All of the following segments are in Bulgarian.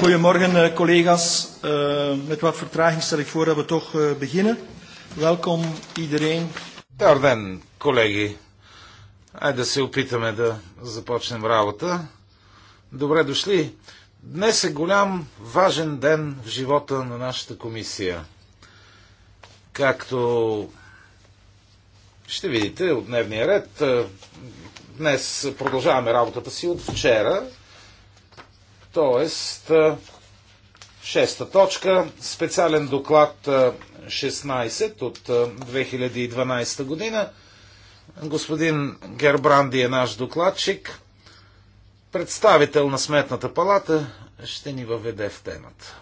Goedemorgen eh, collega's. Uh, met wat vertraging stel ik voor dat we toch uh, beginnen. Welkom iedereen. Добър ден, колеги. Айде да се опитаме да започнем работа. Добре дошли. Днес е голям, важен ден в живота на нашата комисия. Както ще видите от дневния ред, Днес продължаваме работата си от вчера, т.е. шеста точка, специален доклад 16 от 2012 година. Господин Гербранди е наш докладчик. Представител на Сметната палата ще ни въведе в темата.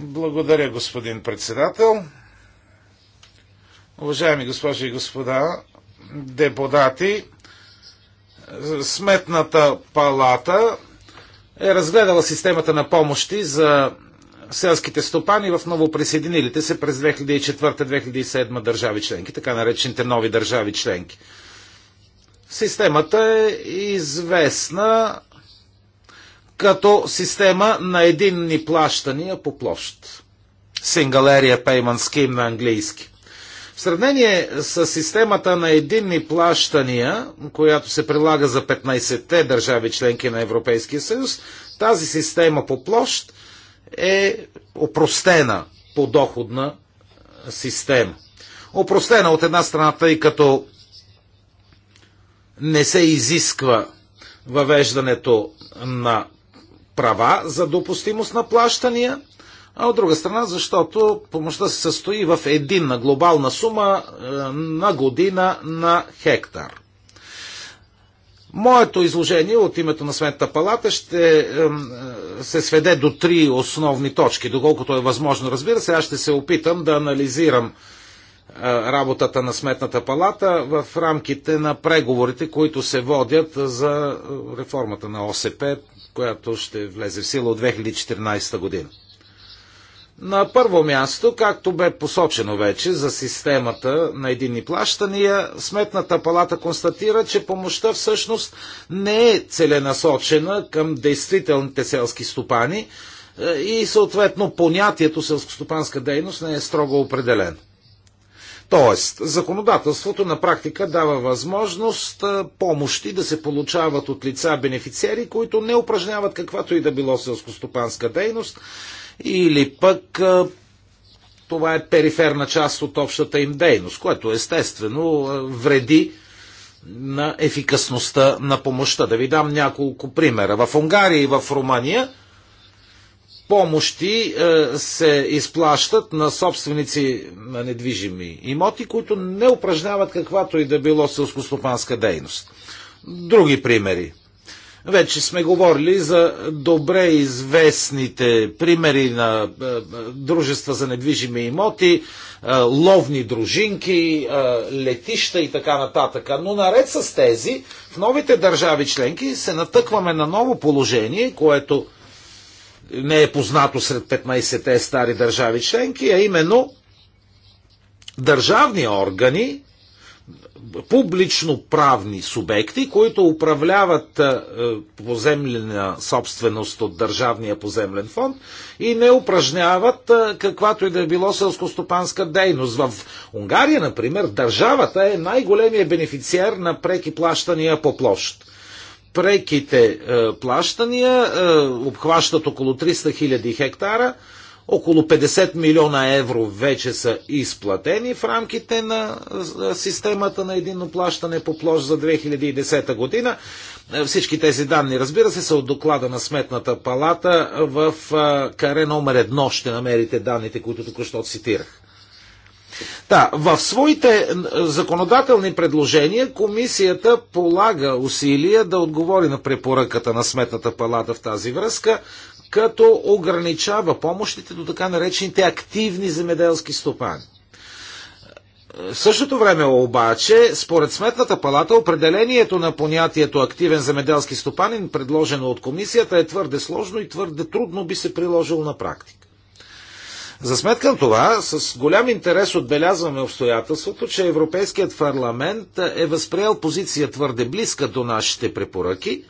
Благодаря, господин председател. Уважаеми госпожи и господа депутати, Сметната палата е разгледала системата на помощи за селските стопани в новоприсъединилите се през 2004-2007 държави членки, така наречените нови държави членки. Системата е известна като система на единни плащания по площ. Single Area Payment Scheme на английски. В сравнение с системата на единни плащания, която се прилага за 15-те държави членки на Европейския съюз, тази система по площ е опростена по доходна е, система. Опростена от една страна, тъй като не се изисква въвеждането на права за допустимост на плащания, а от друга страна, защото помощта се състои в единна глобална сума е, на година на хектар. Моето изложение от името на Сметната палата ще е, се сведе до три основни точки, доколкото е възможно. Разбира се, аз ще се опитам да анализирам е, работата на Сметната палата в рамките на преговорите, които се водят за реформата на ОСП която ще влезе в сила от 2014 година. На първо място, както бе посочено вече за системата на единни плащания, Сметната палата констатира, че помощта всъщност не е целенасочена към действителните селски стопани е, и съответно понятието селскостопанска дейност не е строго определено. Тоест, законодателството на практика дава възможност помощи да се получават от лица бенефициери, които не упражняват каквато и да било селскостопанска дейност, или пък това е периферна част от общата им дейност, което естествено вреди на ефикасността на помощта. Да ви дам няколко примера. В Унгария и в Румъния – помощи е, се изплащат на собственици на недвижими имоти, които не упражняват каквато и да било селскостопанска дейност. Други примери. Вече сме говорили за добре известните примери на е, е, дружества за недвижими имоти, ловни дружинки, летища и така нататък. Но наред с тези, в новите държави членки се натъкваме на ново положение, което не е познато сред 15-те стари държави членки, а именно държавни органи, публично-правни субекти, които управляват е, поземлена собственост от Държавния поземлен фонд и не упражняват е, каквато и да е било селскостопанска дейност. В Унгария, например, държавата е най-големия бенефициер на преки плащания по площ преките е, плащания е, обхващат около 300 000 хектара. Около 50 милиона евро вече са изплатени в рамките на системата на единно плащане по площ за 2010 година. Е, всички тези данни, разбира се, са от доклада на Сметната палата в каре номер едно ще намерите данните, които току-що цитирах. Да, в своите законодателни предложения комисията полага усилия да отговори на препоръката на Сметната палата в тази връзка, като ограничава помощите до така наречените активни земеделски стопани. В същото време обаче, според Сметната палата, определението на понятието активен земеделски стопанин, предложено от комисията, е твърде сложно и твърде трудно би се приложило на практика. За сметка на това, с голям интерес отбелязваме обстоятелството, че Европейският парламент е възприел позиция твърде близка до нашите препоръки,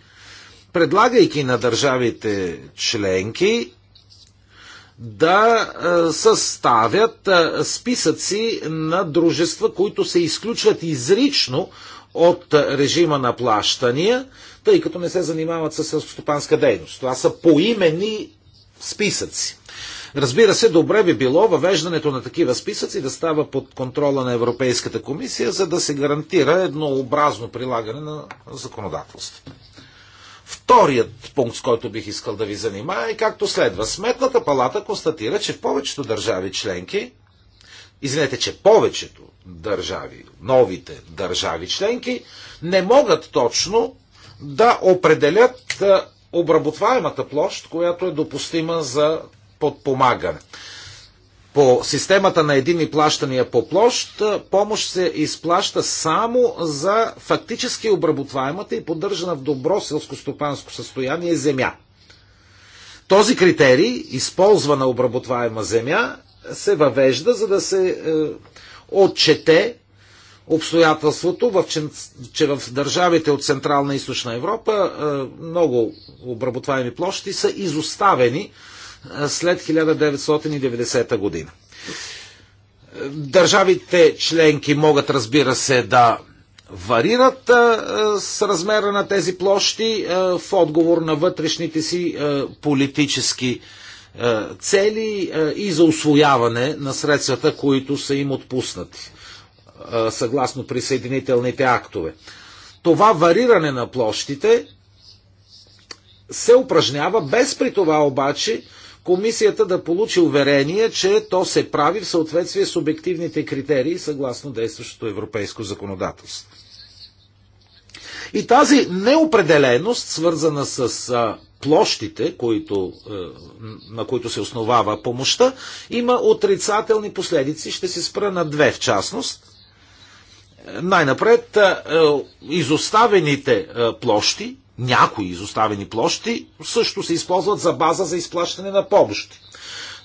предлагайки на държавите членки да е, съставят е, списъци на дружества, които се изключват изрично от е, режима на плащания, тъй като не се занимават с селскостопанска дейност. Това са поимени списъци. Разбира се, добре би било въвеждането на такива списъци да става под контрола на Европейската комисия, за да се гарантира еднообразно прилагане на законодателство. Вторият пункт, с който бих искал да ви занимая е както следва. Сметната палата констатира, че в повечето държави членки, извинете, че повечето държави, новите държави членки, не могат точно да определят е, обработваемата площ, която е допустима за подпомагане. По системата на едини плащания по площ, помощ се изплаща само за фактически обработваемата и поддържана в добро селско-стопанско състояние земя. Този критерий, използвана обработваема земя, се въвежда, за да се е, отчете обстоятелството, в, че, че в държавите от Централна и Източна Европа е, много обработваеми площи са изоставени след 1990 година. Държавите членки могат, разбира се, да варират а, с размера на тези площи а, в отговор на вътрешните си а, политически а, цели а, и за освояване на средствата, които са им отпуснати а, съгласно присъединителните актове. Това вариране на площите се упражнява без при това обаче комисията да получи уверение, че то се прави в съответствие с обективните критерии съгласно действащото европейско законодателство. И тази неопределеност, свързана с площите, които, е, на които се основава помощта, има отрицателни последици. Ще се спра на две в частност. Е, най-напред, е, изоставените площи, някои изоставени площи също се използват за база за изплащане на помощи.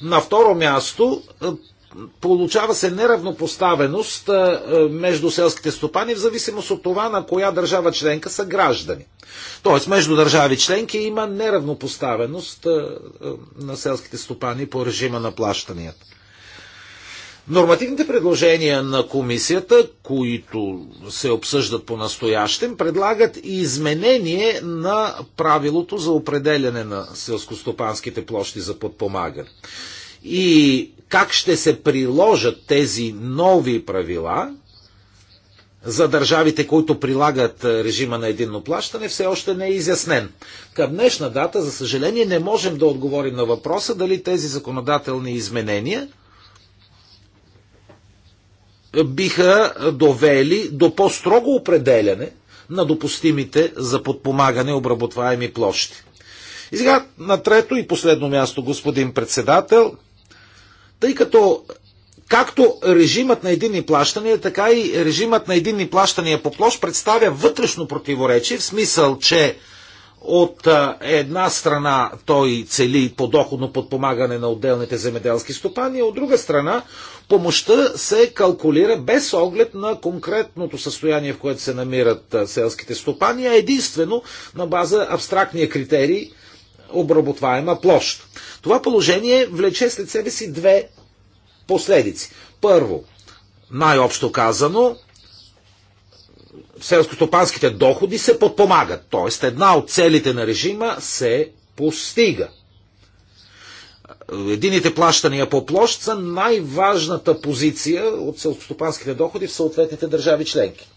На второ място, е, получава се неравнопоставеност е, е, между селските стопани в зависимост от това на коя държава членка са граждани. Тоест между държави членки има неравнопоставеност на селските стопани по режима на плащанията. Нормативните предложения на комисията, които се обсъждат по настоящем, предлагат и изменение на правилото за определяне на селскостопанските площи за подпомагане. И как ще се приложат тези нови правила за държавите, които прилагат е, режима на единно плащане, все още не е изяснен. Към днешна дата, за съжаление, не можем да отговорим на въпроса дали тези законодателни изменения – биха довели до по-строго определяне на допустимите за подпомагане обработваеми площи. И сега на трето и последно място, господин председател, тъй като както режимът на единни плащания, така и режимът на единни плащания по площ представя вътрешно противоречие, в смисъл, че от една страна той цели подоходно подпомагане на отделните земеделски стопани, а от друга страна помощта се калкулира без оглед на конкретното състояние, в което се намират селските стопани, а единствено на база абстрактния критерий обработваема площ. Това положение влече след себе си две последици. Първо, най-общо казано, селскостопанските доходи се подпомагат. Тоест една от целите на режима се постига. Едините плащания по площ са най-важната позиция от селскостопанските доходи в съответните държави членки.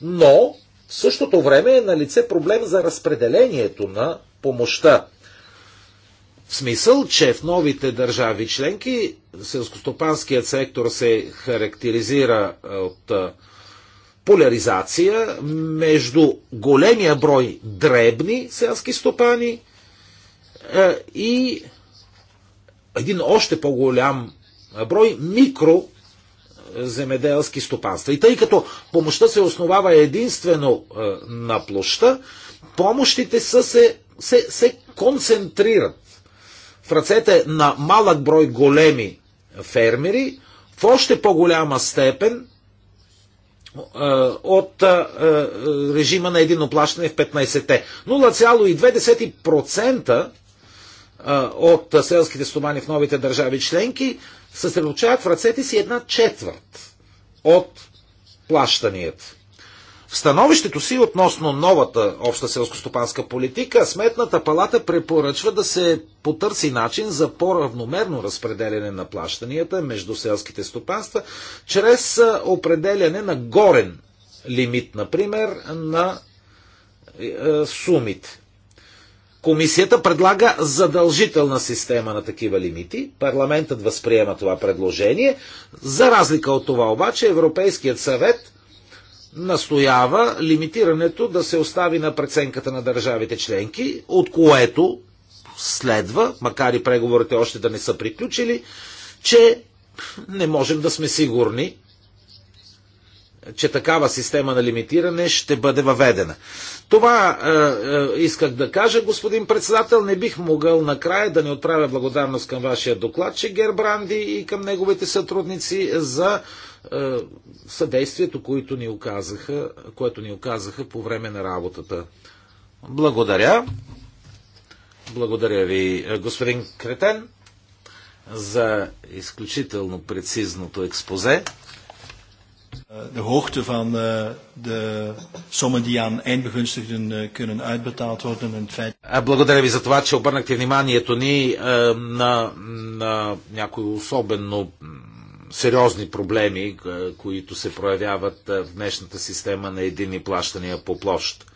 Но в същото време е на лице проблем за разпределението на помощта. В смисъл, че в новите държави членки селскостопанският сектор се характеризира от поляризация между големия брой дребни селски стопани е, и един още по-голям брой микро е, земеделски стопанства. И тъй като помощта се основава единствено е, на площа, помощите са се, се, се концентрират в ръцете на малък брой големи фермери, в още по-голяма степен е, от е, е, режима на единоплащане в 15-те. 0,2% от селските стомани в новите държави членки съсредоточават в ръцете си една четвърт от плащанията. В становището си относно новата обща селскостопанска политика, Сметната палата препоръчва да се потърси начин за по-равномерно разпределяне на плащанията между селските стопанства, чрез определяне на горен лимит, например, на е, е, сумите. Комисията предлага задължителна система на такива лимити. Парламентът възприема това предложение. За разлика от това обаче Европейският съвет настоява лимитирането да се остави на преценката на държавите членки, от което следва, макар и преговорите още да не са приключили, че не можем да сме сигурни, че такава система на лимитиране ще бъде въведена. Това е, е, исках да кажа, господин председател. Не бих могъл накрая да не отправя благодарност към вашия доклад, че Гербранди и към неговите сътрудници за е, съдействието, което ни оказаха, което ни оказаха по време на работата. Благодаря. Благодаря ви, господин Кретен, за изключително прецизното експозе. De hoogte van eh, de sommen die aan eindbegunstigden eh, kunnen uitbetaald worden en het feit... Е, благодаря ви за това, че обърнахте вниманието ни е, на, на някои особено сериозни проблеми, които се проявяват в днешната система на единни плащания по площ.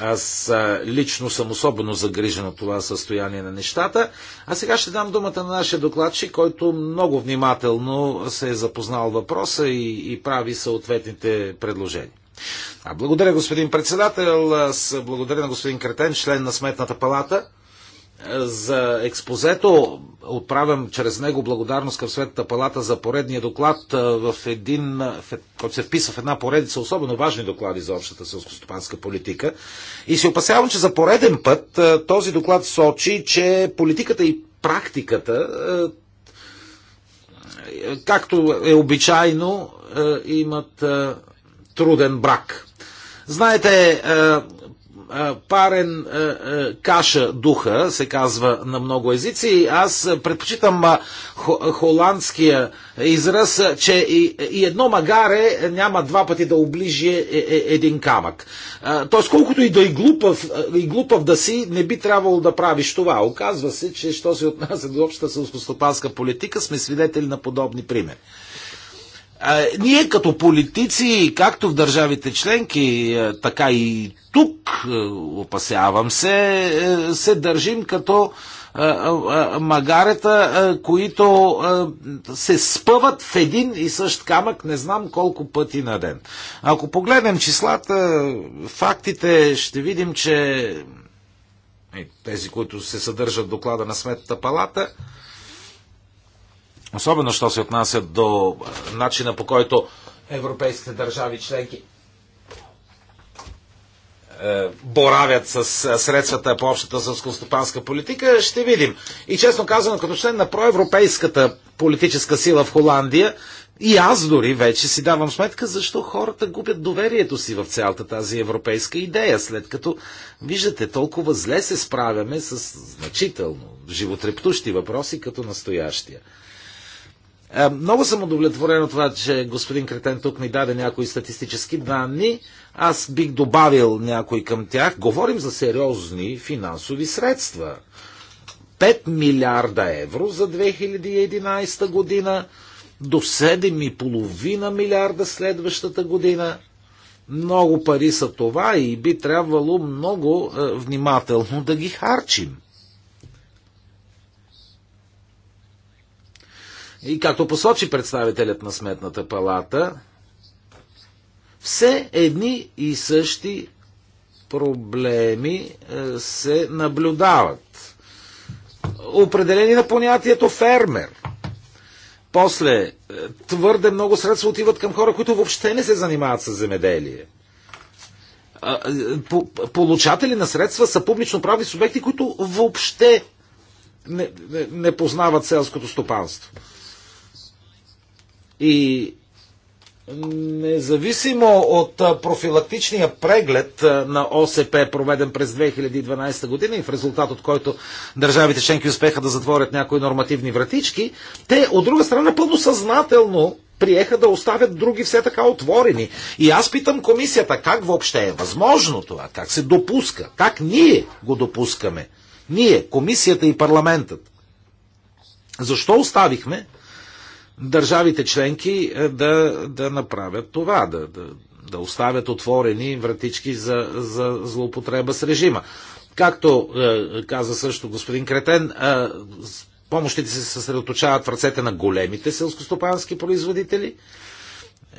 Аз лично съм особено загрижен от това състояние на нещата. А сега ще дам думата на нашия докладчик, който много внимателно се е запознал въпроса и, и прави съответните предложения. А благодаря, господин председател. Аз благодаря на господин Кретен, член на Сметната палата за експозето. Отправям чрез него благодарност към Светата палата за поредния доклад, в един, е, който се вписва в една поредица особено важни доклади за общата селскостопанска политика. И се опасявам, че за пореден път този доклад сочи, че политиката и практиката, както е обичайно, имат труден брак. Знаете, е, парен е, е, каша духа, се казва на много езици. Аз предпочитам холандския израз, че и едно магаре няма два пъти да оближи един камък. Тоест, колкото и да и глупав, и глупав да си, не би трябвало да правиш това. Оказва се, че що се отнася до общата селскостопанска политика, сме свидетели на подобни примери. Ние като политици, както в държавите членки, така и тук, опасявам се, се държим като магарета, които се спъват в един и същ камък, не знам колко пъти на ден. Ако погледнем числата, фактите, ще видим, че е, тези, които се съдържат в доклада на Сметната палата, Особено, що се отнася до е, начина по който европейските държави членки е, боравят с е, средствата по общата сълскостопанска политика, ще видим. И честно казано, като член на проевропейската политическа сила в Холандия, и аз дори вече си давам сметка, защо хората губят доверието си в цялата тази европейска идея, след като, виждате, толкова зле се справяме с значително животрептущи въпроси, като настоящия. Е, много съм удовлетворен от това, че господин Кретен тук ми даде някои статистически данни. Аз бих добавил някои към тях. Говорим за сериозни финансови средства. 5 милиарда евро за 2011 година, до 7,5 милиарда следващата година. Много пари са това и би трябвало много е, внимателно да ги харчим. И както посочи представителят на Сметната палата, все едни и същи проблеми е, се наблюдават. Определени на понятието фермер. После, е, твърде много средства отиват към хора, които въобще не се занимават с земеделие. Е, получатели на средства са публично-правни субекти, които въобще не, не, не познават селското стопанство. И Независимо от профилактичния преглед на ОСП, проведен през 2012 година и в резултат от който държавите членки успеха да затворят някои нормативни вратички, те от друга страна пълно съзнателно приеха да оставят други все така отворени. И аз питам комисията, как въобще е възможно това? Как се допуска? Как ние го допускаме? Ние, комисията и парламентът. Защо оставихме държавите членки е, да, да направят това, да, да, да оставят отворени вратички за, за злоупотреба с режима. Както е, каза също господин Кретен, е, помощите се съсредоточават в ръцете на големите селскостопански производители.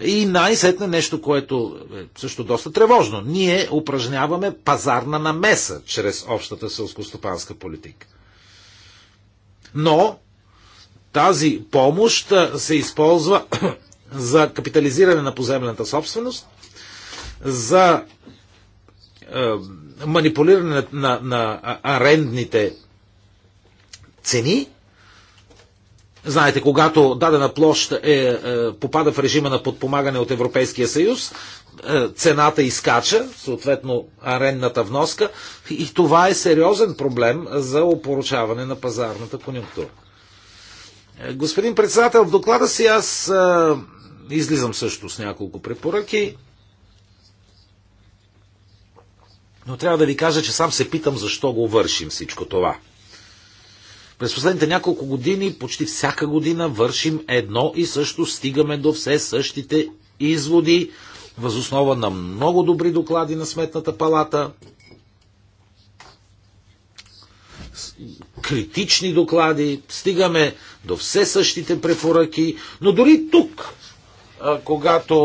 И най-сетне нещо, което е също доста тревожно. Ние упражняваме пазарна намеса чрез общата селскостопанска политика. Но тази помощ се използва за капитализиране на поземлената собственост, за манипулиране на, на арендните цени. Знаете, когато дадена площ е, е, попада в режима на подпомагане от Европейския съюз, е, цената изкача, съответно арендната вноска, и това е сериозен проблем за опоручаване на пазарната конъюнктура. Господин председател, в доклада си аз а, излизам също с няколко препоръки, но трябва да ви кажа, че сам се питам защо го вършим всичко това. През последните няколко години, почти всяка година, вършим едно и също, стигаме до все същите изводи, възоснова на много добри доклади на Сметната палата – критични доклади, стигаме до все същите препоръки, но дори тук, когато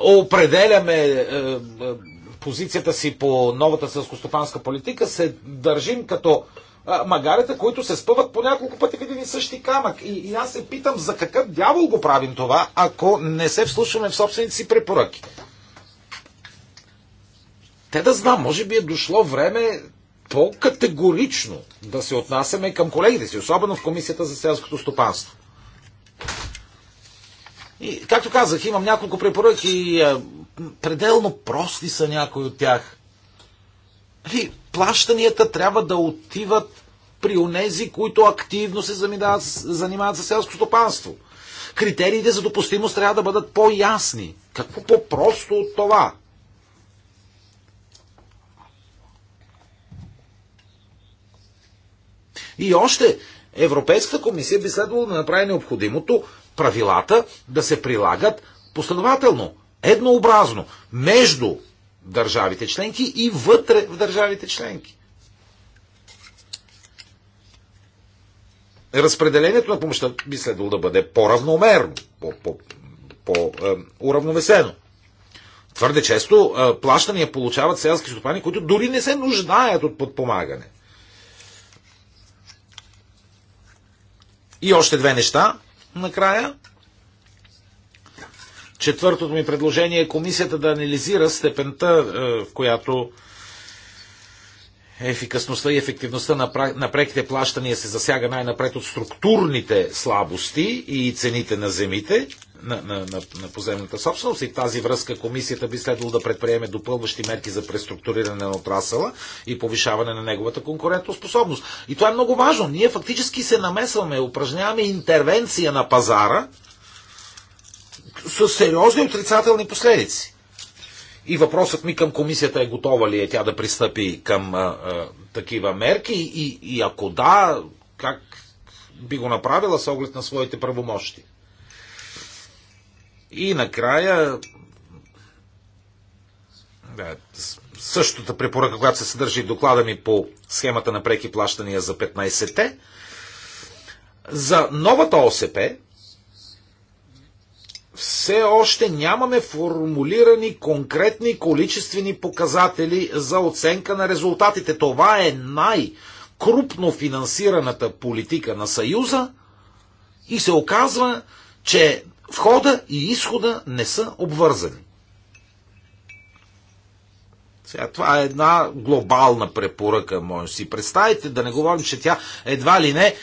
определяме е, е, позицията си по новата селскостопанска политика, се държим като магарите, които се спъват по няколко пъти в един и същи камък. И, и аз се питам за какъв дявол го правим това, ако не се вслушваме в собствените си препоръки. Те да знам, може би е дошло време по-категорично да се отнасяме към колегите си, особено в Комисията за селското стопанство. И, както казах, имам няколко препоръки и е, пределно прости са някои от тях. И нали, плащанията трябва да отиват при онези, които активно се занимават, занимават с селско стопанство. Критериите за допустимост трябва да бъдат по-ясни. Какво по-просто от това? И още, Европейската комисия би следвало да направи необходимото правилата да се прилагат последователно, еднообразно, между държавите членки и вътре в държавите членки. Разпределението на помощта би следвало да бъде по-равномерно, по-уравновесено. -по -по е, Твърде често е, плащания получават селски стопани, които дори не се нуждаят от подпомагане. И още две неща накрая. Четвъртото ми предложение е комисията да анализира степента, е, в която ефикасността и ефективността на преките плащания се засяга най-напред от структурните слабости и цените на земите на, на, на, на поземната собственост и тази връзка комисията би следвало да предприеме допълващи мерки за преструктуриране на отрасъла и повишаване на неговата конкурентоспособност. И това е много важно. Ние фактически се намесваме, упражняваме интервенция на пазара с сериозни отрицателни последици. И въпросът ми към комисията е готова ли е тя да пристъпи към а, а, такива мерки и, и ако да, как би го направила с оглед на своите правомощи? И накрая да, същата препоръка, която се съдържа и в доклада ми по схемата на преки плащания за 15-те, за новата ОСП все още нямаме формулирани конкретни количествени показатели за оценка на резултатите. Това е най-крупно финансираната политика на Съюза и се оказва, че Входа и изхода не са обвързани. Сега, това е една глобална препоръка, може си представите, да не говорим, че тя едва ли не е,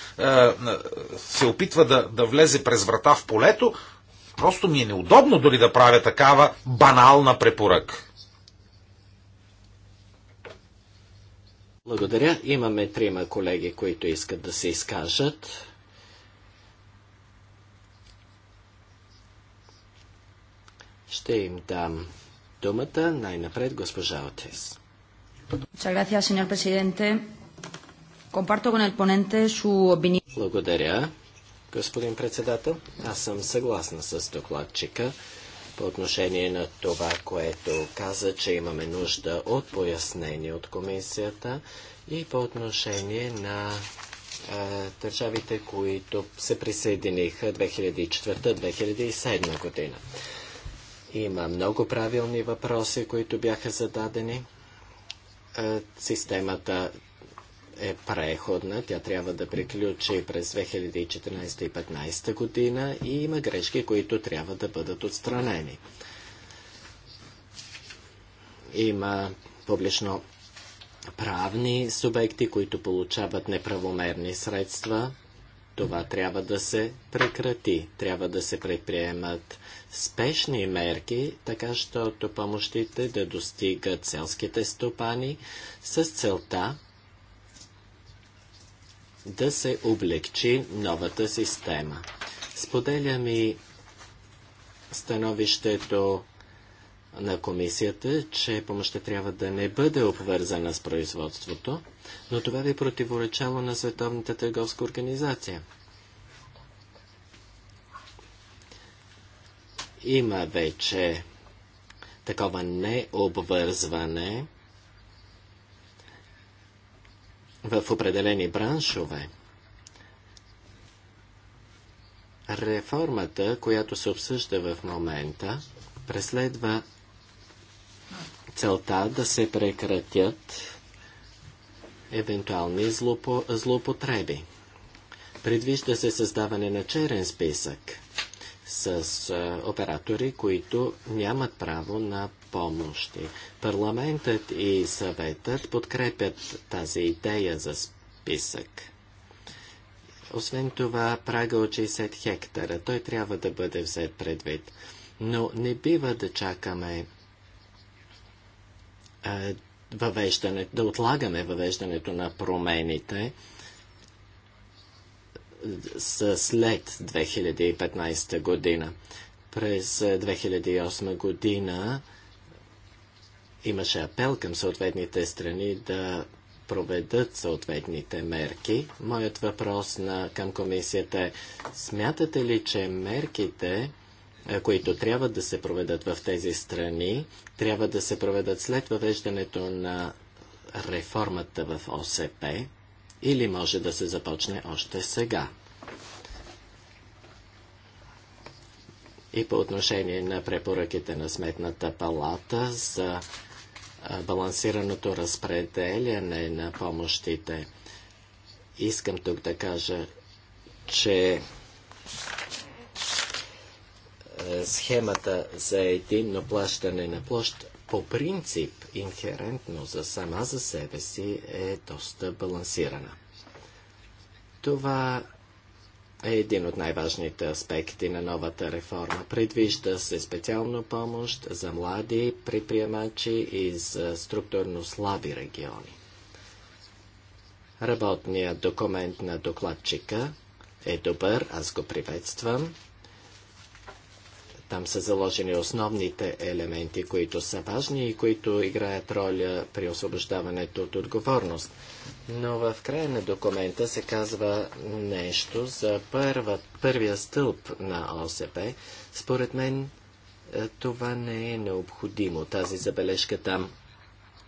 се опитва да, да влезе през врата в полето. Просто ми е неудобно дори да правя такава банална препоръка. Благодаря. Имаме трима колеги, които искат да се изкажат. Ще им дам думата най-напред госпожа Отес. Благодаря, господин председател. Аз съм съгласна с докладчика по отношение на това, което каза, че имаме нужда от пояснение от комисията и по отношение на е, държавите, които се присъединиха 2004-2007 година. Има много правилни въпроси, които бяха зададени. Е, системата е преходна, тя трябва да приключи през 2014 и 2015 година и има грешки, които трябва да бъдат отстранени. Има публично правни субекти, които получават неправомерни средства това трябва да се прекрати. Трябва да се предприемат спешни мерки, така щото помощите да достигат селските стопани с целта да се облегчи новата система. Споделям и становището на комисията, че помощта трябва да не бъде обвързана с производството, но това би противоречало на Световната търговска организация. Има вече такова необвързване в определени браншове. Реформата, която се обсъжда в момента, преследва целта да се прекратят евентуални злопо, злопотреби. Предвижда се създаване на черен списък с оператори, които нямат право на помощи. Парламентът и съветът подкрепят тази идея за списък. Освен това, прага от 60 хектара, той трябва да бъде взет предвид. Но не бива да чакаме е, въвеждане, да отлагаме въвеждането на промените е, след 2015 година. През 2008 е, година имаше апел към съответните страни да проведат съответните мерки. Моят въпрос на, към комисията е, смятате ли, че мерките които трябва да се проведат в тези страни, трябва да се проведат след въвеждането на реформата в ОСП или може да се започне още сега. И по отношение на препоръките на Сметната палата за балансираното разпределяне на помощите, искам тук да кажа, че е, схемата за единно плащане на площ по принцип, инхерентно за сама за себе си, е доста балансирана. Това е един от най-важните аспекти на новата реформа. Предвижда се специална помощ за млади предприемачи и за структурно слаби региони. Работният документ на докладчика е добър, аз го приветствам. Там са заложени основните елементи, които са важни и които играят роля при освобождаването от отговорност. Но в края на документа се казва нещо за първа, първия стълб на ОСП. Според мен е, това не е необходимо. Тази забележка там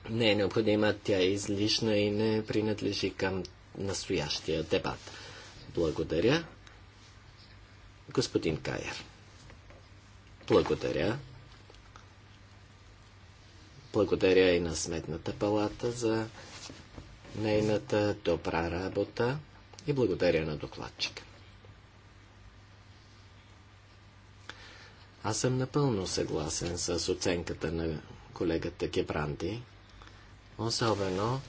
не е необходима, тя е излишна и не принадлежи към настоящия дебат. Благодаря. Господин Кайер. Благодаря. Благодаря и на Сметната палата за нейната добра работа и благодаря на докладчика. Аз съм напълно съгласен с оценката на колегата Гебранди, особено,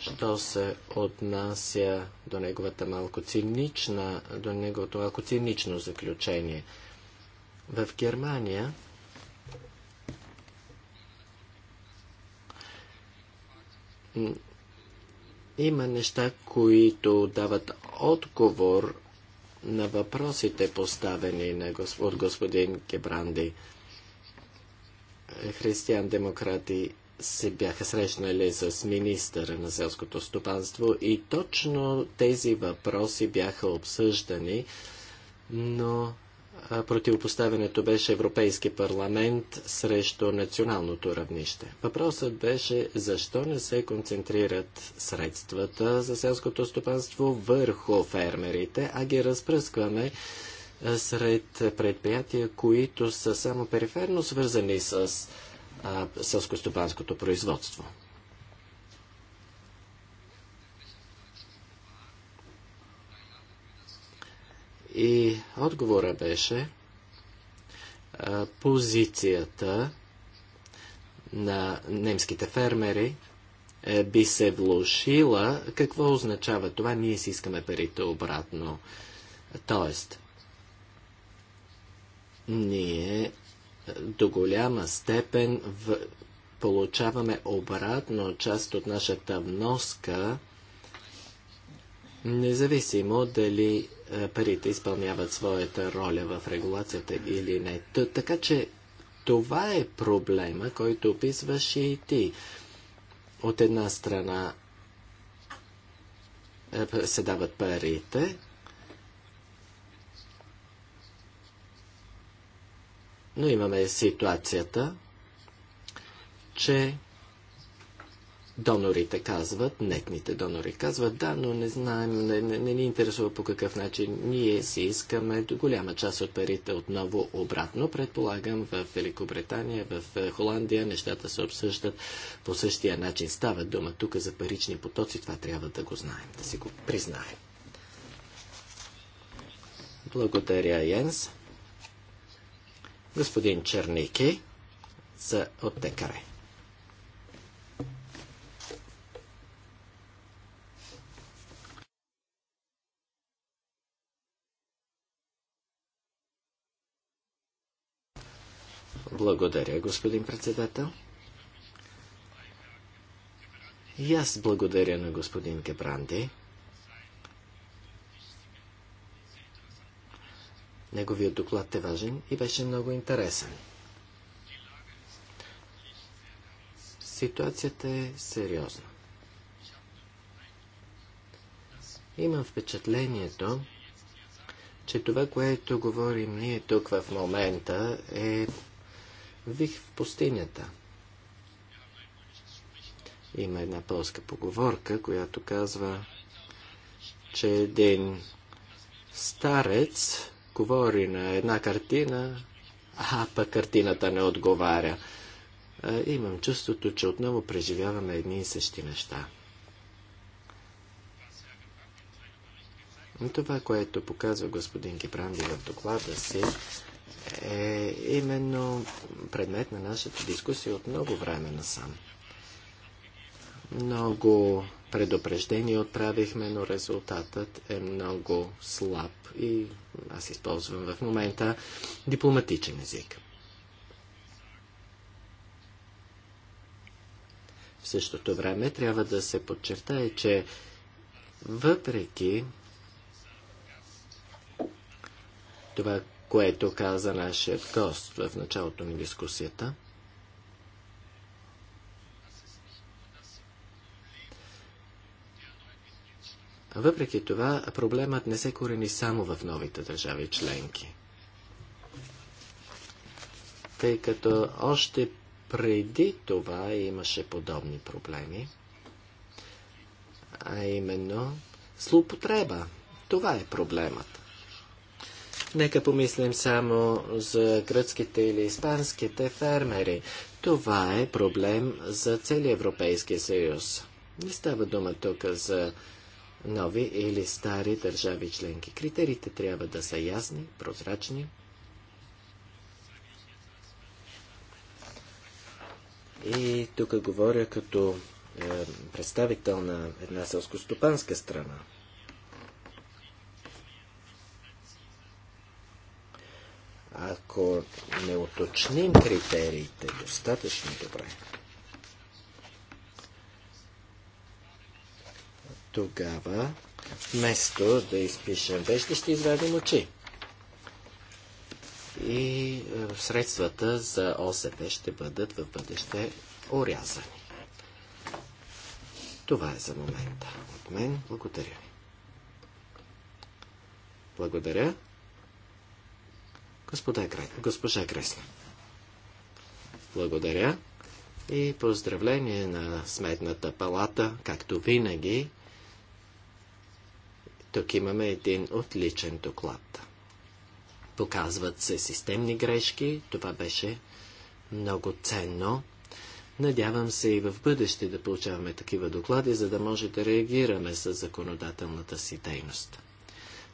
що се отнася до неговата малко цинична, до неговото малко цинично заключение – в Германия има неща, които дават отговор на въпросите поставени на гос... от господин Кебранди. Християн-демократи се бяха срещнали с министъра на селското стопанство и точно тези въпроси бяха обсъждани, но противопоставянето беше Европейски парламент срещу националното равнище. Въпросът беше защо не се концентрират средствата за селското стопанство върху фермерите, а ги разпръскваме сред предприятия, които са само периферно свързани с селско-стопанското производство. И отговора беше позицията на немските фермери е, би се влушила. Какво означава това? Ние си искаме парите обратно. Тоест, ние до голяма степен в... получаваме обратно част от нашата вноска, независимо дали е, парите изпълняват своята роля в регулацията или не. така че това е проблема, който описваш и ти. От една страна е, се дават парите, но имаме ситуацията, че Донорите казват, нетните донори казват, да, но не знаем, не, не, не ни интересува по какъв начин. Ние си искаме голяма част от парите отново обратно. Предполагам, в Великобритания, в е, Холандия нещата се обсъждат по същия начин. Става дума тук за парични потоци, това трябва да го знаем, да си го признаем. Благодаря, Йенс. Господин Черники за оттекаре. Благодаря, господин председател. И аз благодаря на господин Кебранди. Неговият доклад е важен и беше много интересен. Ситуацията е сериозна. Имам впечатлението, че това, което говорим ние тук в момента е вих в пустинята. Има една полска поговорка, която казва, че един старец говори на една картина, а пък картината не отговаря. Имам чувството, че отново преживяваме едни и същи неща. Това, което показва господин Гибранди в доклада си, е именно предмет на нашата дискусия от много време насам. Много предупреждения отправихме, но резултатът е много слаб и аз използвам в момента дипломатичен език. В същото време трябва да се подчертае, че въпреки това, което каза нашият гост в началото на дискусията. Въпреки това, проблемът не се корени само в новите държави членки. Тъй като още преди това имаше подобни проблеми, а именно злоупотреба. Това е проблемът. Нека помислим само за гръцките или испанските фермери. Това е проблем за целия Европейския съюз. Не става дума тук за нови или стари държави членки. Критериите трябва да са ясни, прозрачни. И тук говоря като е, представител на една селскостопанска страна. Ако не уточним критериите достатъчно добре, тогава вместо да изпишем вещи, ще извадим очи. И е, средствата за ОСП ще бъдат в бъдеще орязани. Това е за момента. От мен благодаря ви. Благодаря. Господа, госпожа Гресна. Благодаря и поздравление на Сметната палата, както винаги. Тук имаме един отличен доклад. Показват се системни грешки, това беше много ценно. Надявам се и в бъдеще да получаваме такива доклади, за да може да реагираме с законодателната си дейност.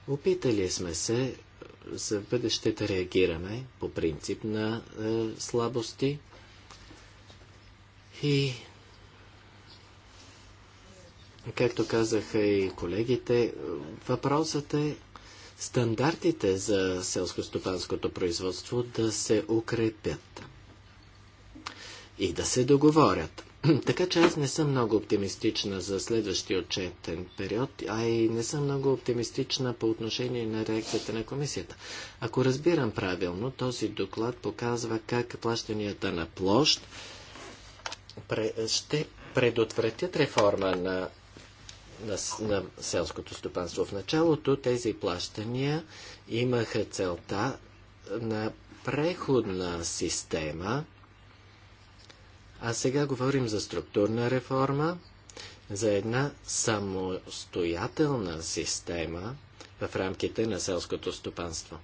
Опитали сме се за бъдеще да реагираме по принцип на е, слабости и както казаха и колегите, въпросът е стандартите за селско-стопанското производство да се укрепят и да се договорят. така че аз не съм много оптимистична за следващия отчетен период, а и не съм много оптимистична по отношение на реакцията на комисията. Ако разбирам правилно, този доклад показва как плащанията на площ ще предотвратят реформа на, на, на селското стопанство. В началото тези плащания имаха целта на преходна система – а сега говорим за структурна реформа, за една самостоятелна система в рамките на селското стопанство.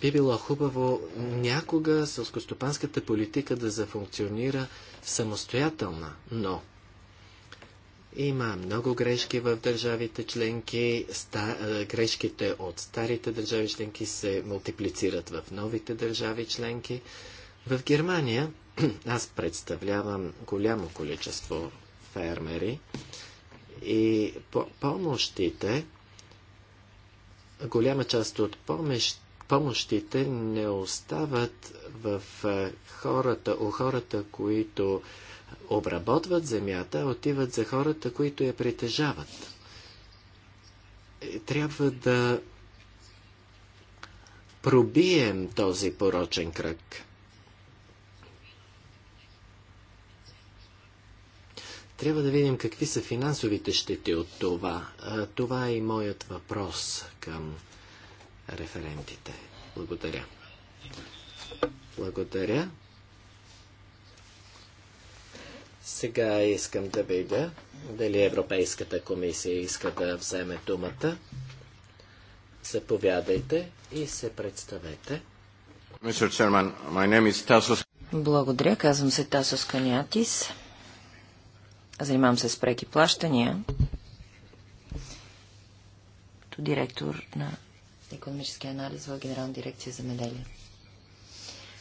Би било хубаво някога селскостопанската политика да зафункционира самостоятелна, но има много грешки в държавите членки. Ста, грешките от старите държави членки се мултиплицират в новите държави членки. В Германия аз представлявам голямо количество фермери и по помощите, голяма част от помещ, помощите не остават в хората, у хората, които обработват земята, а отиват за хората, които я притежават. Е, трябва да пробием този порочен кръг. Трябва да видим какви са финансовите щети от това. Това е и моят въпрос към референтите. Благодаря. Благодаря. Сега искам да видя дали Европейската комисия иска да вземе думата. Заповядайте и се представете. Благодаря. Казвам се Тасос Канятис. Занимавам се с преки плащания. Като директор на економически анализ в Генерална дирекция за меделие.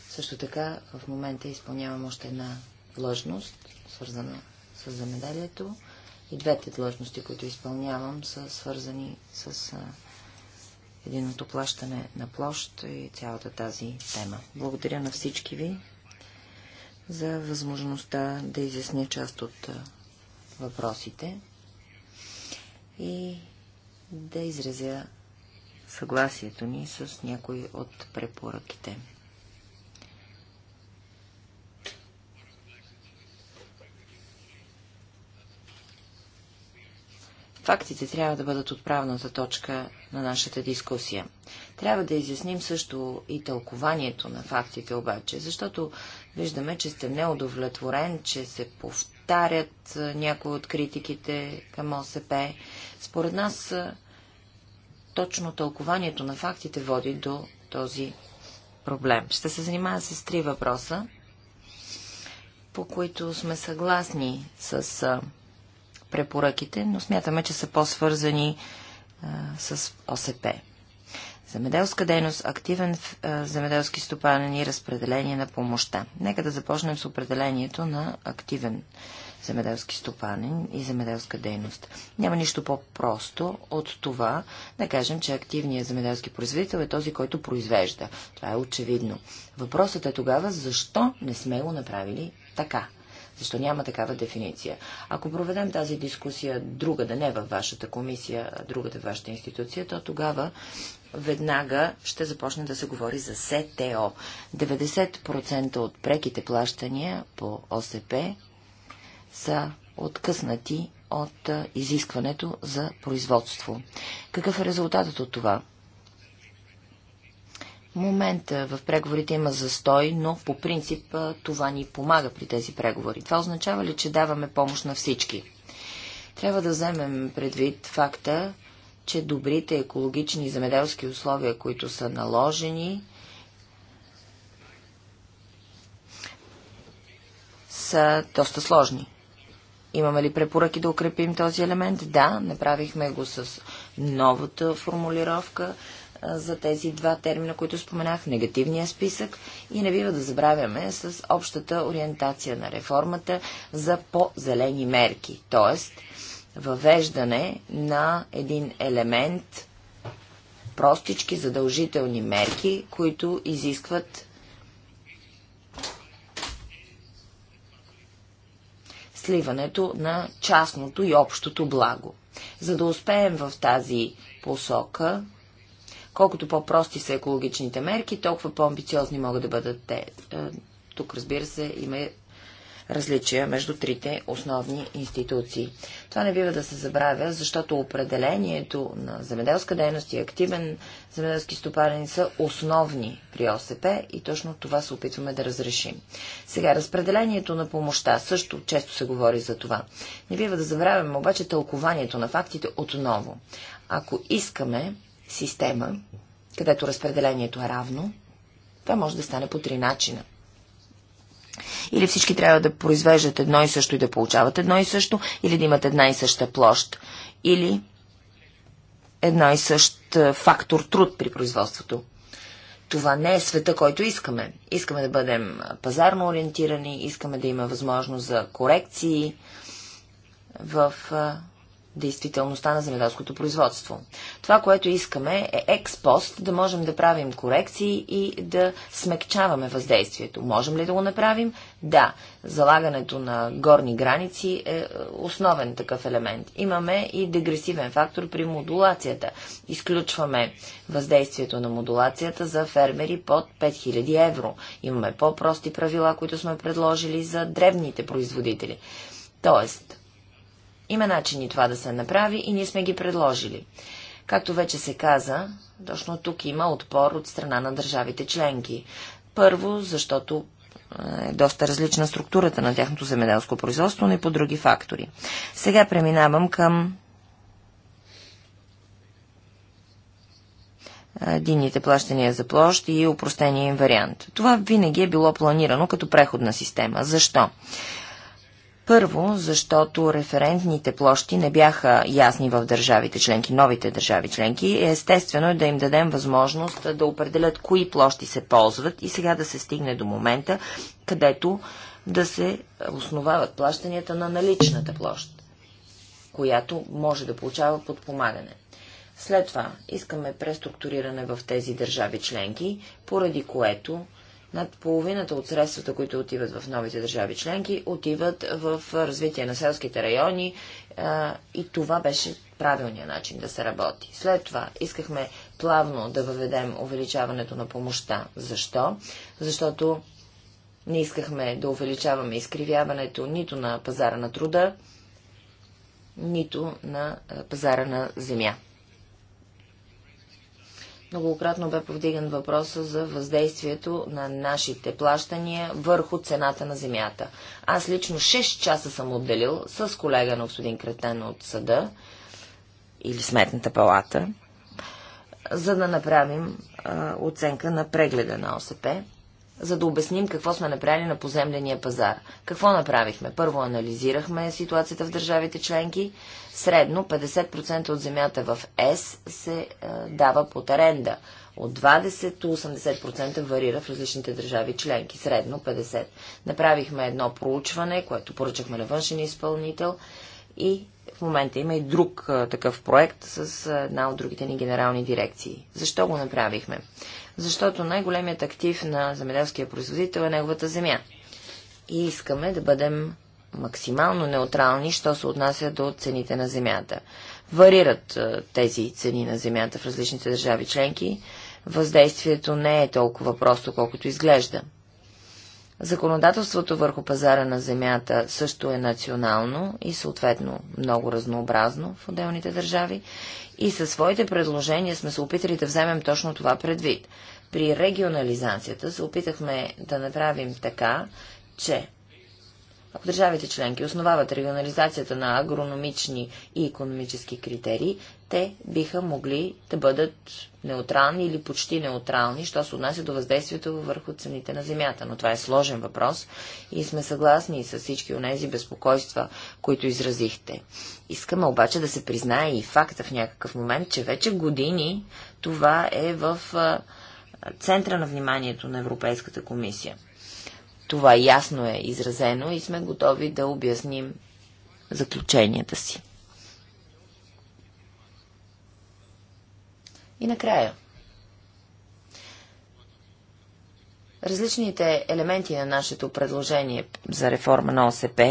Също така в момента изпълнявам още една длъжност, свързана с замедалието, И двете длъжности, които изпълнявам, са свързани с единото плащане на площ и цялата тази тема. Благодаря на всички ви за възможността да изясня част от въпросите и да изразя съгласието ни с някои от препоръките. Фактите трябва да бъдат отправната точка на нашата дискусия. Трябва да изясним също и тълкованието на фактите обаче, защото виждаме, че сте неудовлетворен, че се повтарят някои от критиките към ОСП. Според нас точно тълкованието на фактите води до този проблем. Ще се занимая с три въпроса, по които сме съгласни с препоръките, но смятаме, че са по-свързани с ОСП. Земеделска дейност, активен а, земеделски стопанен и разпределение на помощта. Нека да започнем с определението на активен земеделски стопанен и земеделска дейност. Няма нищо по-просто от това да кажем, че активният земеделски производител е този, който произвежда. Това е очевидно. Въпросът е тогава, защо не сме го направили така? Защо няма такава дефиниция? Ако проведем тази дискусия друга, да не във вашата комисия, а другата във вашата институция, то тогава веднага ще започне да се говори за СТО. 90% от преките плащания по ОСП са откъснати от изискването за производство. Какъв е резултатът от това? момента в преговорите има застой, но по принцип това ни помага при тези преговори. Това означава ли, че даваме помощ на всички? Трябва да вземем предвид факта, че добрите екологични и земеделски условия, които са наложени, са доста сложни. Имаме ли препоръки да укрепим този елемент? Да, направихме го с новата формулировка, за тези два термина, които споменах, негативния списък и не бива да забравяме с общата ориентация на реформата за по-зелени мерки, т.е. въвеждане на един елемент простички задължителни мерки, които изискват сливането на частното и общото благо. За да успеем в тази посока, Колкото по-прости са екологичните мерки, толкова по-амбициозни могат да бъдат те. Е, тук, разбира се, има различия между трите основни институции. Това не бива да се забравя, защото определението на земеделска дейност и активен земеделски стопарен са основни при ОСП и точно това се опитваме да разрешим. Сега, разпределението на помощта също често се говори за това. Не бива да забравяме обаче тълкованието на фактите отново. Ако искаме система, където разпределението е равно, това може да стане по три начина. Или всички трябва да произвеждат едно и също и да получават едно и също, или да имат една и съща площ, или една и същ е, фактор труд при производството. Това не е света, който искаме. Искаме да бъдем е, пазарно ориентирани, искаме да има възможност за корекции в е, действителността на земеделското производство. Това, което искаме е експост да можем да правим корекции и да смекчаваме въздействието. Можем ли да го направим? Да. Залагането на горни граници е, е основен такъв елемент. Имаме и дегресивен фактор при модулацията. Изключваме въздействието на модулацията за фермери под 5000 евро. Имаме по-прости правила, които сме предложили за дребните производители. Тоест, има начини това да се направи и ние сме ги предложили. Както вече се каза, точно тук има отпор от страна на държавите членки. Първо, защото е, е доста различна структурата на тяхното земеделско производство, но и по други фактори. Сега преминавам към е, единните плащания за площ и упростения им вариант. Това винаги е било планирано като преходна система. Защо? Първо, защото референтните площи не бяха ясни в държавите членки, новите държави членки. естествено е да им дадем възможност да определят кои площи се ползват и сега да се стигне до момента, където да се основават плащанията на наличната площ, която може да получава подпомагане. След това искаме преструктуриране в тези държави членки, поради което над половината от средствата, които отиват в новите държави членки, отиват в развитие на селските райони а, и това беше правилният начин да се работи. След това искахме плавно да въведем увеличаването на помощта. Защо? Защото не искахме да увеличаваме изкривяването нито на пазара на труда, нито на пазара на земя. Многократно бе повдиган въпроса за въздействието на нашите плащания върху цената на земята. Аз лично 6 часа съм отделил с колега на господин Кретен от съда или Сметната палата, за да направим а, оценка на прегледа на ОСП за да обясним какво сме направили на поземления пазар. Какво направихме? Първо анализирахме ситуацията в държавите членки. Средно 50% от земята в ЕС се е, дава под аренда. От 20 до 80% варира в различните държави членки. Средно 50%. Направихме едно проучване, което поръчахме на външен изпълнител и в момента има и друг а, е, такъв проект с е, една от другите ни генерални дирекции. Защо го направихме? защото най-големият актив на земеделския производител е неговата земя. И искаме да бъдем максимално неутрални, що се отнася до цените на земята. Варират тези цени на земята в различните държави членки. Въздействието не е толкова просто, колкото изглежда. Законодателството върху пазара на земята също е национално и съответно много разнообразно в отделните държави. И със своите предложения сме се опитали да вземем точно това предвид. При регионализацията се опитахме да направим така, че ако държавите членки основават регионализацията на агрономични и економически критерии, те биха могли да бъдат неутрални или почти неутрални, що се отнася до въздействието върху цените на земята. Но това е сложен въпрос и сме съгласни с всички онези безпокойства, които изразихте. Искаме обаче да се признае и факта в някакъв момент, че вече години това е в центъра на вниманието на Европейската комисия. Това ясно е изразено и сме готови да обясним заключенията си. И накрая. Различните елементи на нашето предложение за реформа на ОСП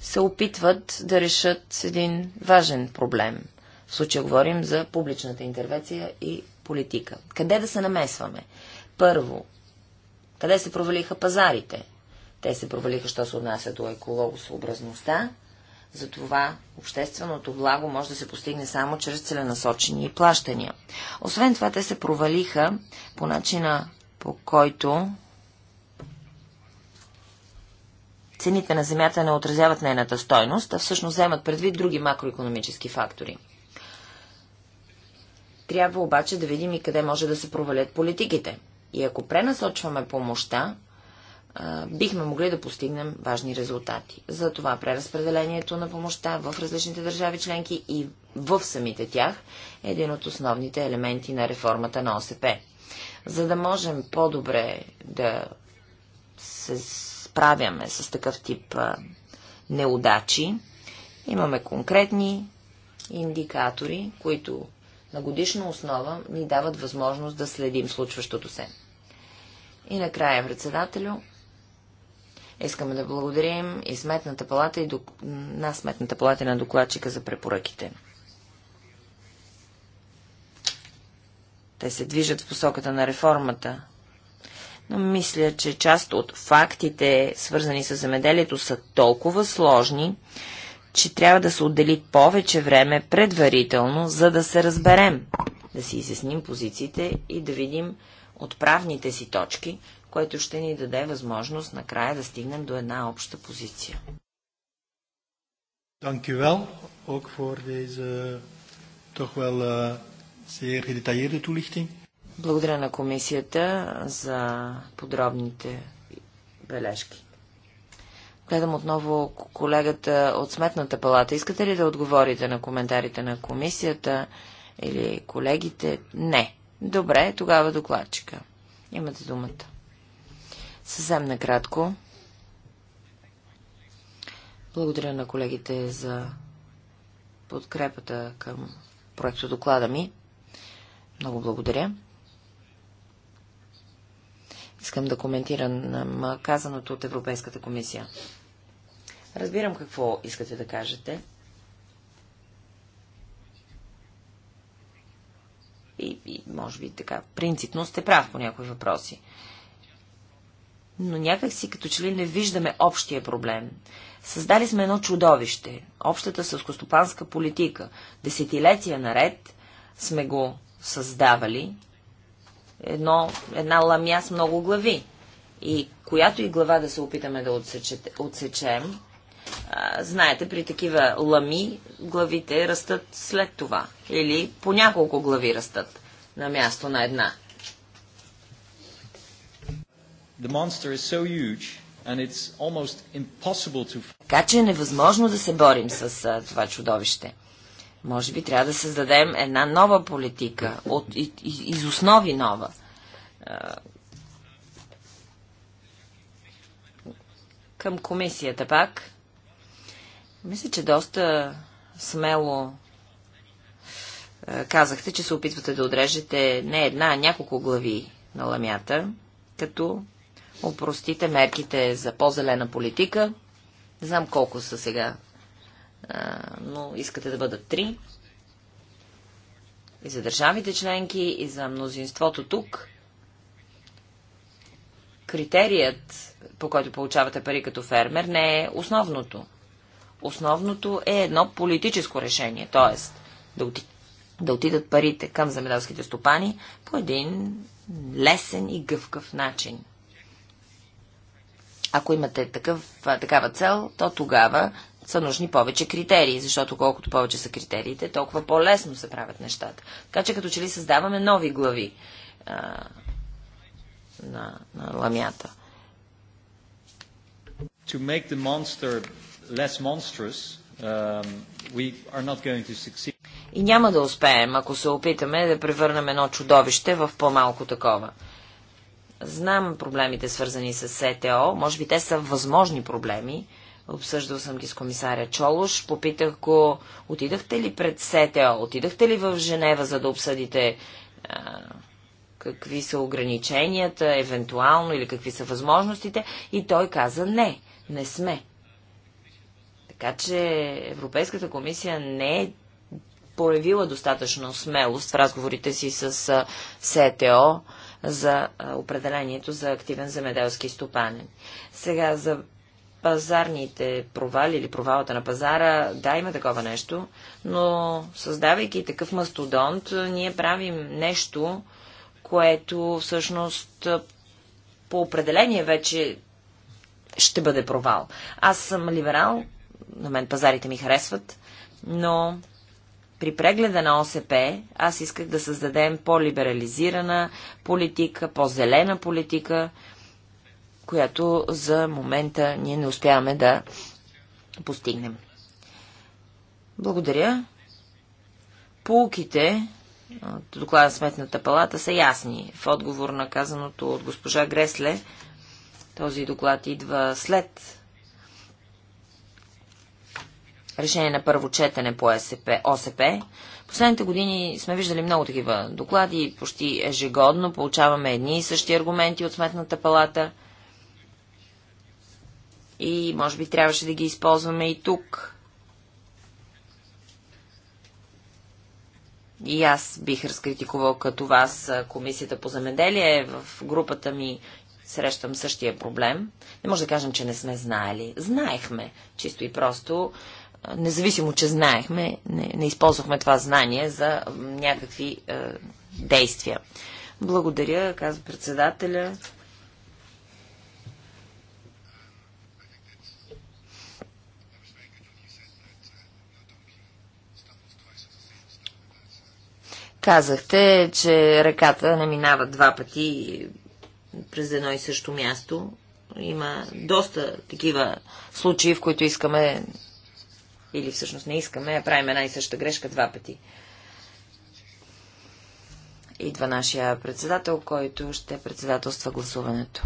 се опитват да решат един важен проблем. В случая говорим за публичната интервенция и политика. Къде да се намесваме? Първо, къде се провалиха пазарите? Те се провалиха, що се отнася до екологосъобразността затова общественото благо може да се постигне само чрез целенасочени плащания. Освен това, те се провалиха по начина по който цените на земята не отразяват нейната стойност, а всъщност вземат предвид други макроекономически фактори. Трябва обаче да видим и къде може да се провалят политиките. И ако пренасочваме помощта, бихме могли да постигнем важни резултати. За това преразпределението на помощта в различните държави членки и в самите тях е един от основните елементи на реформата на ОСП. За да можем по-добре да се справяме с такъв тип неудачи, имаме конкретни индикатори, които на годишна основа ни дават възможност да следим случващото се. И накрая, председателю, Искаме да благодарим и Сметната палата, и док... на Сметната палата и на докладчика за препоръките. Те се движат в посоката на реформата. Но мисля, че част от фактите, свързани с земеделието, са толкова сложни, че трябва да се отдели повече време предварително, за да се разберем, да си изясним позициите и да видим отправните си точки, което ще ни даде възможност накрая да стигнем до една обща позиция. Dank u wel, ook voor deze toch wel eh, zeer gedetailleerde toelichting. Благодаря на комисията за подробните бележки. Гледам отново колегата от Сметната палата. Искате ли да отговорите на коментарите на комисията или колегите? Не. Добре, тогава докладчика. Имате думата. Съвсем накратко. Благодаря на колегите за подкрепата към проекто доклада ми. Много благодаря. Искам да коментирам казаното от Европейската комисия. Разбирам какво искате да кажете. И, и може би така, принципно сте прав по някои въпроси но някак си като че ли не виждаме общия проблем. Създали сме едно чудовище, общата сълскостопанска политика. Десетилетия наред сме го създавали, едно, една ламя с много глави. И която и глава да се опитаме да отсечете, отсечем, а, знаете, при такива лами главите растат след това. Или по няколко глави растат на място на една – The monster is so huge and it's almost impossible to... Така че е невъзможно да се борим с а, това чудовище. Може би трябва да създадем една нова политика, от, и, из, из основи нова. А, към комисията пак. Мисля, че доста смело казахте, че се опитвате да отрежете не една, а няколко глави на ламята, като упростите мерките за по-зелена политика. Не знам колко са сега, но искате да бъдат три. И за държавите членки, и за мнозинството тук. Критерият, по който получавате пари като фермер, не е основното. Основното е едно политическо решение, т.е. Да, да отидат парите към земеделските стопани по един лесен и гъвкав начин – ако имате такъв, такава цел, то тогава са нужни повече критерии, защото колкото повече са критериите, толкова по-лесно се правят нещата. Така че като че ли създаваме нови глави а, на, на ламята. To make the monster less monstrous, um, и няма да успеем, ако се опитаме да превърнем едно чудовище в по-малко такова. Знам проблемите, свързани с СТО. Може би те са възможни проблеми. Обсъждал съм ги с комисаря Чолош. Попитах го, отидахте ли пред СТО? Отидахте ли в Женева, за да обсъдите а, какви са ограниченията, евентуално, или какви са възможностите? И той каза не, не сме. Така че Европейската комисия не е проявила достатъчно смелост в разговорите си с СТО за определението за активен земеделски стопанен. Сега за пазарните провали или провалата на пазара, да, има такова нещо, но създавайки такъв мастодонт, ние правим нещо, което всъщност по определение вече ще бъде провал. Аз съм либерал, на мен пазарите ми харесват, но при прегледа на ОСП аз исках да създадем по-либерализирана политика, по-зелена политика, която за момента ние не успяваме да постигнем. Благодаря. Полуките от доклада Сметната палата са ясни. В отговор на казаното от госпожа Гресле, този доклад идва след решение на първо четене по СП, ОСП. Последните години сме виждали много такива доклади, почти ежегодно получаваме едни и същи аргументи от Сметната палата. И може би трябваше да ги използваме и тук. И аз бих разкритикувал като вас Комисията по земеделие. В групата ми срещам същия проблем. Не може да кажем, че не сме знаели. Знаехме, чисто и просто независимо, че знаехме, не, не използвахме това знание за някакви е, действия. Благодаря, казва председателя. Казахте, че ръката не минава два пъти през едно и също място. Има доста такива случаи, в които искаме или всъщност не искаме, а правим една и съща грешка два пъти. Идва нашия председател, който ще председателства гласуването.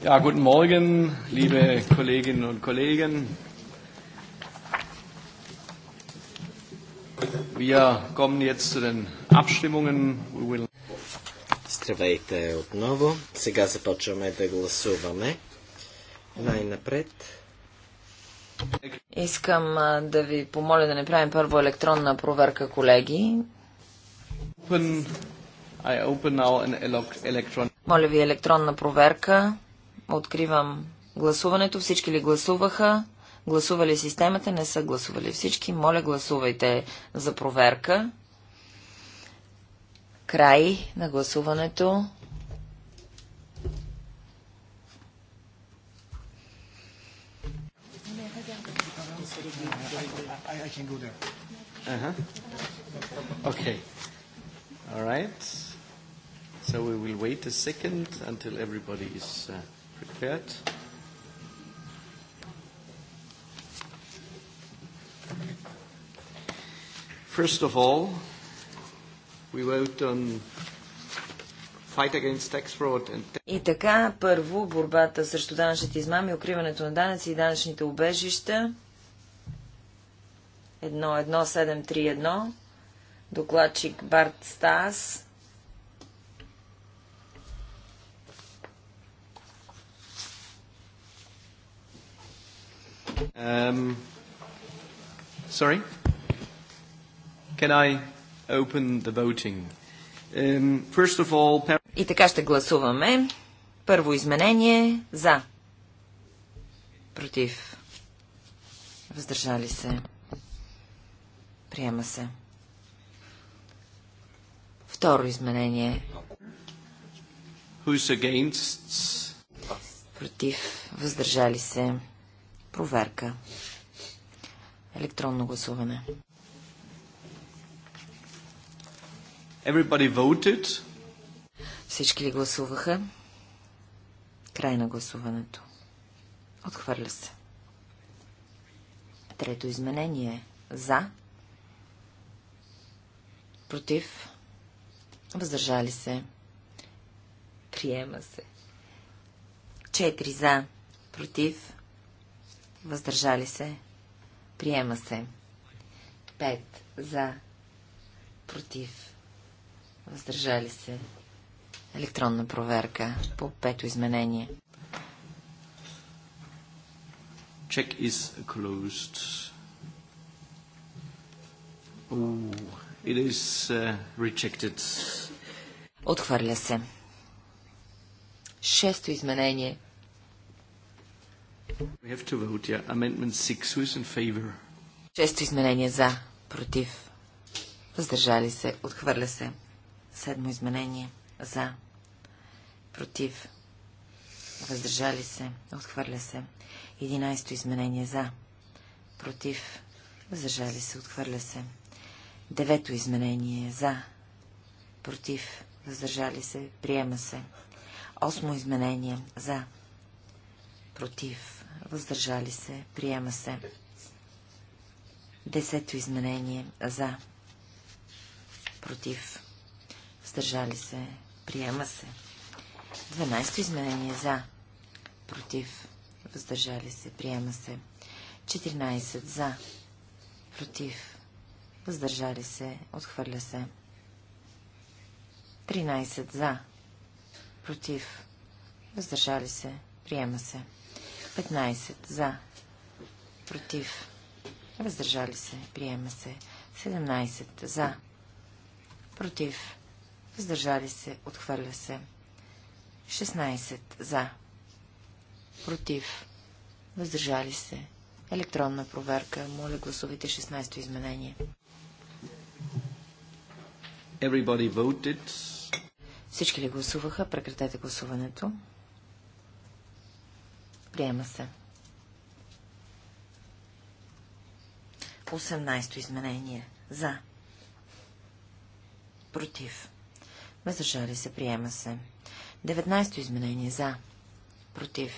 Ja, guten Morgen, liebe Kolleginnen und Kollegen. Wir kommen jetzt zu den Abstimmungen. We will... Здравейте отново. Сега започваме да гласуваме. Най-напред. Искам да ви помоля да не правим първо електронна проверка, колеги. Open, I open now an electron... Моля ви електронна проверка. Откривам гласуването. Всички ли гласуваха? Гласували системата? Не са гласували всички. Моля, гласувайте за проверка. Край на гласуването. Uh-huh. So we will wait a second until everybody is. Uh Wert. First of all, we vote on fight against tax fraud and tax... И така, първо, борбата срещу данъчните измами, укриването на данъци и данъчните убежища. 1.1.7.3.1. Докладчик Барт Стас. Um, sorry? Can I open the voting? Um, first of all... И така ще гласуваме. Първо изменение за. Против. Въздържали се. Приема се. Второ изменение. Who's against? Против. Въздържали се. Проверка. Електронно гласуване. Everybody voted. Всички ли гласуваха? Край на гласуването. Отхвърля се. Трето изменение. За. Против. Въздържали се. Приема се. Четири за. Против въздържали се, приема се. 5 за, против, въздържали се. Електронна проверка по пето изменение. Check is closed. Ooh, it is uh, rejected. Отхвърля се. Шесто изменение We have to vote, yeah. Amendment 6. in favor? Често изменение за, против, въздържали се, отхвърля се. Седмо изменение за, против, въздържали се, отхвърля се. Единайсто изменение за, против, въздържали се, отхвърля се. Девето изменение за, против, въздържали се, приема се. Осмо изменение за, против, въздържали се, приема се. Десето изменение за, против, въздържали се, приема се. Дванайсто изменение за, против, въздържали се, приема се. 14 за, против, въздържали се, отхвърля се. 13 за, против, въздържали се, приема се. 15 за, против, въздържали се, приема се. 17 за, против, въздържали се, отхвърля се. 16 за, против, въздържали се. Електронна проверка. Моля, гласувайте 16-то изменение. Everybody voted. Всички ли гласуваха? Прекратете гласуването. Приема се. 18 изменение. За. Против. Въздържали се. Приема се. 19 изменение. За. Против.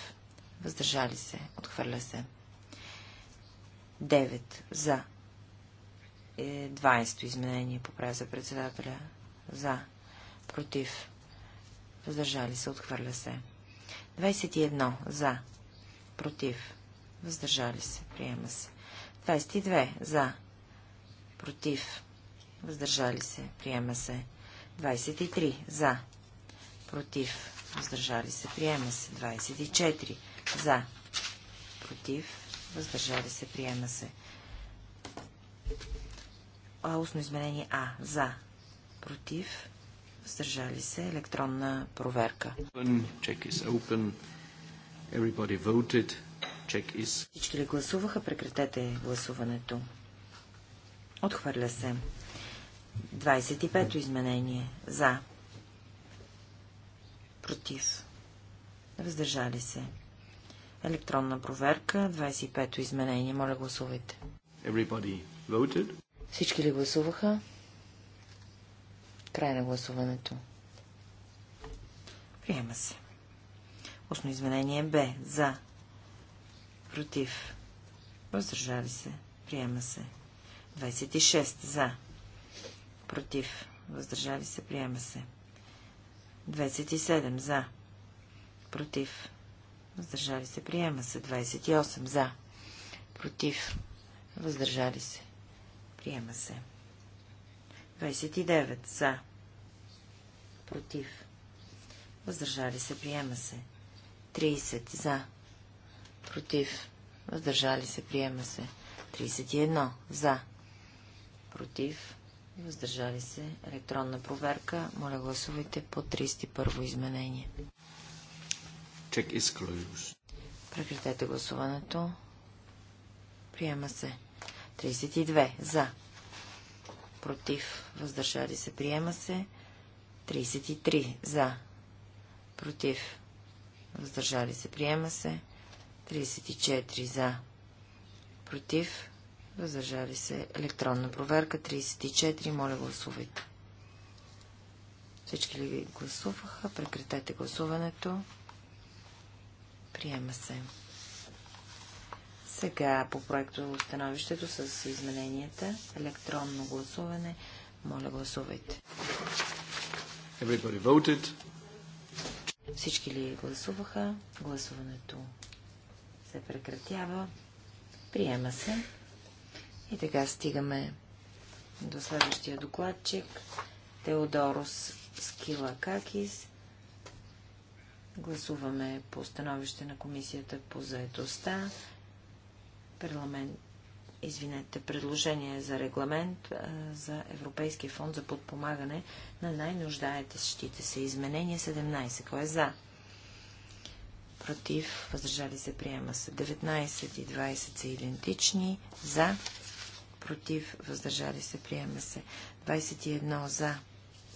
Въздържали се. Отхвърля се. 9. За. 20 е, изменение. Поправя за председателя. За. Против. Въздържали се. Отхвърля се. 21. За против, въздържали се, приема се. 22 за, против, въздържали се, приема се. 23 за, против, въздържали се, приема се. 24 за, против, въздържали се, приема се. устно изменение А. За. Против. Въздържали се. Електронна проверка. Everybody voted. Check is... Всички ли гласуваха? Прекратете гласуването. Отхвърля се. 25-то изменение. За. Против. Въздържали се. Електронна проверка. 25-то изменение. Моля гласувайте. Everybody voted. Всички ли гласуваха? Край на гласуването. Приема се. Устно извинение е Б. За. Против. Въздържали се. Приема се. 26. За. Против. Въздържали се. Приема се. 27. За. Против. Въздържали се. Приема се. 28. За. Против. Въздържали се. Приема се. 29. За. Против. Въздържали се. Приема се. 30. 30 за. Против. Въздържали се. Приема се. 31 за. Против. Въздържали се. Електронна проверка. Моля гласувайте по 31 изменение. Чек изклюз. Прекратете гласуването. Приема се. 32 за. Против. Въздържали се. Приема се. 33 за. Против въздържали се, приема се. 34 за, против, въздържали се, електронна проверка. 34, моля гласувайте. Всички ли гласуваха? Прекратете гласуването. Приема се. Сега по проекто установището с измененията, електронно гласуване. Моля, гласувайте. Everybody voted. Всички ли гласуваха? Гласуването се прекратява. Приема се. И така стигаме до следващия докладчик. Теодорос Скилакакис. Гласуваме по становище на Комисията по заедостта. Парламент извинете, предложение за регламент за Европейския фонд за подпомагане на най-нуждаете щите се. Изменение 17. Кой е за? Против. Въздържали се. Приема се. 19 и 20 са идентични. За. Против. Въздържали се. Приема се. 21. За.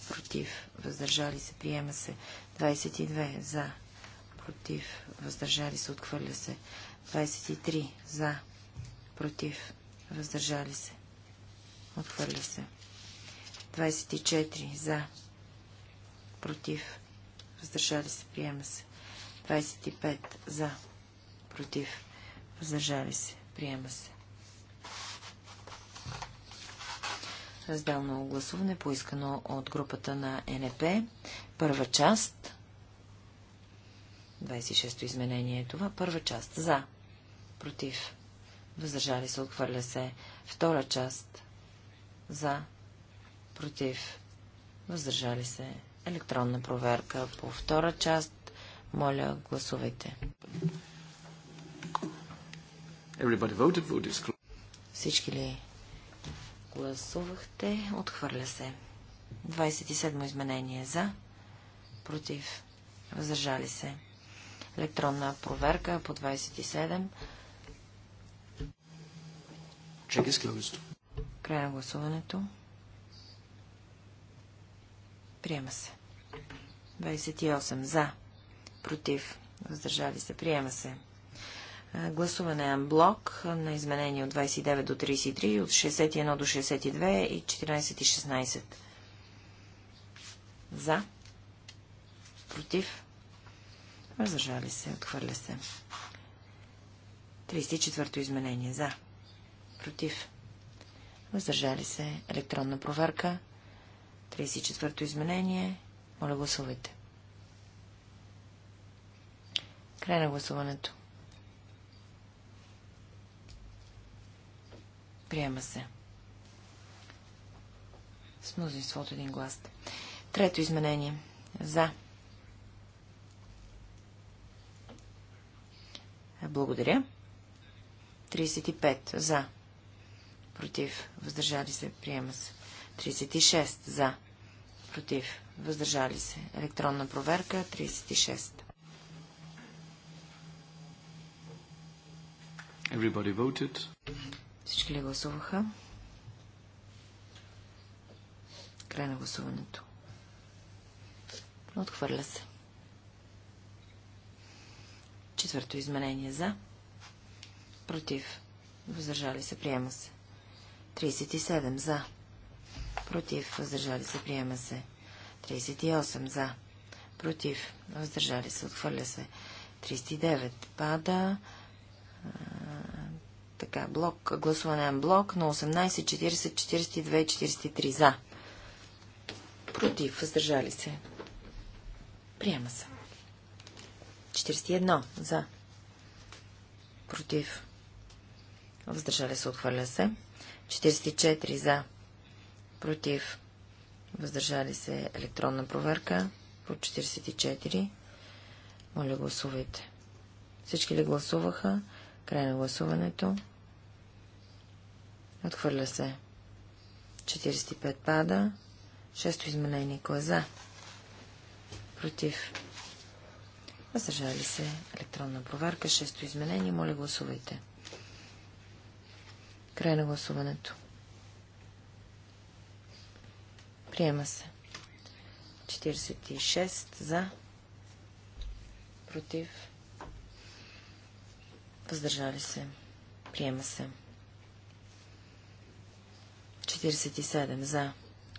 Против. Въздържали се. Приема се. 22. За. Против. Въздържали се. Отхвърля се. 23. За против, въздържали се, отхвърля се. 24 за, против, въздържали се, приема се. 25 за, против, въздържали се, приема се. Разделно гласуване, поискано от групата на НП. Първа част. 26-то изменение е това. Първа част. За. Против въздържали се, отхвърля се. Втора част за, против, въздържали се. Електронна проверка по втора част. Моля, гласувайте. Всички ли гласувахте? Отхвърля се. 27 изменение за, против, въздържали се. Електронна проверка по 27. Check is Край на гласуването. Приема се. 28 за. Против. Въздържали се. Приема се. Гласуване блок на изменение от 29 до 33, от 61 до 62 и 14 и 16. За. Против. Въздържали се. Отхвърля се. 34 изменение. За против, въздържали се, електронна проверка, 34-то изменение, моля гласувайте. Край на гласуването. Приема се. С мнозинство от един глас. Трето изменение. За. Благодаря. 35. За против, въздържали се, приема се. 36 за, против, въздържали се. Електронна проверка 36. Everybody voted. Всички ли гласуваха? Край на гласуването. Отхвърля се. Четвърто изменение за. Против. Въздържали се. Приема се. 37 за. Против. Въздържали се. Приема се. 38 за. Против. Въздържали се. Отхвърля се. 39 пада. А, така, блок, гласуване блок на 18, 40, 42 43 за. Против. Въздържали се. Приема се. 41 за. Против. Въздържали се. Отхвърля се. 44 за. Против. Въздържали се електронна проверка по 44. Моля, гласувайте. Всички ли гласуваха? Край на гласуването. Отхвърля се. 45 пада. Шесто изменение. Кой е за? Против. Въздържали се електронна проверка. Шесто изменение. Моля, гласувайте. Край на гласуването. Приема се. 46 за. Против. Въздържали се. Приема се. 47 за.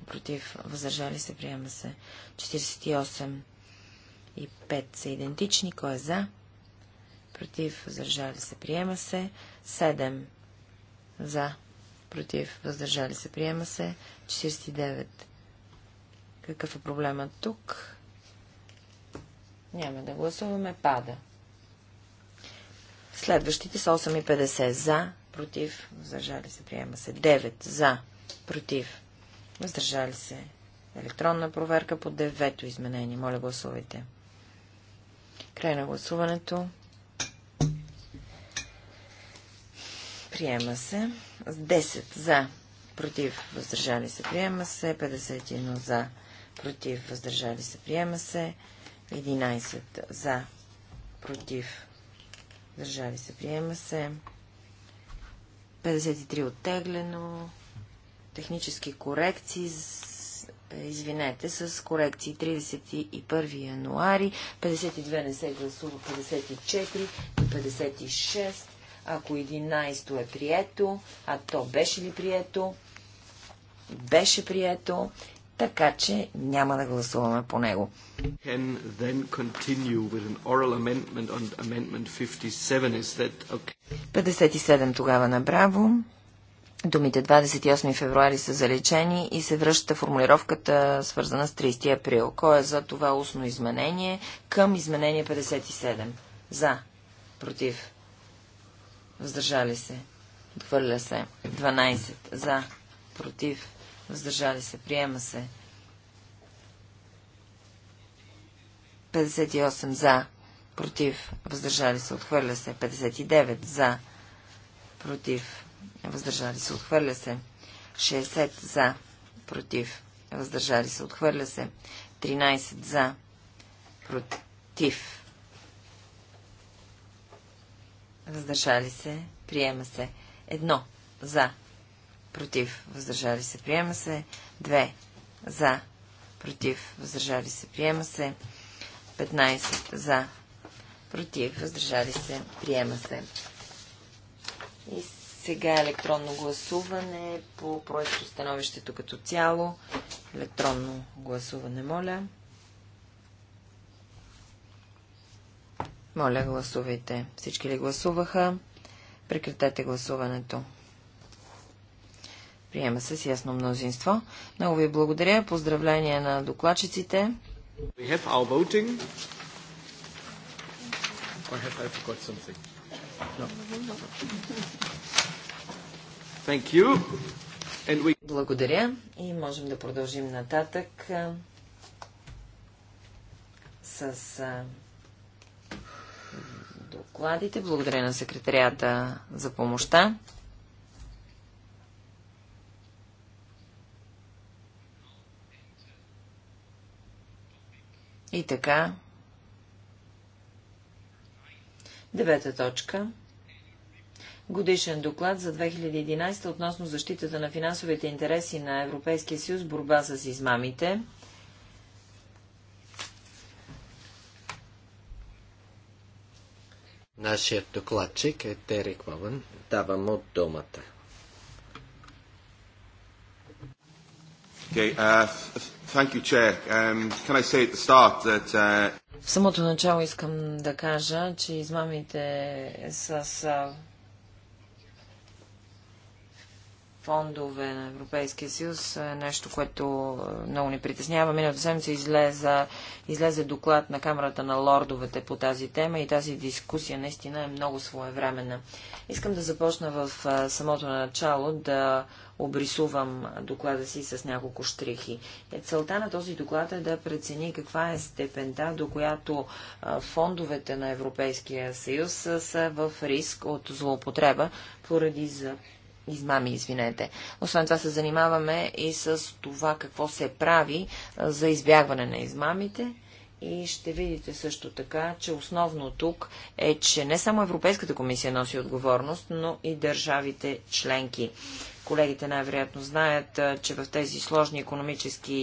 Против. Въздържали се. Приема се. 48 и 5 са идентични. Кой е за? Против. Въздържали се. Приема се. 7 за. Против. Въздържали се. Приема се. 49. Какъв е проблема тук? Няма да гласуваме. Пада. Следващите са 8 и 50. За. Против. Въздържали се. Приема се. 9. За. Против. Въздържали се. Електронна проверка по девето изменение. Моля, гласувайте. Край на гласуването. Приема се. 10 за. Против. Въздържали се. Приема се. 51 за. Против. Въздържали се. Приема се. 11 за. Против. Въздържали се. Приема се. 53 оттеглено. Технически корекции. Е, извинете, с корекции 31 януари. 52 не се гласува. 54 и 56. Ако 11-то е прието, а то беше ли прието? Беше прието, така че няма да гласуваме по него. Amendment amendment okay? 57 тогава направо. Думите 28 февруари са залечени и се връща формулировката свързана с 30 април. Кой е за това устно изменение към изменение 57? За. Против. Въздържали се. Отхвърля се. 12. За. Против. Въздържали се. Приема се. 58. За. Против. Въздържали се. Отхвърля се. 59. За. Против. Въздържали се. Отхвърля се. 60. За. Против. Въздържали се. Отхвърля се. 13. За. Против въздържали се, приема се. Едно, за, против, въздържали се, приема се. Две, за, против, въздържали се, приема се. 15 за, против, въздържали се, приема се. И сега електронно гласуване по проекто становището като цяло. Електронно гласуване, моля. Моля, гласувайте. Всички ли гласуваха? Прекратете гласуването. Приема се с ясно мнозинство. Много ви благодаря. Поздравления на докладчиците. We have our voting. Or have I forgot something? No. Thank you. And we... Благодаря и можем да продължим нататък с докладите. Благодаря на секретарията за помощта. И така. Девета точка. Годишен доклад за 2011 относно защитата на финансовите интереси на Европейския съюз, борба с измамите. Нашият докладчик е Терик Мавън. Давам му думата. Okay, uh, thank you, Chair. Um, can I say at the start that uh... В самото начало искам да кажа, че измамите с фондове на Европейския съюз е нещо, което е, много ни притеснява. Миналата седмица излезе, излезе доклад на Камерата на лордовете по тази тема и тази дискусия наистина е много своевременна. Искам да започна в е, самото начало да обрисувам доклада си с няколко штрихи. Е, целта на този доклад е да прецени каква е степента, до която фондовете на Европейския съюз са в риск от злоупотреба поради за измами, извинете. Освен това се занимаваме и с това какво се прави за избягване на измамите и ще видите също така, че основно тук е, че не само Европейската комисия носи отговорност, но и държавите членки. Колегите най-вероятно знаят, че в тези сложни економически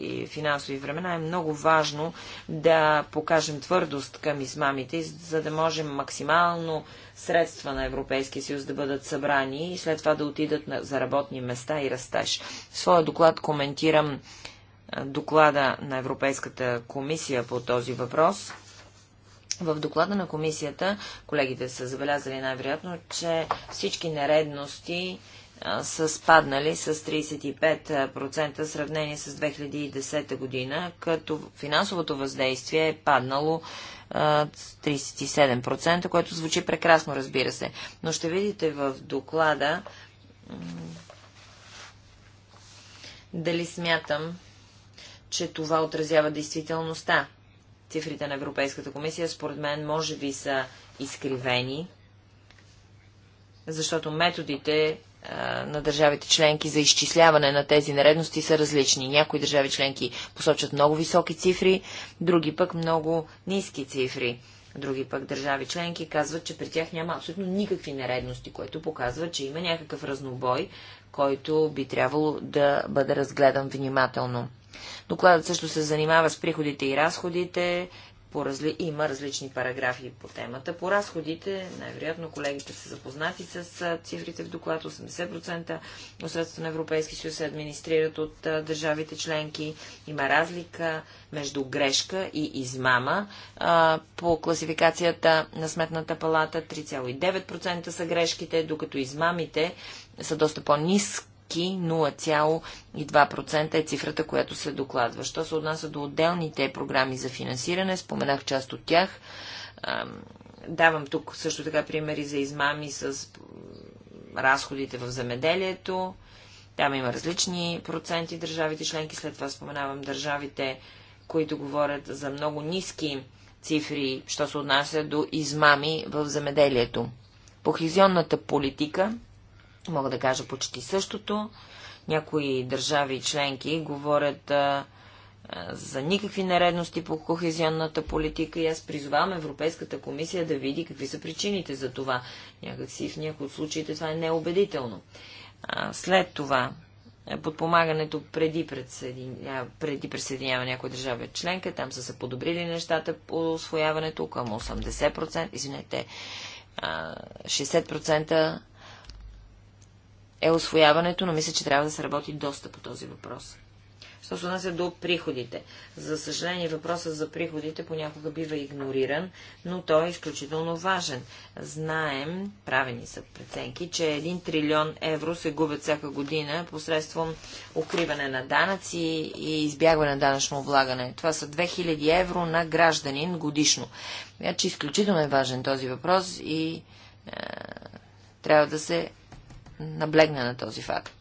и финансови времена е много важно да покажем твърдост към измамите, за да можем максимално средства на Европейския съюз да бъдат събрани и след това да отидат за работни места и растеж. В своя доклад коментирам доклада на Европейската комисия по този въпрос. В доклада на комисията колегите са забелязали най-вероятно, че всички нередности са спаднали с 35% в сравнение с 2010 година, като финансовото въздействие е паднало 37%, което звучи прекрасно, разбира се. Но ще видите в доклада дали смятам, че това отразява действителността. Цифрите на Европейската комисия, според мен, може би са изкривени, защото методите на държавите членки за изчисляване на тези наредности са различни. Някои държави членки посочат много високи цифри, други пък много ниски цифри. Други пък държави членки казват, че при тях няма абсолютно никакви нередности, което показва, че има някакъв разнобой който би трябвало да бъде разгледан внимателно. Докладът също се занимава с приходите и разходите. По разли... Има различни параграфи по темата. По разходите, най-вероятно колегите са запознати с цифрите в доклад. 80% от средствата на Европейски съюз се администрират от държавите членки. Има разлика между грешка и измама. по класификацията на Сметната палата 3,9% са грешките, докато измамите са доста по-низки 0,2% е цифрата, която се докладва. Що се отнася до отделните програми за финансиране, споменах част от тях. Давам тук също така примери за измами с разходите в земеделието. Там има различни проценти държавите членки. След това споменавам държавите, които говорят за много ниски цифри, що се отнася до измами в земеделието. Похизионната политика Мога да кажа почти същото. Някои държави и членки говорят а, за никакви нередности по кохезионната политика и аз призовавам Европейската комисия да види какви са причините за това. Някакси в някои от случаите това е неубедително. А, след това е, подпомагането преди, предсъединя... преди присъединява някоя държава членка. Там са се подобрили нещата по освояването към 80%, извинете, 60% е освояването, но мисля, че трябва да се работи доста по този въпрос. Що се отнася до приходите. За съжаление, въпросът за приходите понякога бива игнориран, но той е изключително важен. Знаем, правени са преценки, че 1 трилион евро се губят всяка година посредством укриване на данъци и избягване на данъчно облагане. Това са 2000 евро на гражданин годишно. Значи изключително е важен този въпрос и е, трябва да се наблегна на този факт.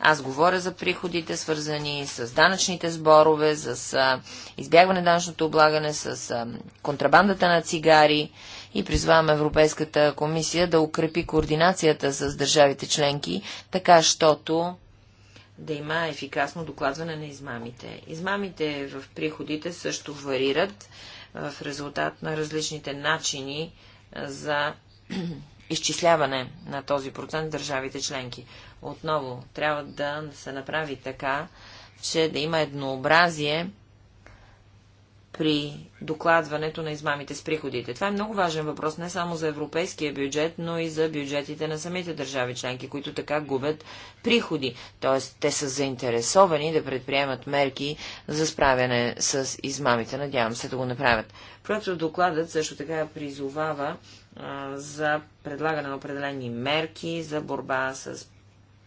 Аз говоря за приходите, свързани с данъчните сборове, с избягване на данъчното облагане, с контрабандата на цигари и призвавам Европейската комисия да укрепи координацията с държавите членки, така щото да има ефикасно докладване на измамите. Измамите в приходите също варират в резултат на различните начини за изчисляване на този процент в държавите членки. Отново, трябва да се направи така, че да има еднообразие при докладването на измамите с приходите. Това е много важен въпрос не само за европейския бюджет, но и за бюджетите на самите държави членки, които така губят приходи. Тоест, те са заинтересовани да предприемат мерки за справяне с измамите. Надявам се да го направят. Проектът докладът също така призовава за предлагане на определени мерки за борба с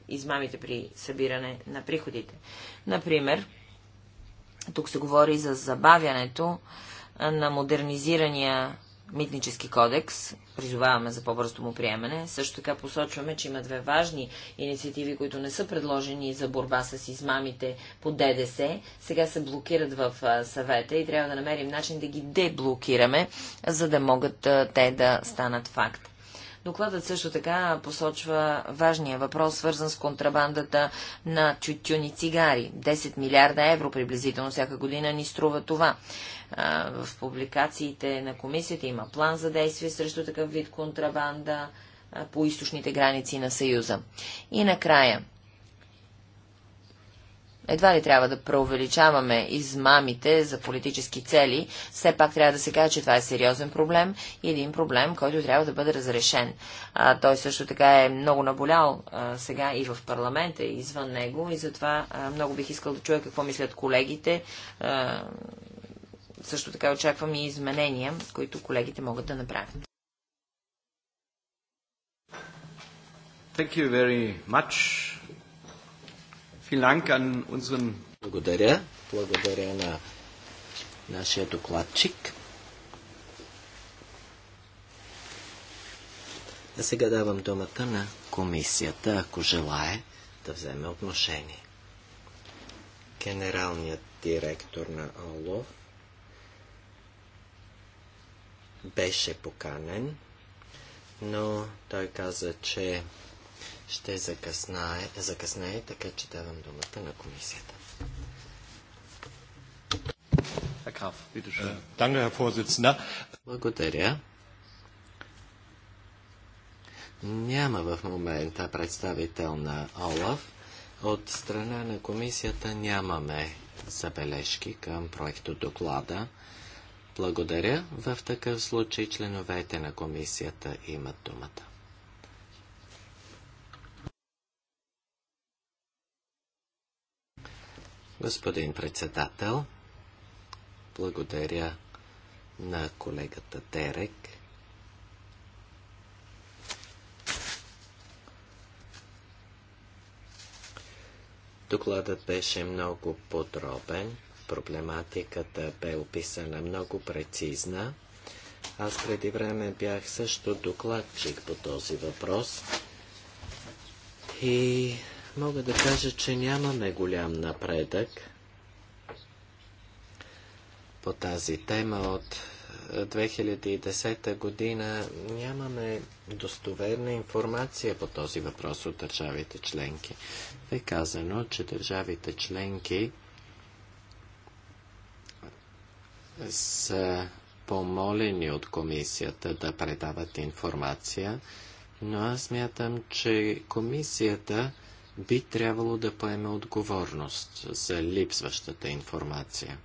измамите при събиране на приходите. Например, тук се говори за забавянето на модернизирания митнически кодекс, призоваваме за по-бързото му приемане. Също така посочваме, че има две важни инициативи, които не са предложени за борба с измамите по ДДС. Сега се блокират в съвета и трябва да намерим начин да ги деблокираме, за да могат те да станат факт. Докладът също така посочва важния въпрос, свързан с контрабандата на чутюни цигари. 10 милиарда евро приблизително всяка година ни струва това. В публикациите на комисията има план за действие срещу такъв вид контрабанда по източните граници на Съюза. И накрая, едва ли трябва да преувеличаваме измамите за политически цели, все пак трябва да се каже, че това е сериозен проблем и един проблем, който трябва да бъде разрешен. А, той също така е много наболял а, сега и в парламента, и извън него, и затова а, много бих искал да чуя какво мислят колегите. А, също така очаквам и изменения, които колегите могат да направят. Thank you very much. Благодаря. Благодаря на нашия докладчик. А сега давам думата на комисията, ако желая да вземе отношение. Генералният директор на Алов. беше поканен, но той каза, че ще закъснае, закъснее, така че давам думата на комисията. Äh, Благодаря. Няма в момента представител на ОЛАФ. От страна на комисията нямаме забележки към проекто доклада. Благодаря. В такъв случай членовете на комисията имат думата. Господин председател, благодаря на колегата Терек. Докладът беше много подробен, проблематиката бе описана много прецизна. Аз преди време бях също докладчик по този въпрос и мога да кажа, че нямаме голям напредък по тази тема от 2010 е, година. Нямаме достоверна информация по този въпрос от държавите членки. е казано, че държавите членки са помолени от комисията да предават информация, но аз мятам, че комисията би трябвало да поеме отговорност за липсващата информация.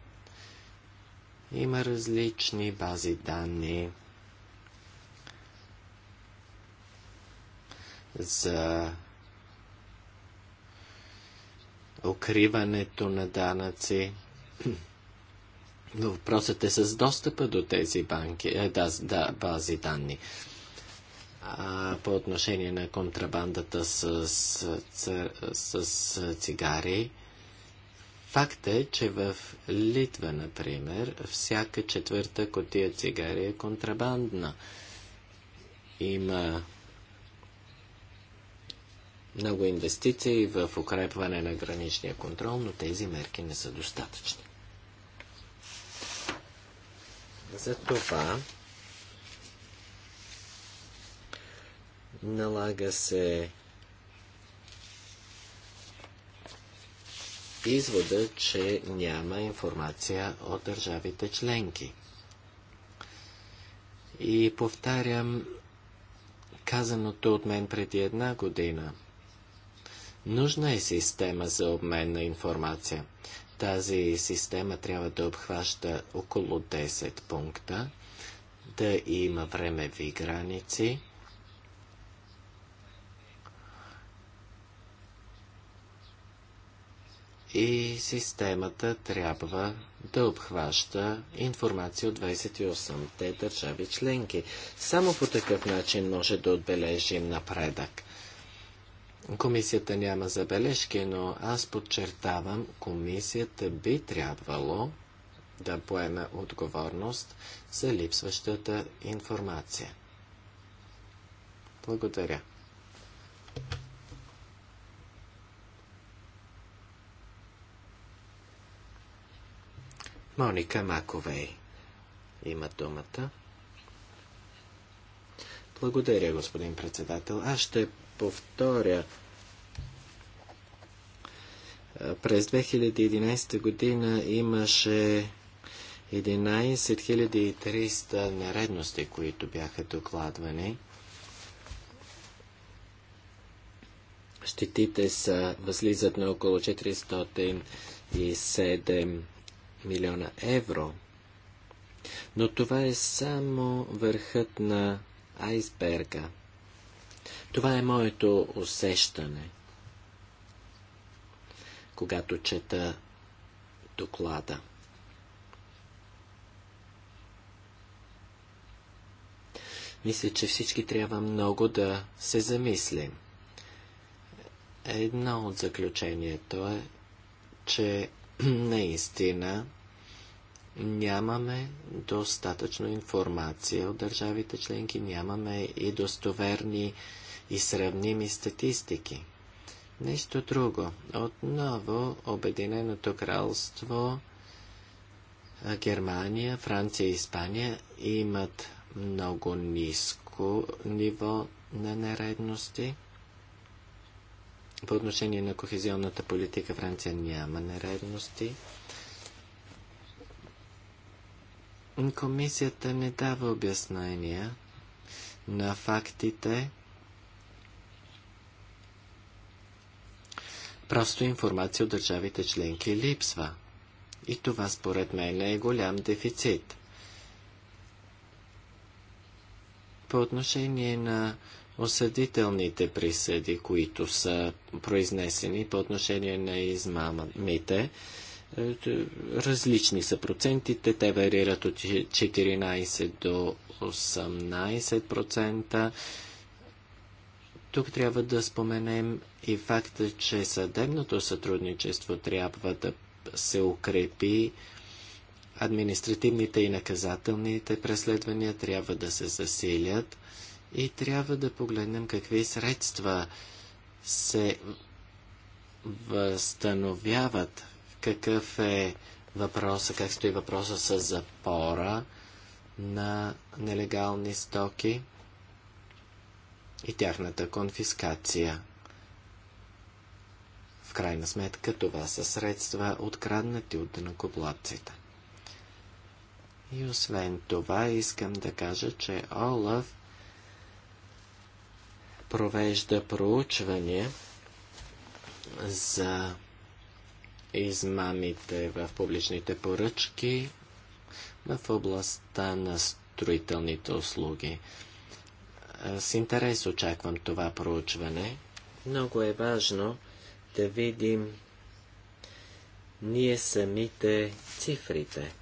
Има различни бази данни за укриването на данъци. Но въпросът е с достъпа до тези банки, е, да, да, бази данни а, по отношение на контрабандата с, с, с, с цигари. Факт е, че в Литва, например, всяка четвърта котия цигари е контрабандна. Има много инвестиции в укрепване на граничния контрол, но тези мерки не са достатъчни. Затова Налага се извода, че няма информация от държавите членки. И повтарям казаното от мен преди една година. Нужна е система за обмен на информация. Тази система трябва да обхваща около 10 пункта, да има времеви граници, и системата трябва да обхваща информация от 28-те държави членки. Само по такъв начин може да отбележим напредък. Комисията няма забележки, но аз подчертавам, комисията би трябвало да поеме отговорност за липсващата информация. Благодаря. Моника Маковей има думата. Благодаря, господин председател. Аз ще повторя. През 2011 година имаше 11300 нередности, които бяха докладвани. Щетите са възлизат на около 407 милиона евро. Но това е само върхът на айсберга. Това е моето усещане, когато чета доклада. Мисля, че всички трябва много да се замислим. Едно от заключението е, че наистина нямаме достатъчно информация от държавите членки, нямаме и достоверни и сравними статистики. Нещо друго. Отново Обединеното кралство, Германия, Франция и Испания имат много ниско ниво на нередности. По отношение на кохезионната политика Франция няма нередности. Комисията не дава обяснения на фактите. Просто информация от държавите членки липсва. И това според мен е голям дефицит. По отношение на осъдителните присъди, които са произнесени по отношение на измамите, е, различни са процентите, те варират от 14 до 18%. Тук трябва да споменем и факта, че съдебното сътрудничество трябва да се укрепи, административните и наказателните преследвания трябва да се засилят и трябва да погледнем какви средства се възстановяват какъв е въпроса, как стои въпроса с запора на нелегални стоки и тяхната конфискация. В крайна сметка това са средства, откраднати от накоплатците. И освен това искам да кажа, че Олаф провежда проучвания за измамите в публичните поръчки в областта на строителните услуги. С интерес очаквам това проучване. Много е важно да видим ние самите цифрите.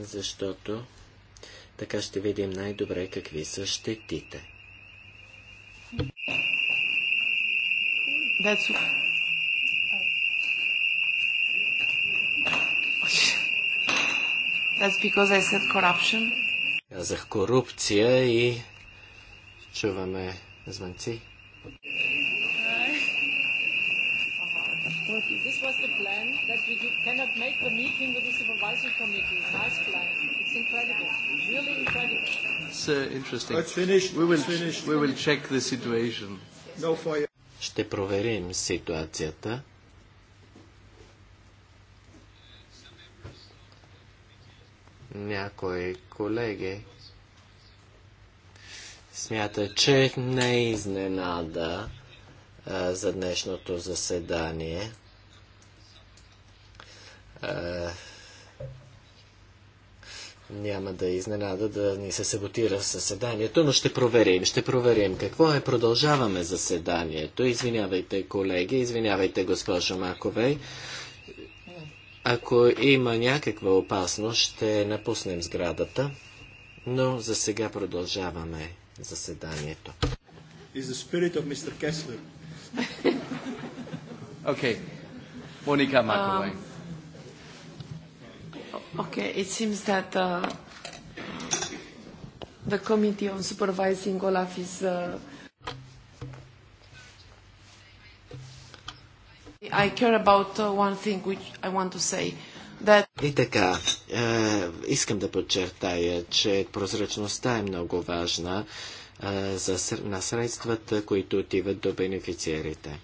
Защото така ще видим най-добре какви са щетите that's that's because I said corruption. Казах корупция и чуваме звънци. This was the plan that we cannot make the meeting with the supervisory committee. Nice plan. It's incredible. Really incredible. It's interesting. Let's finish. We will, finish. We will check the situation. No fire. Ще проверим ситуацията. Някои колеги смятат, че не е изненада а, за днешното заседание. А, няма да изненада да ни се саботира съседанието, но ще проверим, ще проверим какво е. Продължаваме заседанието. Извинявайте, колеги, извинявайте, госпожо Маковей. Ако има някаква опасност, ще напуснем сградата, но за сега продължаваме заседанието. Is the spirit of Mr. Kessler. okay. Monica Makovej. Um okay, it seems that uh, the Committee on Supervising Olaf is... Uh, I care about uh, one thing which I want to say. That... И така, е, искам да подчертая, че прозрачността е много важна е, за, на средствата, които отиват до бенефициерите.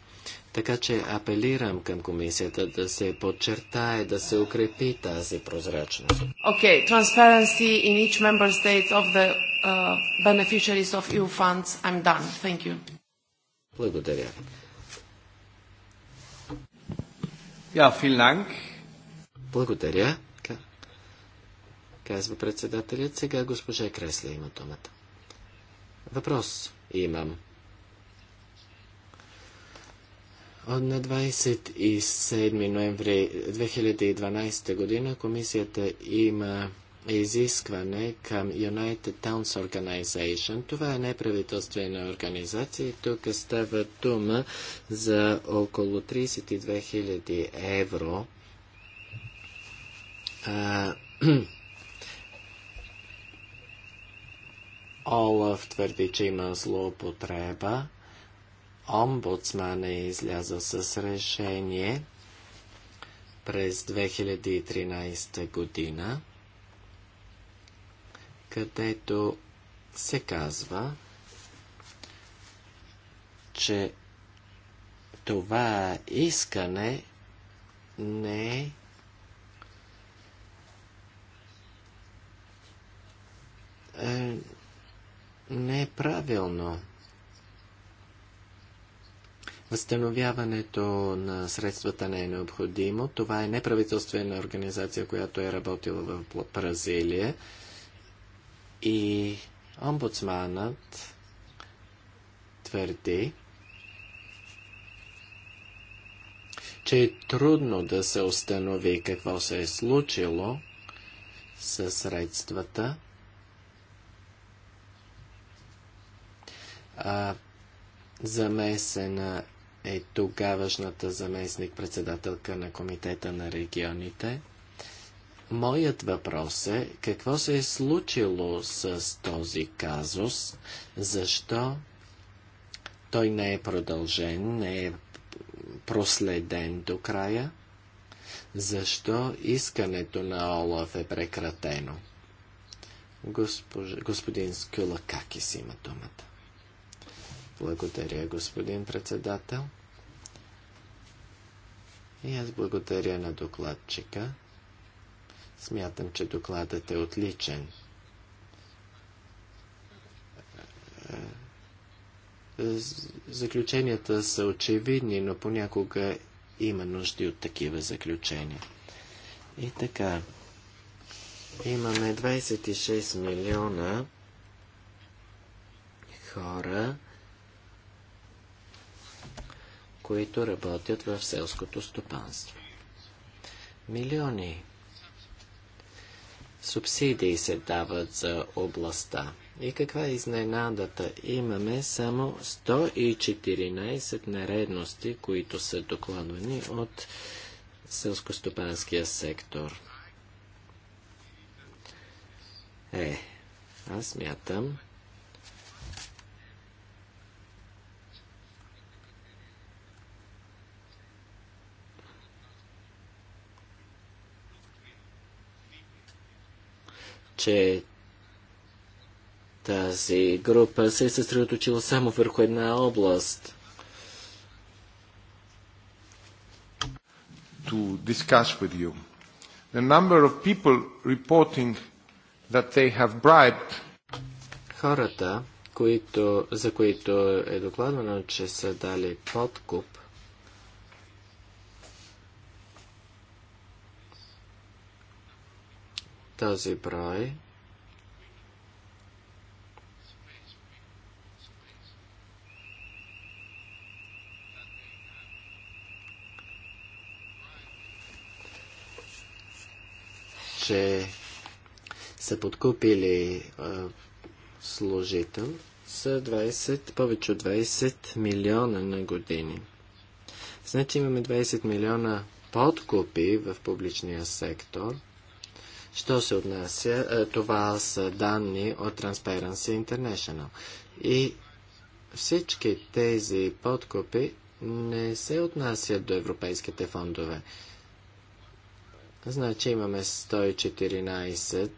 Така че апелирам към комисията да се подчертае, да се укрепи тази прозрачност. Okay, transparency in each member state of the uh, beneficiaries of EU funds. I'm done. Thank you. Благодаря. Ja, vielen Dank. Благодаря, казва председателят. Сега госпожа Кресля има думата. Въпрос имам. На 27 ноември 2012 година комисията има изискване към United Towns Organization. Това е неправителствена организация. Тук става дума за около 32 000 евро. А, Олаф твърди, че има злоупотреба омбудсман е излязъл с решение през 2013 година, където се казва, че това искане не е, е не е правилно. Възстановяването на средствата не е необходимо. Това е неправителствена организация, която е работила в Бразилия. И омбудсманът твърди, че е трудно да се установи какво се е случило със средствата. А, замесена е тогавашната заместник-председателка на Комитета на регионите. Моят въпрос е какво се е случило с този казус, защо той не е продължен, не е проследен до края, защо искането на Олаф е прекратено. Госпож... Господин Скюла Какис има думата. Благодаря, господин председател. И аз благодаря на докладчика. Смятам, че докладът е отличен. Заключенията са очевидни, но понякога има нужди от такива заключения. И така, имаме 26 милиона хора, които работят в селското стопанство. Милиони субсидии се дават за областта. И каква е изненадата? Имаме само 114 наредности, които са докладвани от селскостопанския сектор. Е, аз мятам, че тази група се е съсредоточила само върху една област. To discuss with you. The number of people reporting that they have bribed. Хората, които, за които е докладвано, че са дали подкуп, Този брой че са подкупили служител с 20, повече от 20 милиона на години. Значи имаме 20 милиона подкупи в публичния сектор – Що се отнася, е, това са данни от Transparency International. И всички тези подкупи не се отнасят до европейските фондове. Значи имаме 114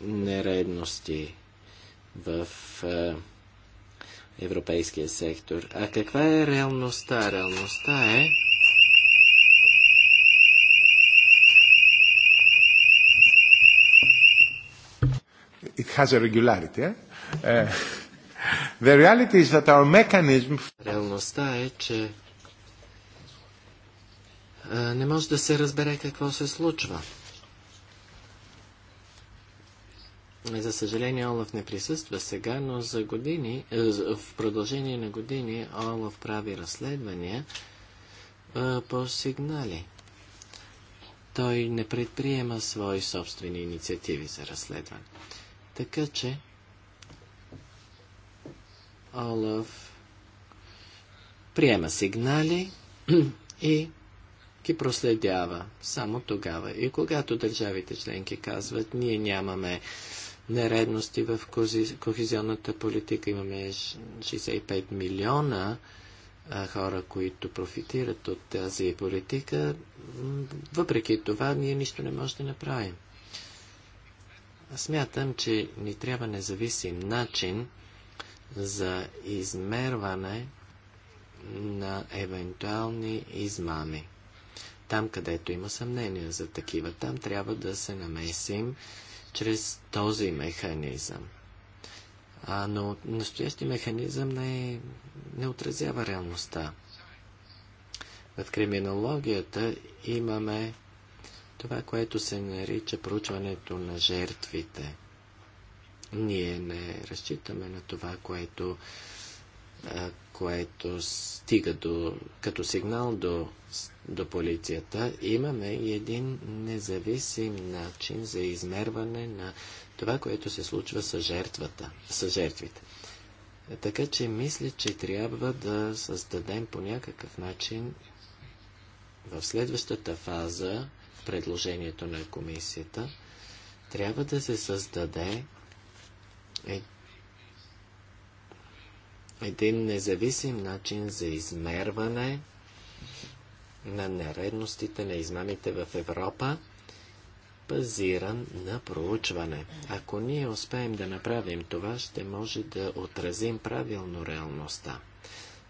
нередности в е, европейския сектор. А каква е реалността? Реалността е, it has a regularity. Eh? Uh, the reality is that our mechanism... Реалността е, че е, не може да се разбере какво се случва. За съжаление, Олаф не присъства сега, но за години, е, в продължение на години Олаф прави разследвания е, по сигнали. Той не предприема свои собствени инициативи за разследване. Така че Олаф приема сигнали и ги проследява само тогава. И когато държавите членки казват, ние нямаме нередности в кохезионната политика, имаме 65 милиона а, хора, които профитират от тази политика, въпреки това ние нищо не можем да направим. Смятам, че ни трябва независим начин за измерване на евентуални измами. Там, където има съмнение за такива, там трябва да се намесим чрез този механизъм. А, но настоящи механизъм не, не отразява реалността. В криминологията имаме това, което се нарича проучването на жертвите. Ние не разчитаме на това, което, което стига до, като сигнал до, до полицията. Имаме един независим начин за измерване на това, което се случва с, жертвата, с жертвите. Така че мисля, че трябва да създадем по някакъв начин в следващата фаза предложението на комисията, трябва да се създаде е- един независим начин за измерване на нередностите на измамите в Европа, базиран на проучване. Ако ние успеем да направим това, ще може да отразим правилно реалността.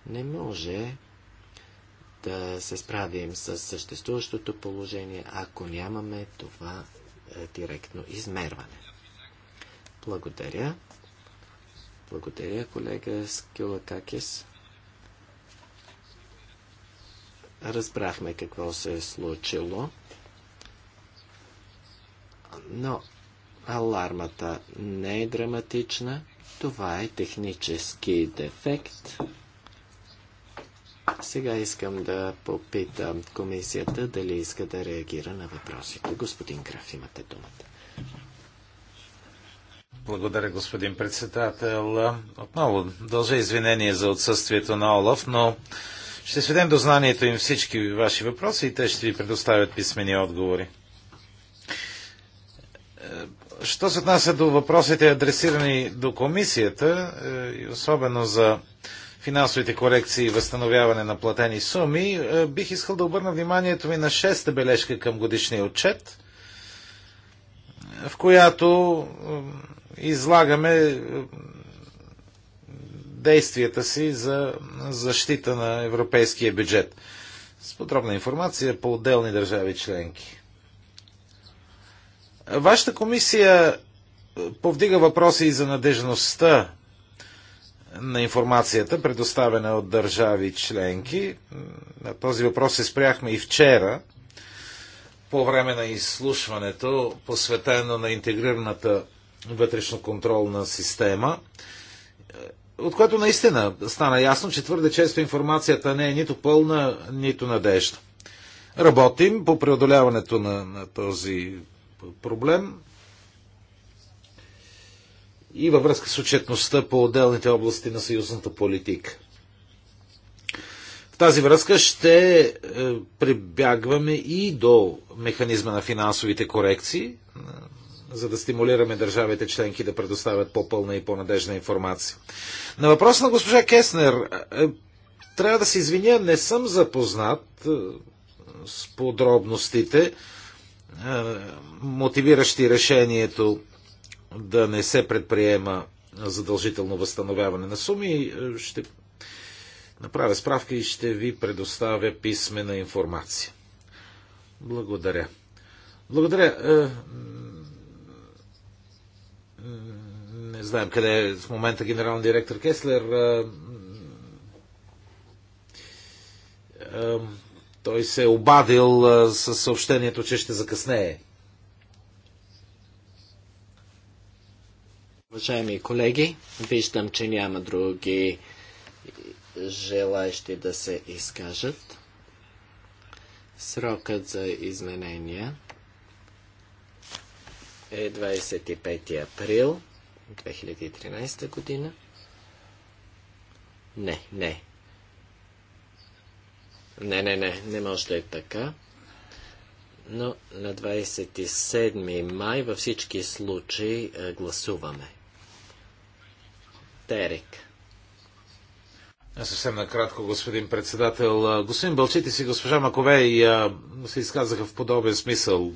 Не може да се справим с съществуващото положение, ако нямаме това е, директно измерване. Благодаря. Благодаря, колега Скилакакис. Разбрахме какво се е случило, но алармата не е драматична. Това е технически дефект. Сега искам да попитам комисията дали иска да реагира на въпросите. Господин Граф, имате думата. Благодаря, господин председател. Отново дължа извинение за отсъствието на Олаф, но ще сведем до знанието им всички ваши въпроси и те ще ви предоставят писмени отговори. Що се отнася до въпросите, адресирани до комисията, е, и особено за финансовите корекции и възстановяване на платени суми, е, бих искал да обърна вниманието ми на шеста бележка към годишния отчет, в която е, излагаме е, действията си за защита на европейския бюджет. С подробна информация по отделни държави членки. Вашата комисия повдига въпроси и за надежността на информацията, предоставена от държави членки. На този въпрос се спряхме и вчера по време на изслушването, посветено на интегрираната вътрешно-контролна система, от което наистина стана ясно, че твърде често информацията не е нито пълна, нито надежда. Работим по преодоляването на, на този проблем и във връзка с отчетността по отделните области на съюзната политика. В тази връзка ще е, прибягваме и до механизма на финансовите корекции, е, за да стимулираме държавите членки да предоставят по-пълна и по-надежна информация. На въпрос на госпожа Кеснер, е, трябва да се извиня, не съм запознат с подробностите, мотивиращи решението да не се предприема задължително възстановяване на суми, ще направя справка и ще ви предоставя писмена информация. Благодаря. Благодаря. Е, не знаем къде е в момента генерален директор Кеслер. Е, е, той се е обадил със съобщението, че ще закъснее. Уважаеми колеги, виждам, че няма други желаещи да се изкажат. Срокът за изменения е 25 април 2013 година. Не, не. Не, не, не, не може да е така. Но на 27 май във всички случаи е, гласуваме. Дерек. Съвсем накратко, господин председател. Господин Бълчитис си, госпожа Маковей се изказаха в подобен смисъл.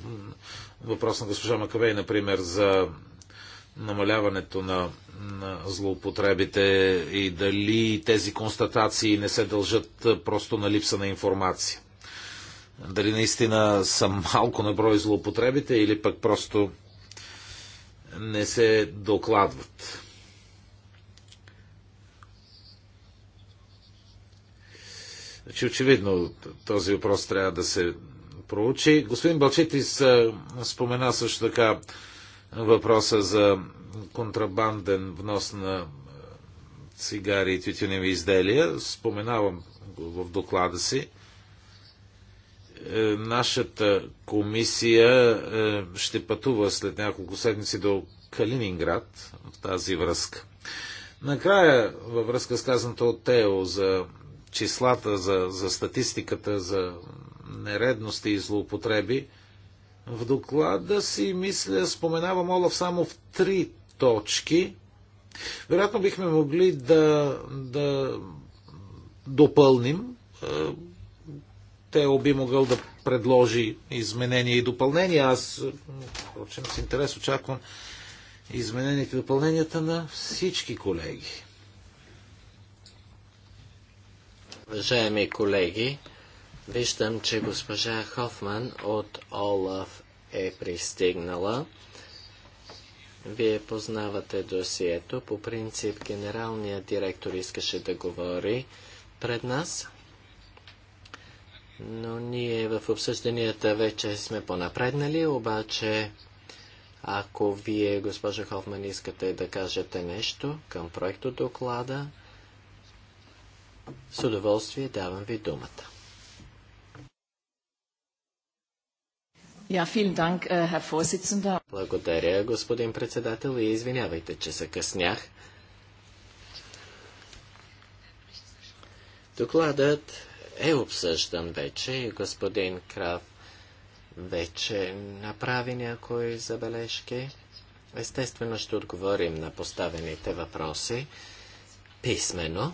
Въпрос на госпожа Маковей, например, за намаляването на, на злоупотребите и дали тези констатации не се дължат просто на липса на информация. Дали наистина са малко на брой злоупотребите или пък просто не се докладват. Значи, очевидно, този въпрос трябва да се проучи. Господин Балчетис спомена също така въпроса за контрабанден внос на цигари и тютюневи изделия. Споменавам в доклада си. Е, нашата комисия е, ще пътува след няколко седмици до Калининград в тази връзка. Накрая, във връзка с казаното от Тео за числата, за, за статистиката, за нередности и злоупотреби, в доклада си, мисля, споменавам Олаф само в три точки. Вероятно бихме могли да, да допълним. Те би могъл да предложи изменения и допълнения. Аз, впрочем, с интерес очаквам измененията и допълненията на всички колеги. Уважаеми колеги, виждам, че госпожа Хофман от Олаф е пристигнала. Вие познавате досието. По принцип, генералният директор искаше да говори пред нас, но ние в обсъжданията вече сме понапреднали, обаче ако вие, госпожа Хофман, искате да кажете нещо към проекто доклада, с удоволствие давам ви думата. Äh, Благодаря, господин председател, и извинявайте, че се къснях. Докладът е обсъждан вече и господин Крав вече направи някои забележки. Естествено ще отговорим на поставените въпроси писменно.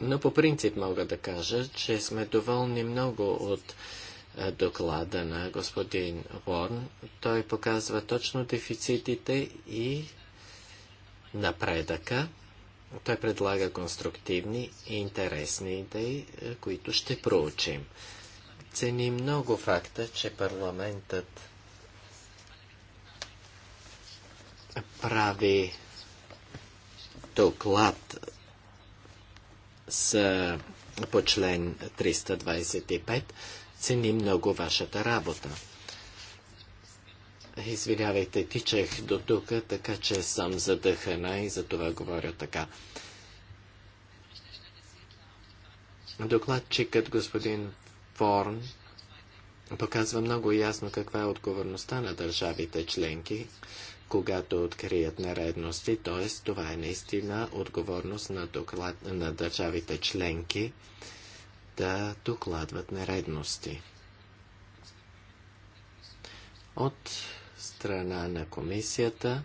Но по принцип мога да кажа, че сме доволни много от е, доклада на господин Уорн. Той показва точно дефицитите и напредъка. Той предлага конструктивни и интересни идеи, е, които ще проучим. Цени много факта, че парламентът прави доклад са по член 325. Цени много вашата работа. Извинявайте, тичах до тук, така че съм задъхана и за това говоря така. Докладчикът господин Форн показва много ясно каква е отговорността на държавите членки когато открият нередности, т.е. това е наистина отговорност на, доклад, на държавите членки да докладват нередности. От страна на комисията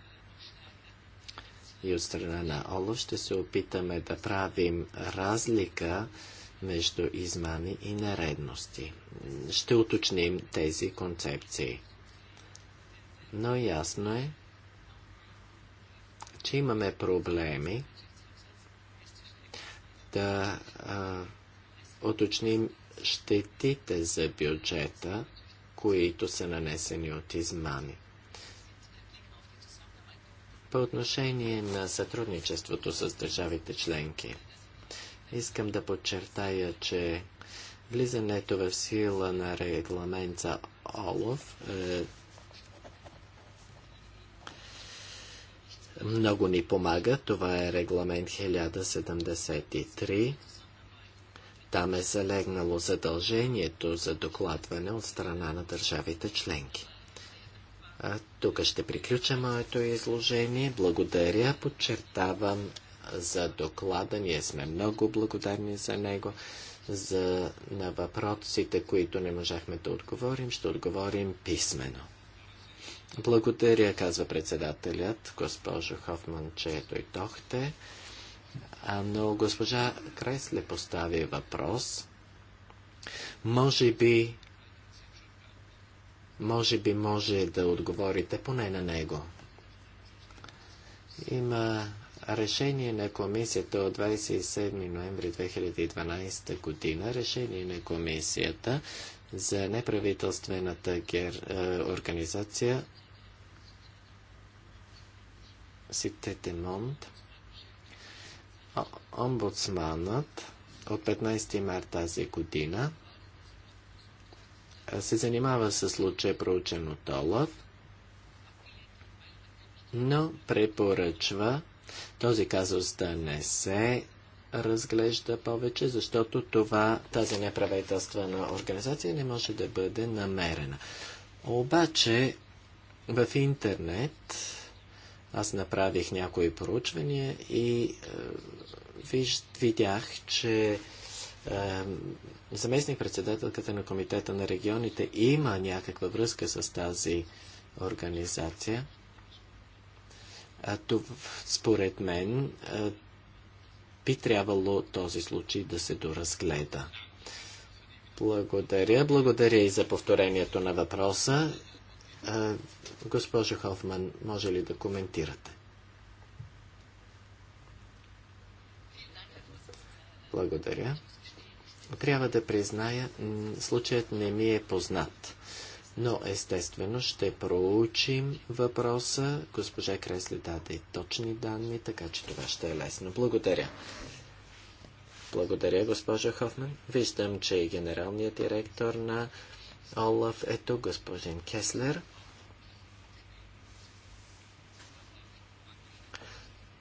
и от страна на ОЛО ще се опитаме да правим разлика между измами и нередности. Ще уточним тези концепции. Но ясно е, че имаме проблеми да а, уточним щетите за бюджета, които са нанесени от измами. По отношение на сътрудничеството с държавите членки, искам да подчертая, че влизането в сила на регламент за ОЛОВ е, много ни помага. Това е регламент 1073. Там е залегнало задължението за докладване от страна на държавите членки. А, тук ще приключа моето изложение. Благодаря, подчертавам за доклада. Ние сме много благодарни за него. За, на въпросите, които не можахме да отговорим, ще отговорим писменно. Благодаря, казва председателят, госпожо Хофман, че дойдохте. Но госпожа Кресле постави въпрос. Може би, може би може да отговорите поне на него. Има решение на комисията от 27 ноември 2012 година, решение на комисията за неправителствената гер... Е, организация Ситете омбудсманът от 15 марта тази година се занимава с случай проучен от Олаф, но препоръчва този казус да не се разглежда повече, защото това, тази неправителствена организация не може да бъде намерена. Обаче в интернет аз направих някои проучвания и е, виж, видях, че е, заместник-председателката на Комитета на регионите има някаква връзка с тази организация. А, тук, според мен, е, би трябвало този случай да се доразгледа. Благодаря. Благодаря и за повторението на въпроса. Госпожо Хофман, може ли да коментирате? Благодаря. Трябва да призная, случаят не ми е познат. Но естествено ще проучим въпроса. Госпожа Кресли даде точни данни, така че това ще е лесно. Благодаря. Благодаря, госпожа Хофман. Виждам, че и генералният директор на Олаф ето, господин Кеслер.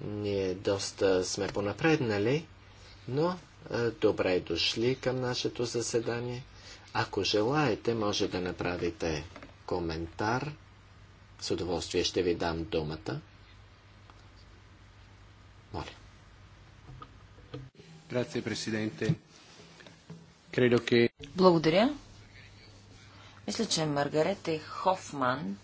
Ние доста сме понапреднали, но добре дошли към нашето заседание. Ако желаете, може да направите коментар. С удоволствие ще ви дам думата. Моля. Благодаря. Мисля, че Маргарете Хофман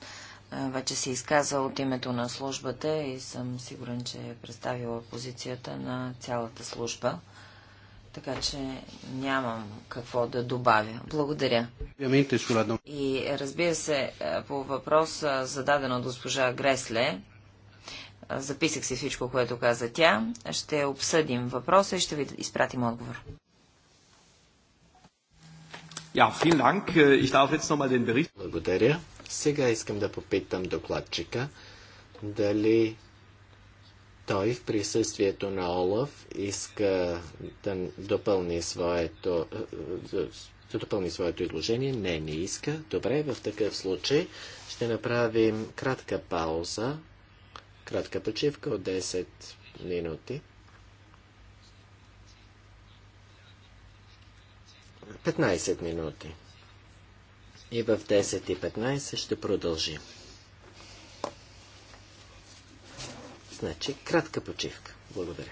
вече се изказа от името на службата и съм сигурен, че е представила позицията на цялата служба. Така че нямам какво да добавя. Благодаря. И разбира се, по въпрос зададен от госпожа Гресле, записах си всичко, което каза тя. Ще обсъдим въпроса и ще ви изпратим отговор. Ja, vielen Dank. Äh, ich darf jetzt nochmal den Bericht. Благодаря. Сега искам да попитам докладчика дали той в присъствието на Олаф иска да допълни своето, э, да допълни своето изложение. Не, не иска. Добре, в такъв случай ще направим кратка пауза, кратка почивка от 10 минути. 15 минути. И в 10 и 15 ще продължим. Значи, кратка почивка. Благодаря.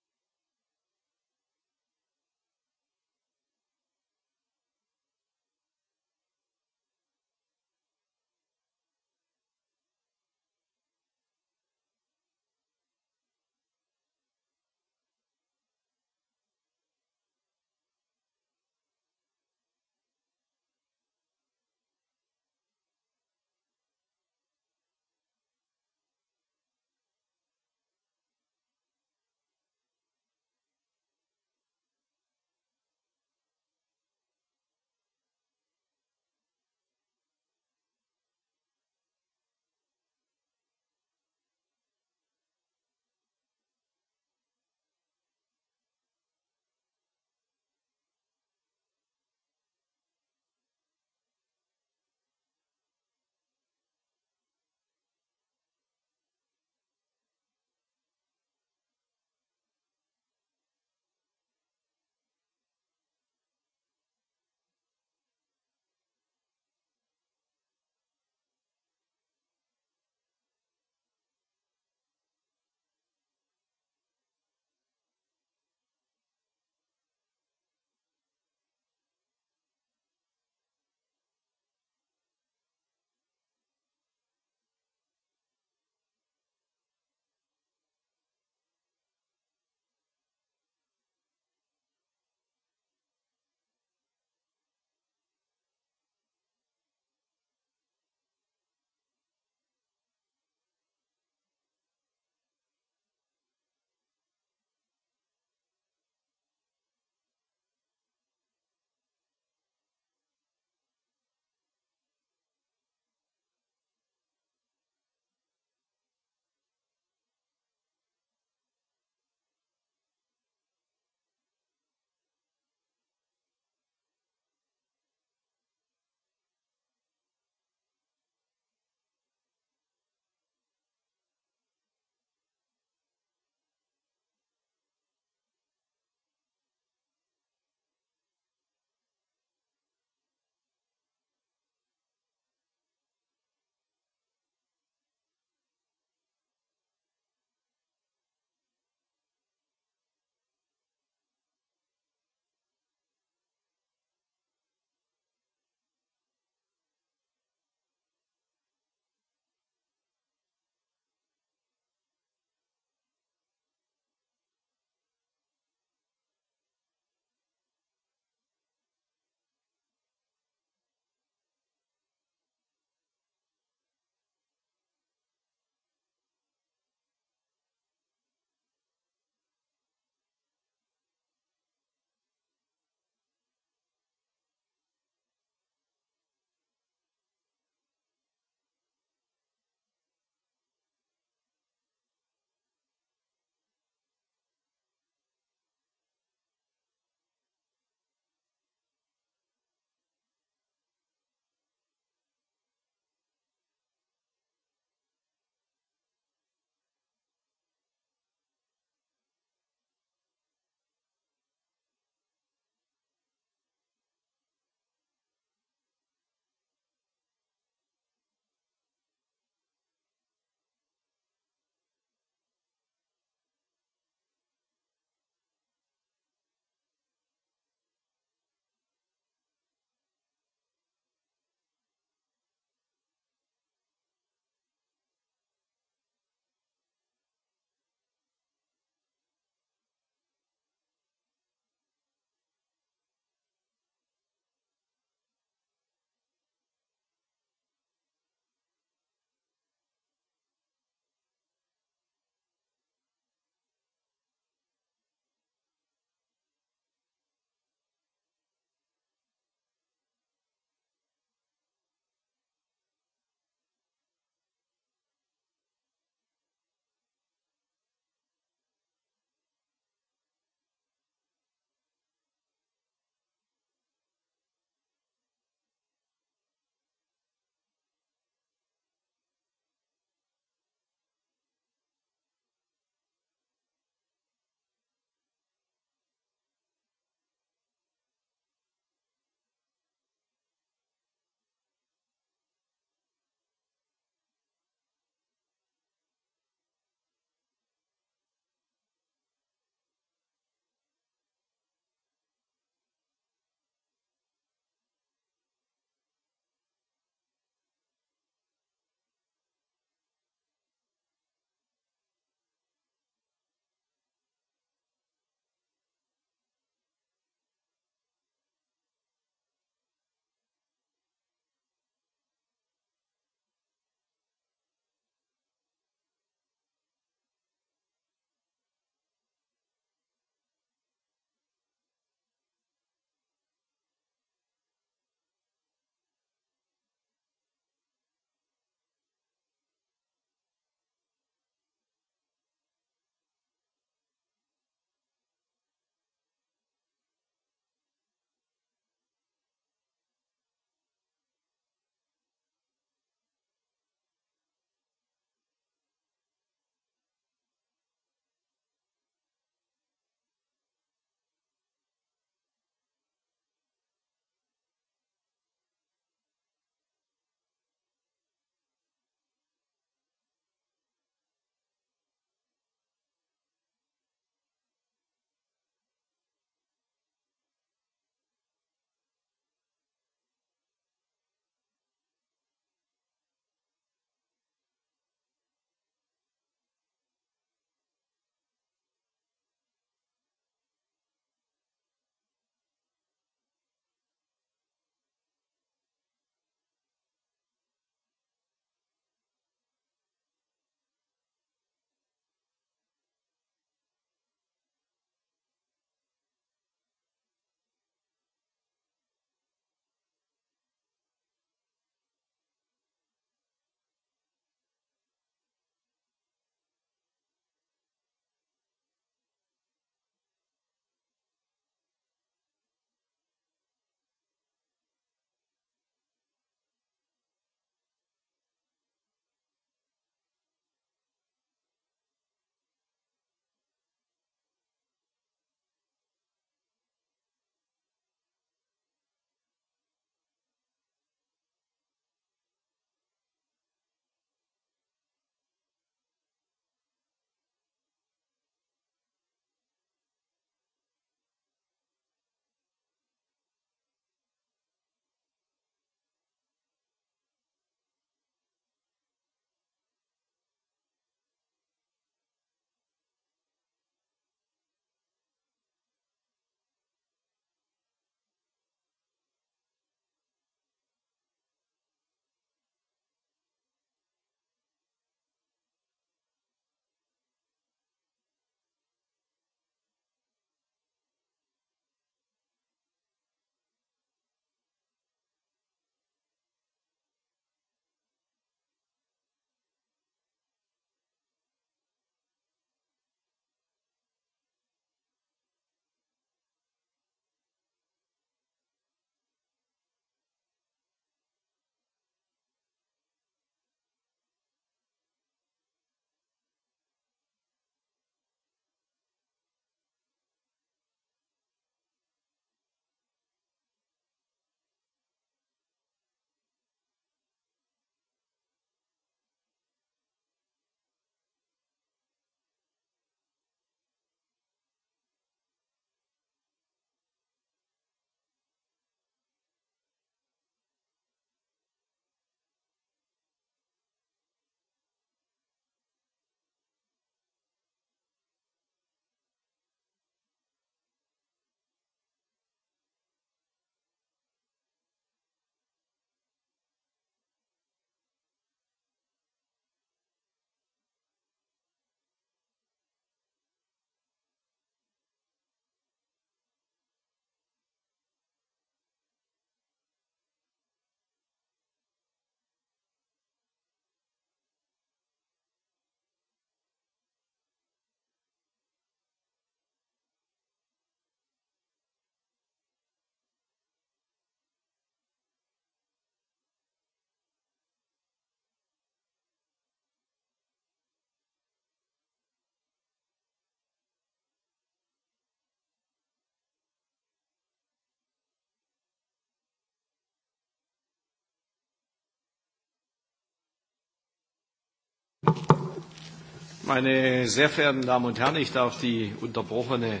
Meine sehr verehrten Damen und Herren, ich darf die unterbrochene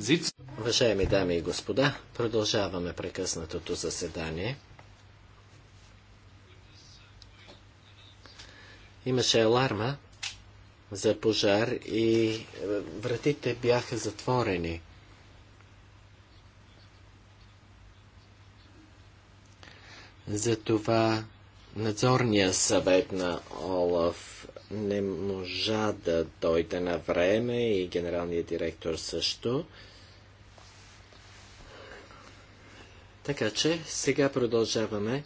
Sitzung. Уважаеми дами и господа, продължаваме прекъснатото заседание. Имаше аларма за пожар и е, вратите бяха затворени. Затова надзорния съвет на Олаф не можа да дойде на време и генералният директор също. Така че сега продължаваме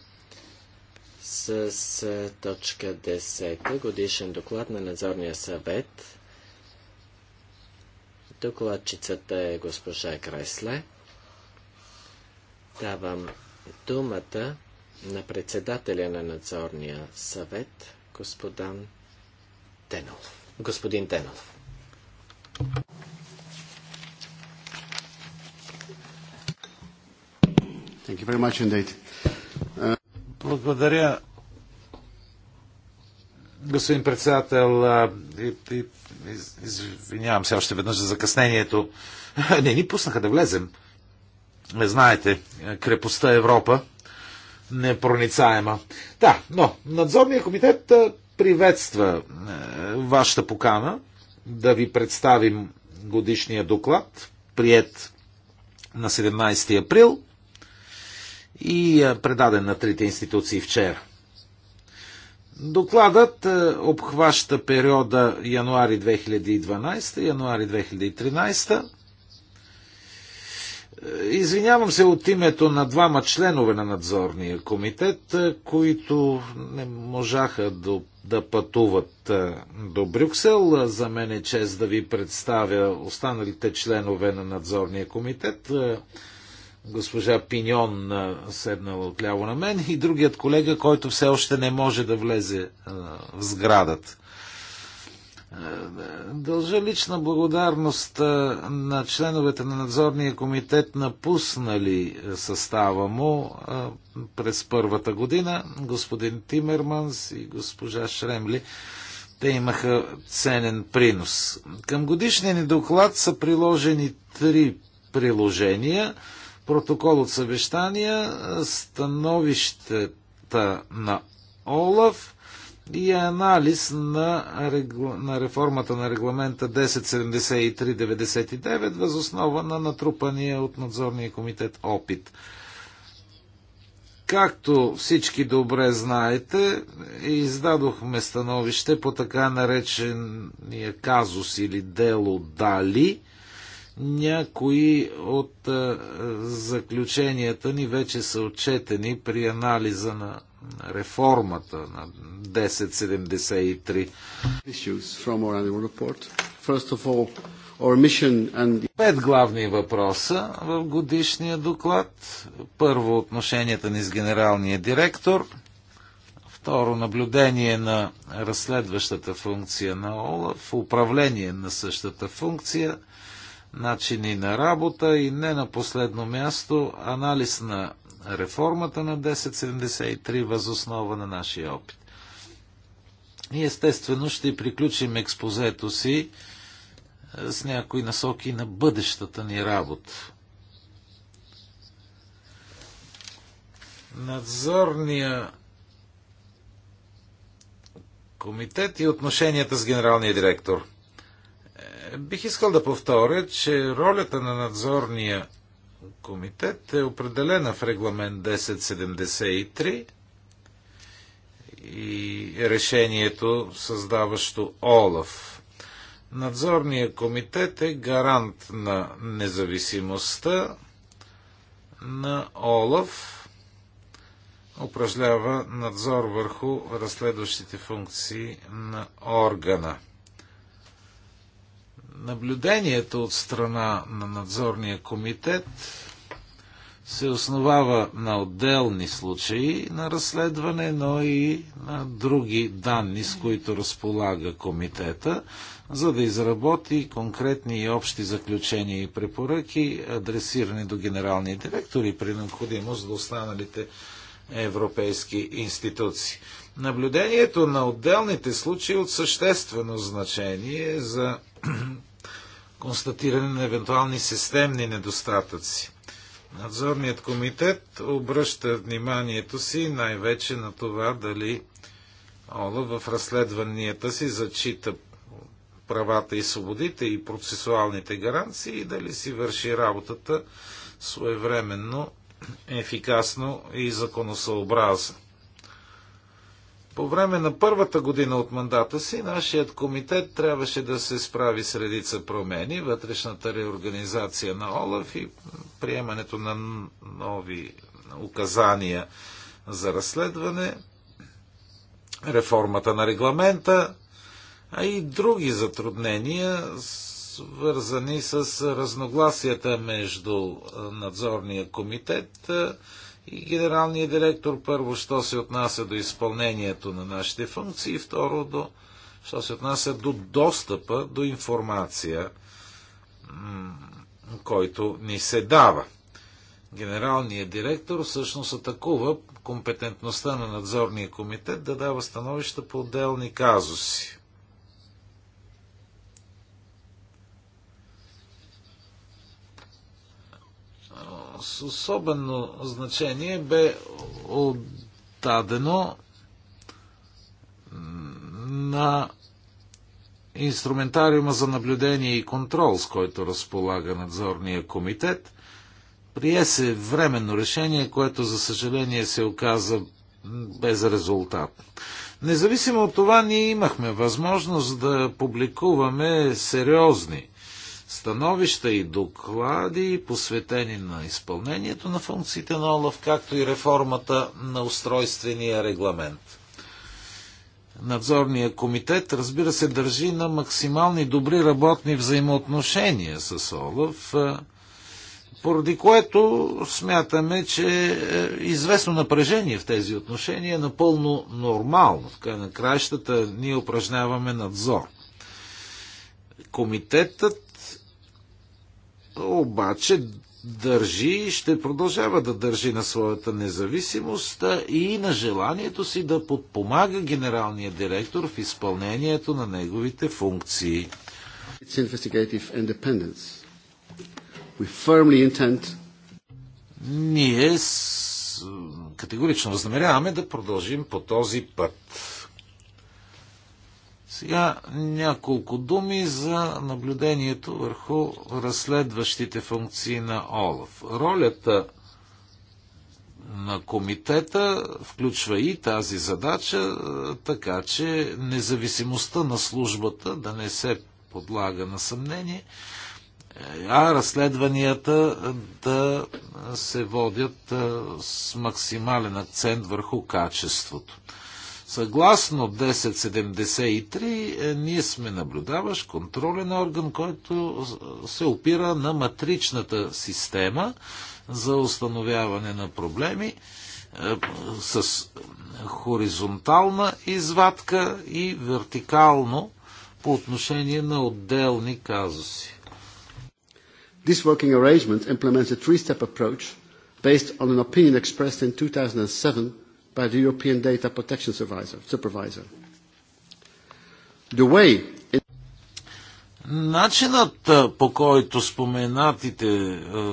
с, точка 10, годишен доклад на надзорния съвет. Докладчицата е госпожа Кресле. Давам думата на председателя на надзорния съвет, господан Тенов. Господин Тенов. Thank you very much indeed. Благодаря, господин председател. извинявам се още веднъж за закъснението. Не ни пуснаха да влезем. Е, знаете, е, крепостта Европа непроницаема. Да, но надзорният комитет е, приветства е, вашата покана да ви представим годишния доклад, прият на 17 април и е, предаден на трите институции вчера. Докладът е, обхваща периода януари 2012-януари 2013 Извинявам се от името на двама членове на надзорния комитет, които не можаха до, да пътуват до Брюксел. За мен е чест да ви представя останалите членове на надзорния комитет. Госпожа Пиньон седнала отляво на мен и другият колега, който все още не може да влезе в сградата. Дължа лична благодарност на членовете на надзорния комитет, напуснали състава му през първата година, господин Тимерманс и госпожа Шремли. Те имаха ценен принос. Към годишния ни доклад са приложени три приложения. Протокол от съвещания, становищата на Олаф, и анализ на, регу... на реформата на регламента 1073-99 възоснова на натрупания от надзорния комитет опит. Както всички добре знаете, издадохме становище по така наречения казус или дело Дали. Някои от заключенията ни вече са отчетени при анализа на реформата на 1073. Пет главни въпроса в годишния доклад. Първо отношенията ни с генералния директор. Второ, наблюдение на разследващата функция на ОЛАФ, управление на същата функция, начини на работа и не на последно място анализ на реформата на 1073 възоснова на нашия опит. И естествено ще приключим експозето си е, с някои насоки на бъдещата ни работа. Надзорния комитет и отношенията с генералния директор. Е, бих искал да повторя, че ролята на надзорния комитет е определена в регламент 1073 и решението създаващо ОЛАФ. Надзорният комитет е гарант на независимостта на ОЛАФ упражнява надзор върху разследващите функции на органа наблюдението от страна на надзорния комитет се основава на отделни случаи на разследване, но и на други данни, с които разполага комитета, за да изработи конкретни и общи заключения и препоръки, адресирани до генералния директор и при необходимост до останалите европейски институции. Наблюдението на отделните случаи е от съществено значение за констатиране на евентуални системни недостатъци. Надзорният комитет обръща вниманието си най-вече на това дали Ола в разследванията си зачита правата и свободите и процесуалните гаранции и дали си върши работата своевременно, ефикасно и законосъобразно. По време на първата година от мандата си, нашият комитет трябваше да се справи с редица промени, вътрешната реорганизация на ОЛАФ и приемането на нови указания за разследване, реформата на регламента, а и други затруднения, свързани с разногласията между надзорния комитет и генералния директор първо, що се отнася до изпълнението на нашите функции, и второ, до, що се отнася до достъпа до информация, който ни се дава. Генералният директор всъщност атакува компетентността на надзорния комитет да дава становища по отделни казуси. С особено значение бе отдадено на инструментариума за наблюдение и контрол, с който разполага надзорния комитет, прие се временно решение, което за съжаление се оказа без резултат. Независимо от това, ние имахме възможност да публикуваме сериозни становища и доклади, посветени на изпълнението на функциите на ОЛАФ, както и реформата на устройствения регламент. Надзорният комитет, разбира се, държи на максимални добри работни взаимоотношения с ОЛАФ, поради което смятаме, че е, известно напрежение в тези отношения е напълно нормално. В край на краищата ние упражняваме надзор. Комитетът обаче държи и ще продължава да държи на своята независимост и на желанието си да подпомага генералния директор в изпълнението на неговите функции. Intend... Ние с... категорично възнамеряваме да продължим по този път. Сега няколко думи за наблюдението върху разследващите функции на ОЛАФ. Ролята на комитета включва и тази задача, така че независимостта на службата да не се подлага на съмнение, а разследванията да се водят с максимален акцент върху качеството. Съгласно 1073, е, ние сме наблюдаваш контролен орган, който се опира на матричната система за установяване на проблеми е, с хоризонтална извадка и вертикално по отношение на отделни казуси. This working arrangement implements a three-step approach based on an opinion expressed in 2007 by the European Data Protection Supervisor. The way it... Начинът по който споменатите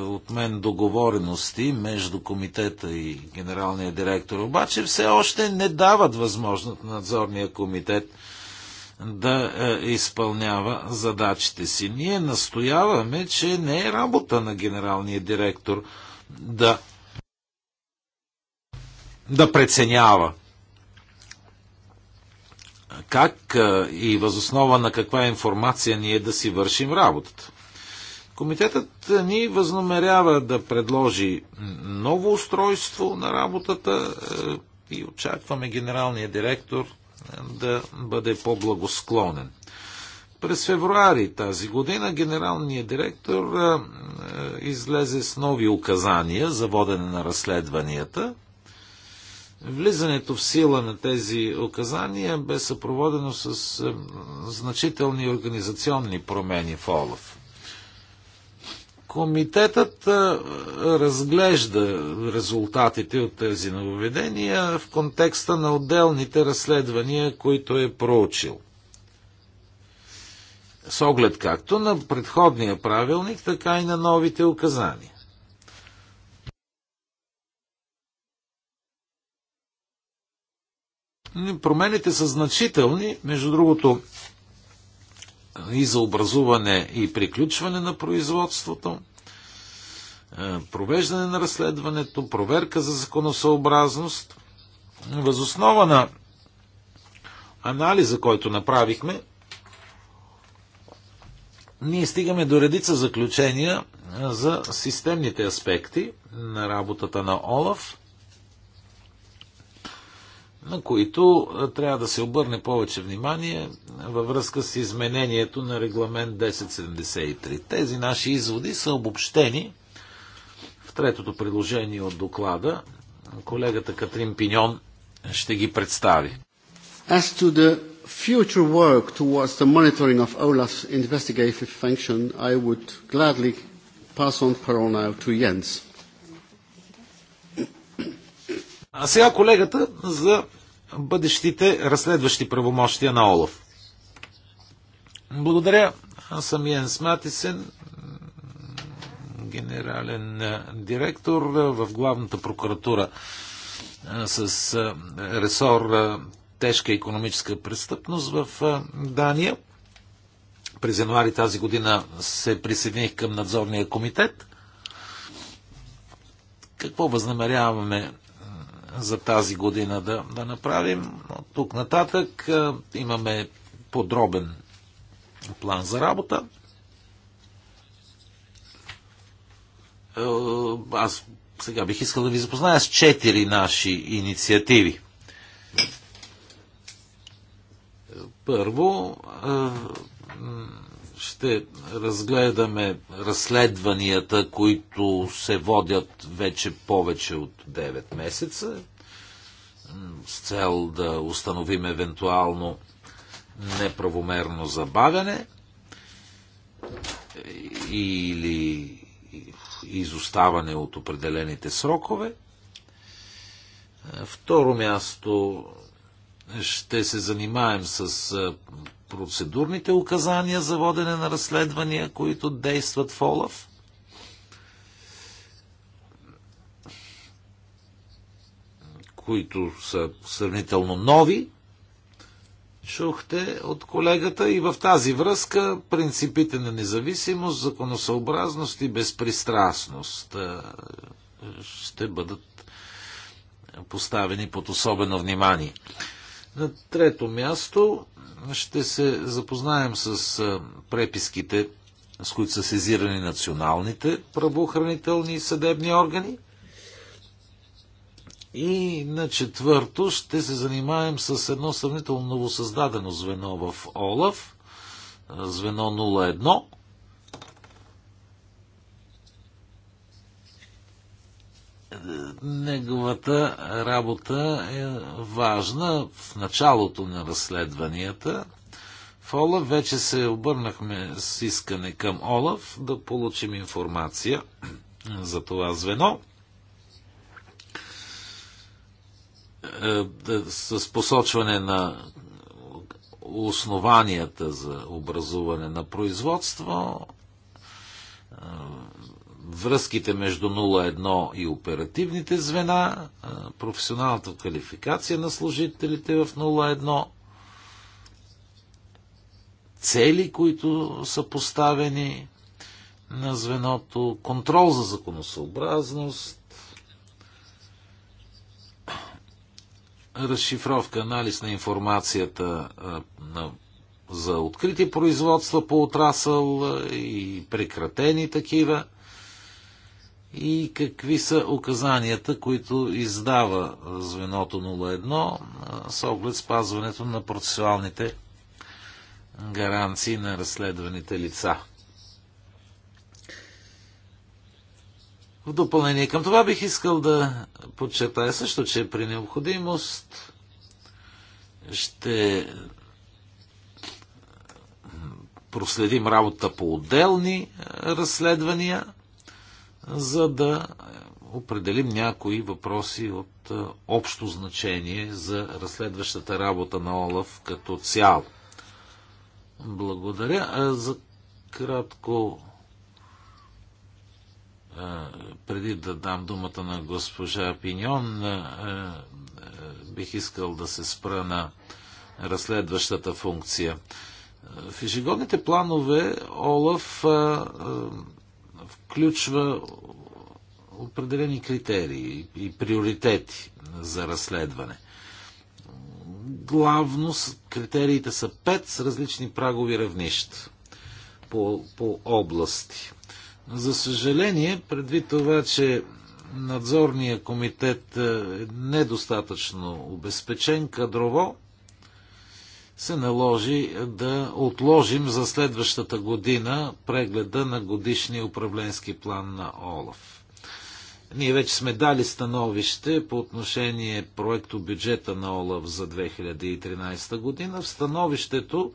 от мен договорености между комитета и генералния директор обаче все още не дават възможност на надзорния комитет да изпълнява задачите си. Ние настояваме, че не е работа на генералния директор да да преценява как и възоснова на каква информация ние да си вършим работата. Комитетът ни възнамерява да предложи ново устройство на работата и очакваме генералния директор да бъде по-благосклонен. През февруари тази година генералният директор излезе с нови указания за водене на разследванията – Влизането в сила на тези указания бе съпроводено с значителни организационни промени в ОЛАФ. Комитетът е, разглежда резултатите от тези нововведения в контекста на отделните разследвания, които е проучил. С оглед както на предходния правилник, така и на новите указания. Нали, промените са значителни, между другото, и за образуване и приключване на производството, е, провеждане на разследването, проверка за законосъобразност. Възоснова на анализа, който направихме, ние стигаме до редица заключения е, за системните аспекти на работата на ОЛАФ – на които трябва да се обърне повече внимание във връзка с изменението на регламент 1073. Тези наши изводи са обобщени в третото предложение от доклада. Колегата Катрин Пиньон ще ги представи. As to the future work towards the monitoring of OLAF's investigative function, I would gladly pass on parole now to Jens. А сега колегата за бъдещите разследващи правомощия на Олаф. Благодаря. Аз съм Йенс Матисен, генерален директор в главната прокуратура с ресор тежка економическа престъпност в Дания. През януари тази година се присъединих към надзорния комитет. Какво възнамеряваме за тази година да, да направим. но тук нататък имаме подробен план за работа. Е, аз сега бих искал да ви запозная с четири наши инициативи. Първо, е, ще разгледаме разследванията, които се водят вече повече от 9 месеца, с цел да установим евентуално неправомерно забавяне или изоставане от определените срокове. Второ място ще се занимаем с процедурните указания за водене на разследвания, които действат в ОЛАФ. които са сравнително нови, чухте от колегата и в тази връзка принципите на независимост, законосъобразност и безпристрастност ще бъдат поставени под особено внимание. На трето място ще се запознаем с преписките, с които са сезирани националните правоохранителни и съдебни органи. И на четвърто ще се занимаем с едно сравнително новосъздадено звено в ОЛАВ, звено 01, неговата работа е важна в началото на разследванията. В Олаф вече се обърнахме с искане към Олаф да получим информация за това звено. Е, с посочване на основанията за образуване на производство връзките между 01 и оперативните звена, професионалната квалификация на служителите в 01, цели, които са поставени на звеното, контрол за законосъобразност, разшифровка, анализ на информацията на за открити производства по отрасъл и прекратени такива и какви са указанията, които издава звеното 01 с оглед спазването на процесуалните гаранции на разследваните лица. В допълнение към това бих искал да подчертая също, че при необходимост ще проследим работа по отделни разследвания за да определим някои въпроси от е, общо значение за разследващата работа на Олаф като цяло. Благодаря. За кратко, е, преди да дам думата на госпожа Пиньон, е, бих искал да се спра на разследващата функция. В ежегодните планове Олаф включва определени критерии и приоритети за разследване. Главно критериите са пет с различни прагови равнища по, по области. За съжаление, предвид това, че надзорният комитет е, е недостатъчно обезпечен кадрово, се наложи да отложим за следващата година прегледа на годишния управленски план на ОЛАФ. Ние вече сме дали становище по отношение проекто бюджета на ОЛАФ за 2013 година. В становището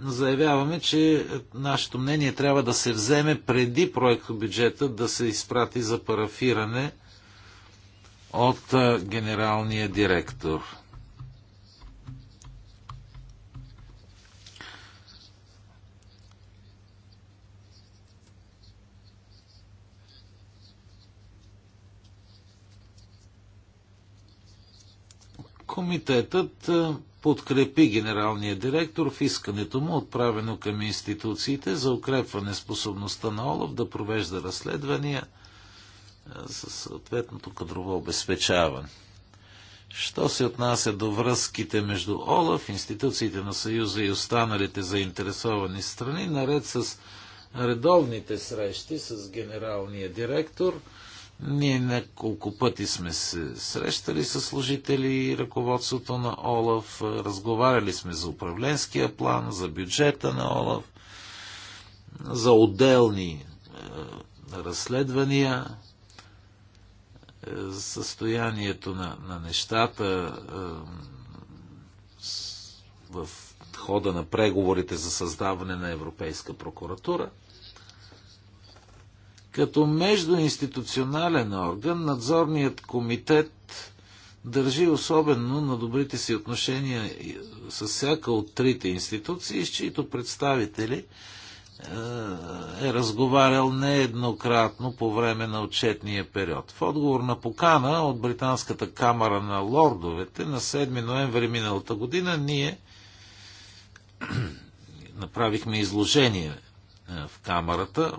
заявяваме, че нашето мнение трябва да се вземе преди проекто бюджета да се изпрати за парафиране от генералния директор. Комитетът е, подкрепи генералния директор в искането му, отправено към институциите за укрепване способността на Олаф да провежда разследвания е, със съответното кадрово обезпечаване. Що се отнася до връзките между ОЛАФ, институциите на Съюза и останалите заинтересовани страни, наред с редовните срещи с генералния директор – ние няколко пъти сме се срещали с служители и ръководството на ОЛАФ, разговаряли сме за управленския план, за бюджета на ОЛАФ, за отделни е, разследвания, е, състоянието на, на нещата е, в хода на преговорите за създаване на Европейска прокуратура – като междуинституционален орган, надзорният комитет държи особено на добрите си отношения с всяка от трите институции, с чието представители е, е разговарял нееднократно по време на отчетния период. В отговор на покана от Британската камера на лордовете на 7 ноември миналата година ние направихме изложение е, в камерата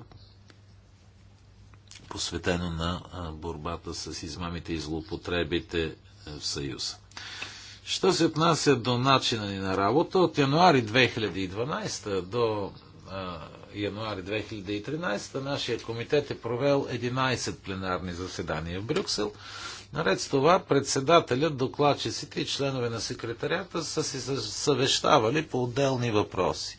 посветено на борбата с измамите и злоупотребите е, в Съюза. Що се отнася до начина ни на работа, от януари 2012 до януари 2013 нашия комитет е провел 11 пленарни заседания в Брюксел. Наред с това председателят, докладчиците и членове на секретарията са се съвещавали по отделни въпроси.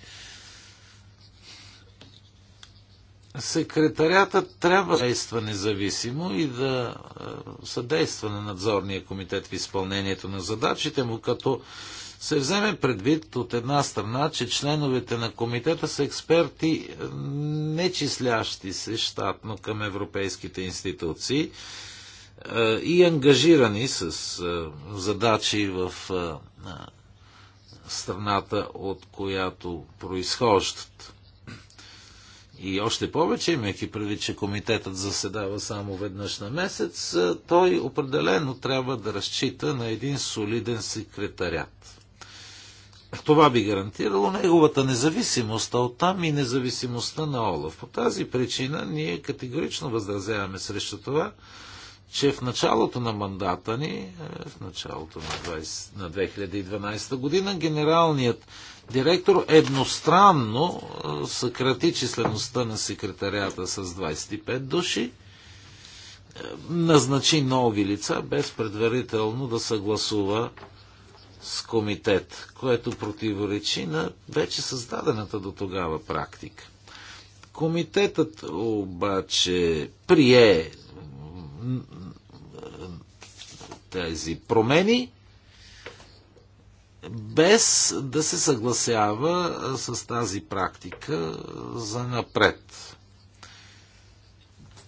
секретарятът трябва да действа независимо и да е, съдейства на надзорния комитет в изпълнението на задачите му, като се вземе предвид от една страна, че членовете на комитета са експерти, е, не числящи се щатно към европейските институции е, и ангажирани с задачи в страната, от която произхождат. И още повече, имайки преди, че комитетът заседава само веднъж на месец, той определено трябва да разчита на един солиден секретарят. Това би гарантирало неговата независимост, а оттам и независимостта на Олаф. По тази причина ние категорично възразяваме срещу това, че в началото на мандата ни, е, в началото на, 20, на 2012 година, генералният директор едностранно съкрати числеността на секретарията с 25 души, назначи нови лица, без предварително да съгласува с комитет, което противоречи на вече създадената до тогава практика. Комитетът обаче прие тези промени без да се съгласява с тази практика за напред.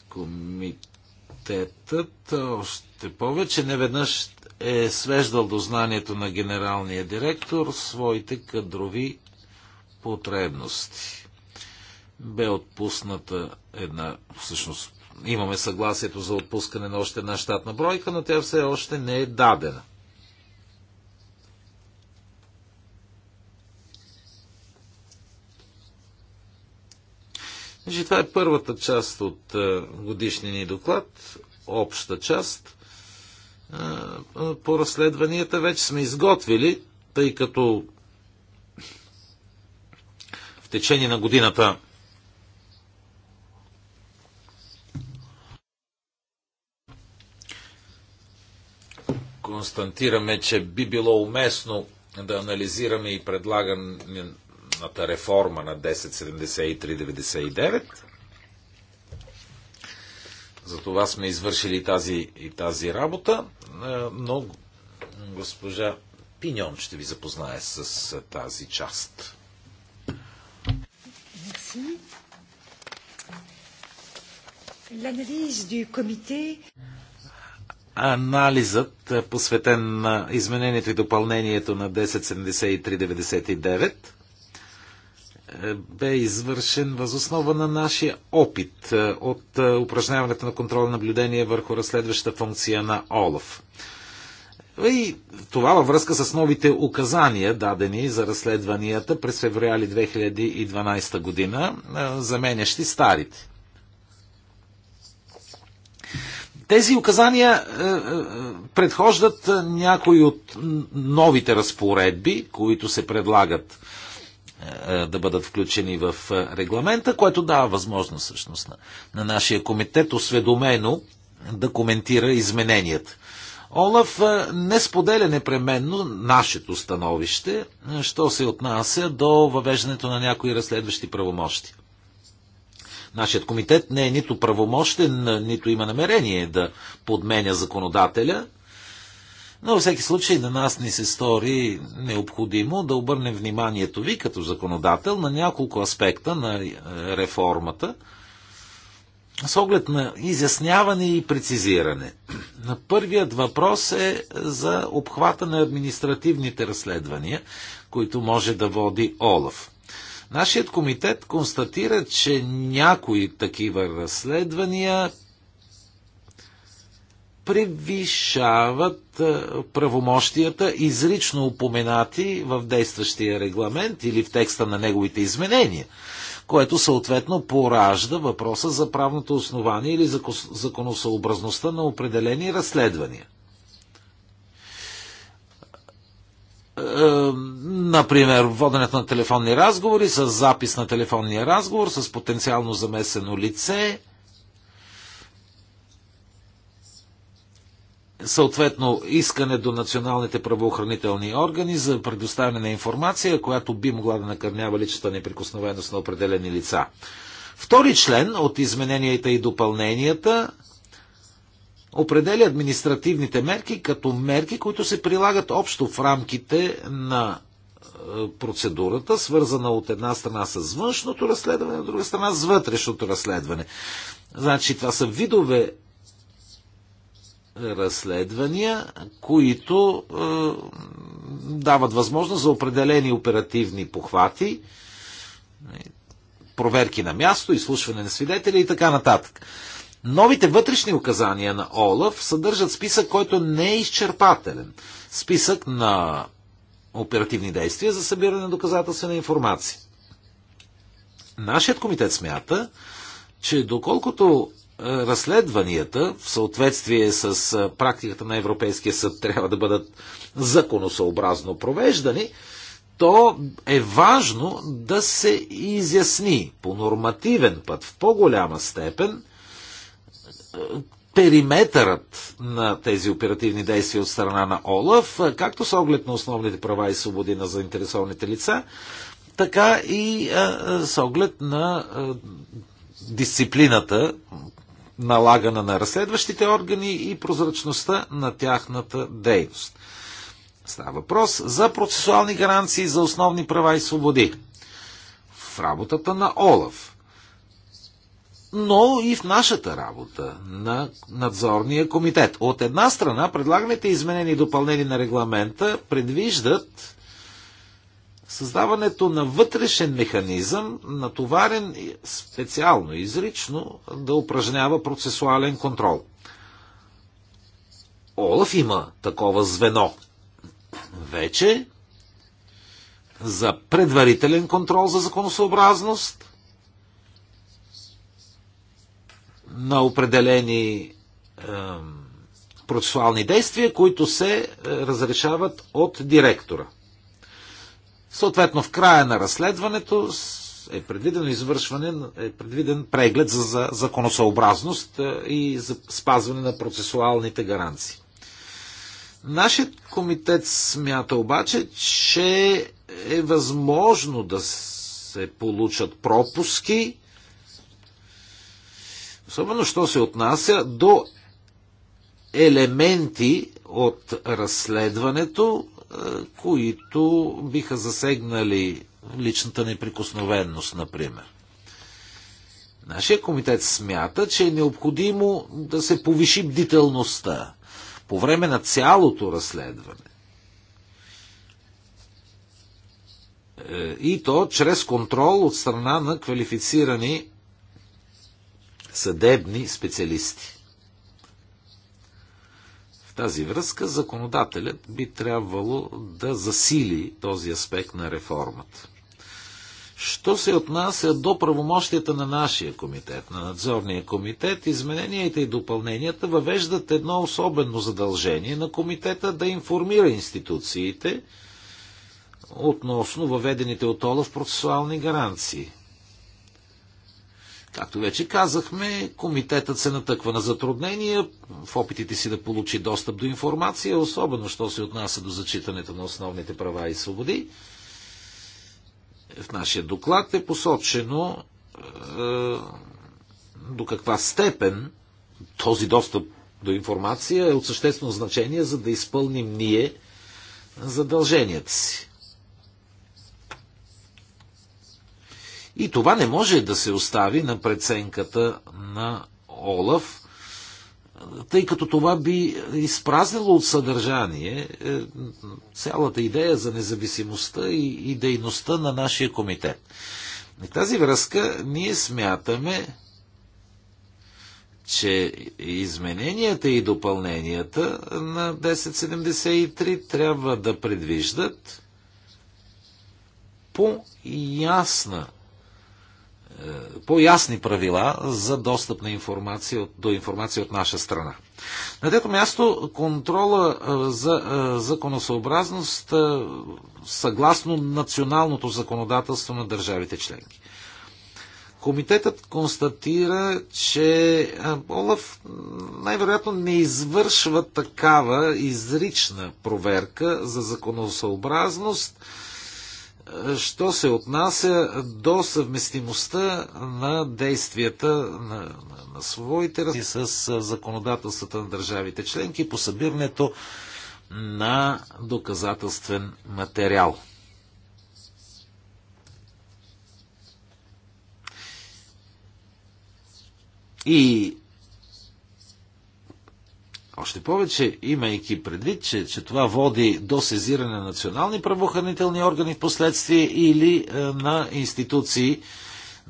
Комитетът още повече неведнъж е свеждал до знанието на генералния директор своите кадрови потребности. Бе отпусната една, всъщност имаме съгласието за отпускане на още една щатна бройка, но тя все още не е дадена. Значи, това е първата част от е, годишния ни доклад, обща част. Е, е, по разследванията вече сме изготвили, тъй като в течение на годината константираме, че би било уместно да анализираме и предлагаме съдебната реформа на 1073-99. За това сме извършили тази, и тази работа, е, но госпожа Пиньон ще ви запознае с е, тази част. Анализът, е, посветен на изменението и допълнението на 1073-99, е, бе извършен възоснова на нашия опит е, от е, упражняването на контрол и наблюдение върху разследваща функция на ОЛАФ. И това във връзка с новите указания, дадени за разследванията през февруари 2012 година, заменящи старите. Тези указания предхождат някои от новите разпоредби, които се предлагат е, да бъдат включени в е, регламента, което дава възможност всъщност на, на нашия комитет осведомено да коментира измененията. Олаф е, не споделя непременно нашето становище, що се отнася до въвеждането на някои разследващи правомощи. Нашият комитет не е нито правомощен, нито има намерение да подменя законодателя, но във всеки случай на нас ни се стори необходимо да обърнем вниманието ви като законодател на няколко аспекта на е, реформата с оглед на изясняване и прецизиране. На първият въпрос е за обхвата на административните разследвания, които може да води ОЛАФ. Нашият комитет констатира, че някои такива разследвания превишават е, правомощията, изрично упоменати в действащия регламент или в текста на неговите изменения, което съответно поражда въпроса за правното основание или законосъобразността на определени разследвания. Е, например, воденето на телефонни разговори с запис на телефонния разговор с потенциално замесено лице – съответно искане до националните правоохранителни органи за предоставяне на информация, която би могла да накърнява личната неприкосновеност на определени лица. Втори член от измененията и допълненията определя административните мерки като мерки, които се прилагат общо в рамките на е, процедурата, свързана от една страна с външното разследване, от друга страна с вътрешното разследване. Значи това са видове разследвания, които е, дават възможност за определени оперативни похвати, е, проверки на място, изслушване на свидетели и така нататък. Новите вътрешни указания на ОЛАФ съдържат списък, който не е изчерпателен. Списък на оперативни действия за събиране на доказателствена информация. Нашият комитет смята, че доколкото е, разследванията в съответствие с е, практиката на Европейския съд трябва да бъдат законосъобразно провеждани, то е важно да се изясни по нормативен път в по-голяма степен е, периметърът на тези оперативни действия от страна на ОЛАФ, както с оглед на основните права и свободи на заинтересованите лица, така и с оглед на дисциплината налагана на разследващите органи и прозрачността на тяхната дейност. Става въпрос за процесуални гаранции за основни права и свободи в работата на Олаф, но и в нашата работа на надзорния комитет. От една страна, предлаганите изменени и допълнени на регламента предвиждат създаването на вътрешен механизъм, натоварен специално, изрично да упражнява процесуален контрол. Олаф има такова звено вече за предварителен контрол за законосъобразност на определени е, процесуални действия, които се е, разрешават от директора. Съответно, в края на разследването е предвидено извършване, е предвиден преглед за, законосъобразност е, и за спазване на процесуалните гаранции. Нашият комитет смята обаче, че е възможно да се получат пропуски, особено що се отнася до елементи от разследването, е, които биха засегнали личната неприкосновенност, например. Нашия комитет смята, че е необходимо да се повиши бдителността по време на цялото разследване. Е, и то чрез контрол от страна на квалифицирани съдебни специалисти тази връзка законодателят би трябвало да засили този аспект на реформата. Що се отнася до правомощията на нашия комитет, на надзорния комитет, измененията и допълненията въвеждат едно особено задължение на комитета да информира институциите относно въведените от Олаф процесуални гаранции. Както вече казахме, комитетът се натъква на затруднения в опитите си да получи достъп до информация, особено що се отнася до зачитането на основните права и свободи. В нашия доклад е посочено е, до каква степен този достъп до информация е от съществено значение, за да изпълним ние задълженията си. И това не може да се остави на преценката на Олаф, тъй като това би изпразнило от съдържание е, цялата идея за независимостта и, дейността на нашия комитет. И тази връзка ние смятаме, че измененията и допълненията на 1073 трябва да предвиждат по-ясна по-ясни правила за достъп на информация, до информация от наша страна. На трето място, контрола е, за е, законосъобразност е, съгласно националното законодателство на държавите членки. Комитетът констатира, че Олаф най-вероятно не извършва такава изрична проверка за законосъобразност, що се отнася до съвместимостта на действията на, на, на своите с законодателствата на държавите членки по събирането на доказателствен материал. И още повече, имайки предвид, че, че това води до сезиране на национални правоохранителни органи в последствие или е, на институции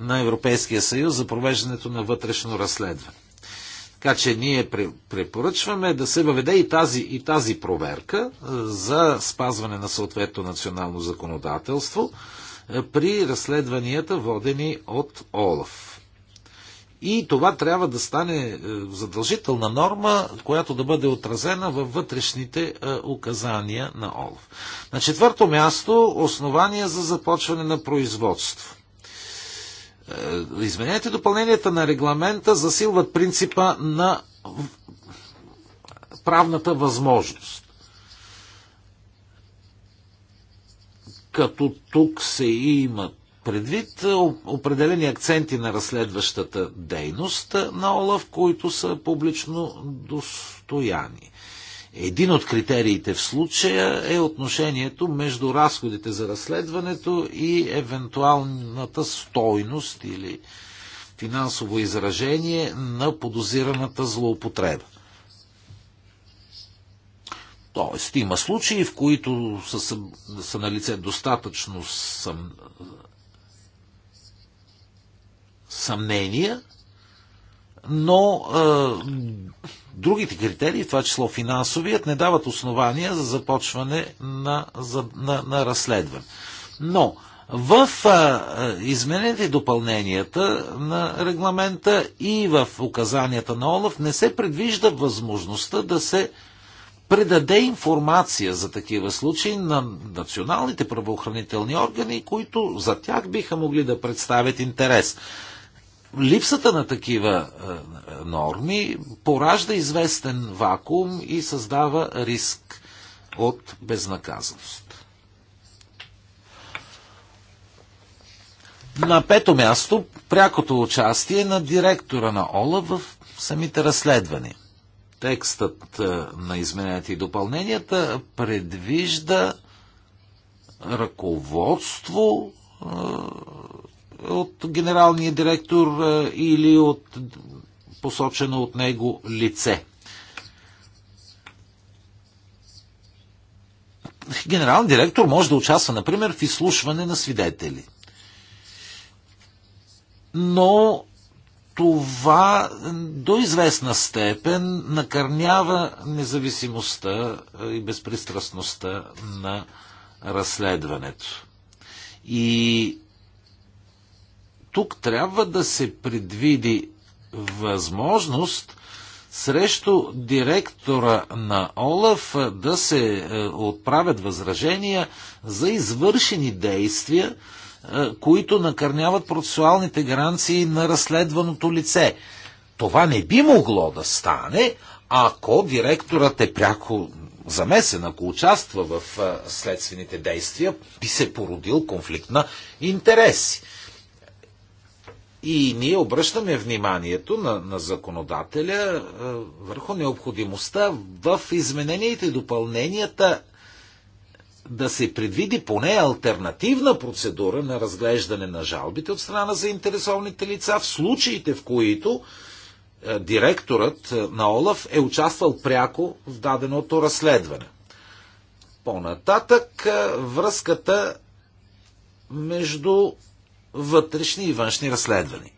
на Европейския съюз за провеждането на вътрешно разследване. Така че ние препоръчваме да се въведе и тази, и тази проверка е, за спазване на съответно национално законодателство е, при разследванията водени от ОЛАФ. И това трябва да стане е, задължителна норма, която да бъде отразена във вътрешните е, указания на ОЛФ. На четвърто място основания за започване на производство. Е, Измененията и допълненията на регламента засилват принципа на правната възможност. Като тук се имат предвид е, определени акценти на разследващата дейност е, на Олаф, които са публично достояни. Един от критериите в случая е отношението между разходите за разследването и евентуалната стойност или финансово изражение на подозираната злоупотреба. Тоест, има случаи, в които са, са, са на лице достатъчно съм, съмнения, но е, другите критерии, в това число финансовият, не дават основания за започване на, за, на, на разследване. Но в е, изменените и допълненията на регламента и в указанията на ОЛАФ не се предвижда възможността да се предаде информация за такива случаи на националните правоохранителни органи, които за тях биха могли да представят интерес липсата на такива е, норми поражда известен вакуум и създава риск от безнаказаност. На пето място прякото участие на директора на ОЛА в самите разследвания. Текстът е, на измененията и допълненията предвижда ръководство е, от генералния директор или от посочено от него лице. Генерал директор може да участва, например, в изслушване на свидетели. Но това до известна степен накърнява независимостта и безпристрастността на разследването. И тук трябва да се предвиди възможност срещу директора на Олаф да се е, отправят възражения за извършени действия, е, които накърняват процесуалните гаранции на разследваното лице. Това не би могло да стане, ако директорът е пряко замесен, ако участва в е, следствените действия, би се породил конфликт на интереси. И ние обръщаме вниманието на, на законодателя е, върху необходимостта в измененията и допълненията да се предвиди поне альтернативна процедура на разглеждане на жалбите от страна на заинтересованите лица в случаите, в които е, директорът е, на ОЛАФ е участвал пряко в даденото разследване. По-нататък е, връзката между вътрешни и външни разследвания.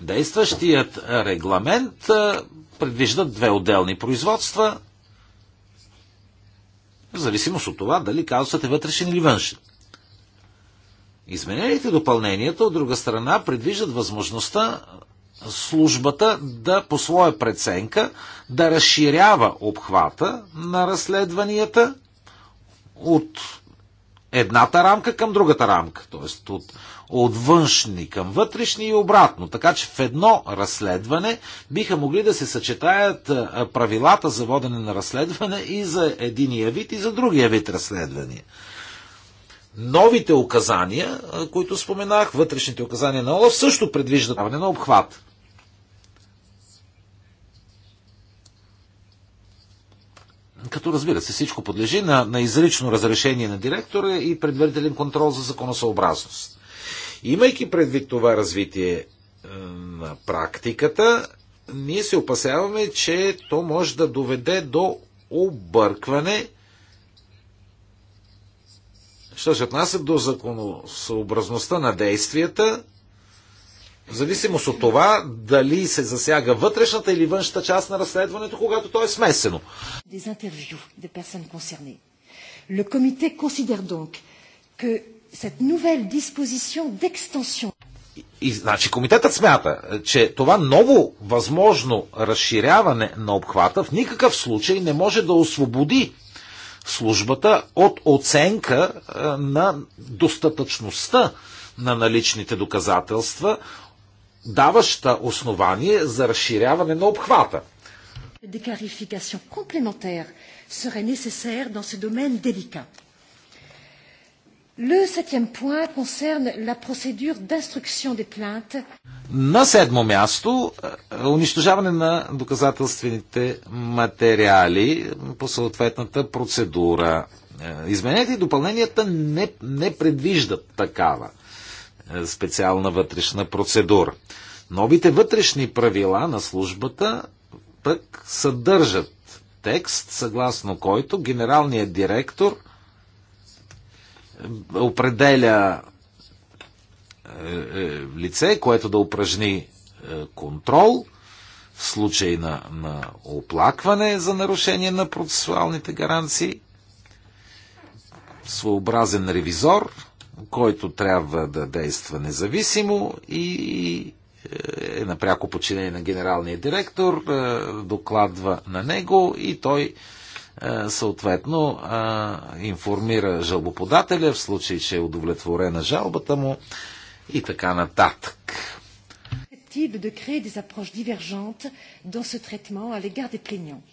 Действащият регламент предвижда две отделни производства, в зависимост от това дали казусът е вътрешен или външен. Изменените допълненията, от друга страна, предвиждат възможността службата да по своя преценка да разширява обхвата на разследванията от едната рамка към другата рамка, т.е. от, от външни към вътрешни и обратно. Така че в едно разследване биха могли да се съчетаят правилата за водене на разследване и за единия вид и за другия вид разследвания. Новите указания, които споменах, вътрешните указания на ОЛАФ, също предвиждат на обхват Като разбира се, всичко подлежи на, на изрично разрешение на директора и предварителен контрол за законосъобразност. Имайки предвид това развитие е, на практиката, ние се опасяваме, че то може да доведе до объркване, що се отнася до законосъобразността на действията в зависимост от това, дали се засяга вътрешната или външната част на разследването, когато то е смесено. и, значи, комитетът смята, че това ново възможно разширяване на обхвата в никакъв случай не може да освободи службата от оценка е, на достатъчността на наличните доказателства, даваща основание за разширяване на обхвата. Le septième point concerne la procédure d'instruction des plaintes. На седмо място е, унищожаване на доказателствените материали по съответната процедура. Е, измененията и допълненията не, не предвиждат такава е, специална вътрешна процедура. Новите вътрешни правила на службата пък съдържат текст, съгласно който генералният директор е, определя е, лице, което да упражни контрол в случай на, на оплакване за нарушение на процесуалните гаранции, своеобразен ревизор, който трябва да действа независимо и е, е напряко подчинение на генералния директор, е, докладва на него и той е, съответно информира жалбоподателя в случай, че е удовлетворена жалбата му и така нататък. de créer des approches divergentes dans ce traitement à l'égard des plaignants.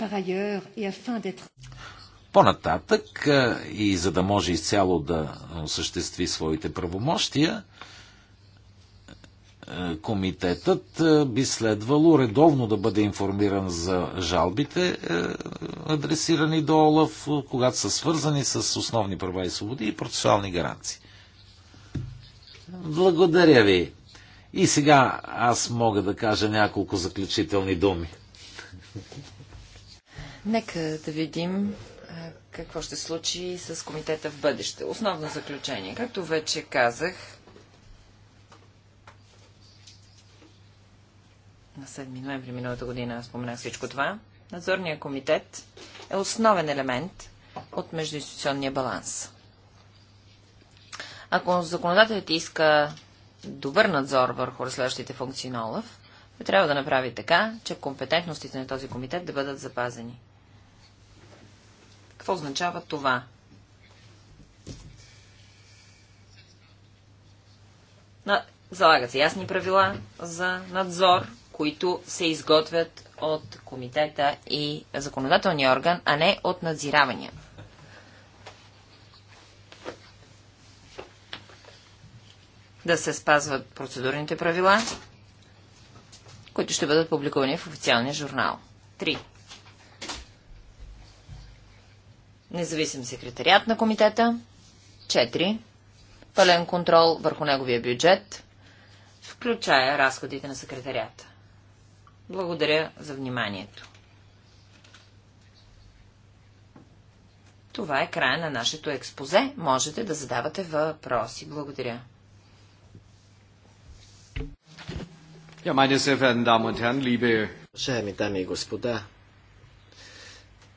Par ailleurs, et afin d'être... По-нататък и за да може изцяло да осъществи своите правомощия, комитетът би следвало редовно да бъде информиран за жалбите, адресирани до ОЛАФ, когато са свързани с основни права и свободи и процесуални гаранции. Благодаря ви. И сега аз мога да кажа няколко заключителни думи. Нека да видим какво ще случи с комитета в бъдеще. Основно заключение. Както вече казах, на 7 ноември миналата година споменах всичко това. Надзорният комитет е основен елемент от междуинституционния баланс. Ако законодателят иска добър надзор върху разследващите функции на ОЛАВ, трябва да направи така, че компетентностите на този комитет да бъдат запазени. Какво означава това? Залагат се ясни правила за надзор, които се изготвят от комитета и законодателния орган, а не от надзиравания. Да се спазват процедурните правила, които ще бъдат публикувани в официалния журнал. независим секретариат на комитета. 4. Пълен контрол върху неговия бюджет, включая разходите на секретарията. Благодаря за вниманието. Това е края на нашето експозе. Можете да задавате въпроси. Благодаря. Ja, meine sehr verehrten Damen und Herren, liebe... Уважаеми дами и господа,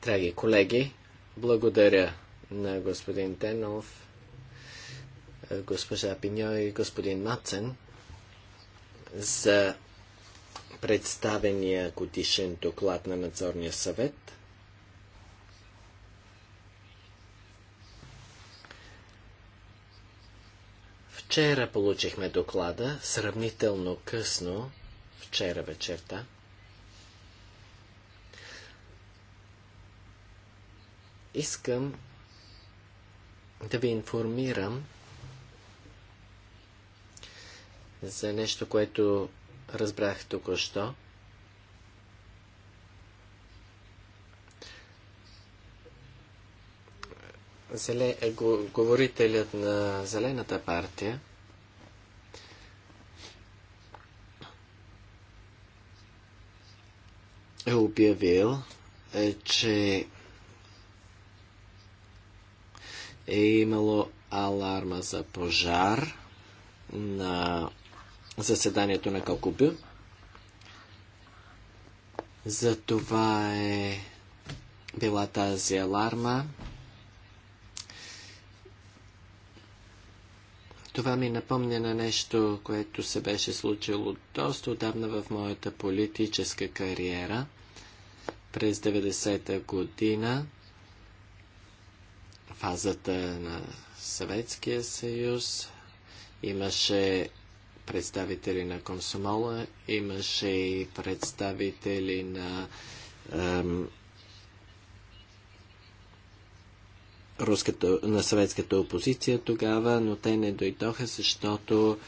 драги колеги, благодаря на господин Тенов, е, госпожа Пиньо и господин Мацен за представения годишен доклад на надзорния съвет. Вчера получихме доклада, сравнително късно, вчера вечерта. Искам да ви информирам за нещо, което разбрах току-що. Зеле... Е, говорителят на Зелената партия е обявил, е, че е имало аларма за пожар на заседанието на Калкубю. За това е била тази аларма. Това ми напомня на нещо, което се беше случило доста отдавна в моята политическа кариера. През 90-та година фазата на Съветския съюз. Имаше представители на Комсомола, имаше и представители на ем, руската, на съветската опозиция тогава, но те не дойдоха, защото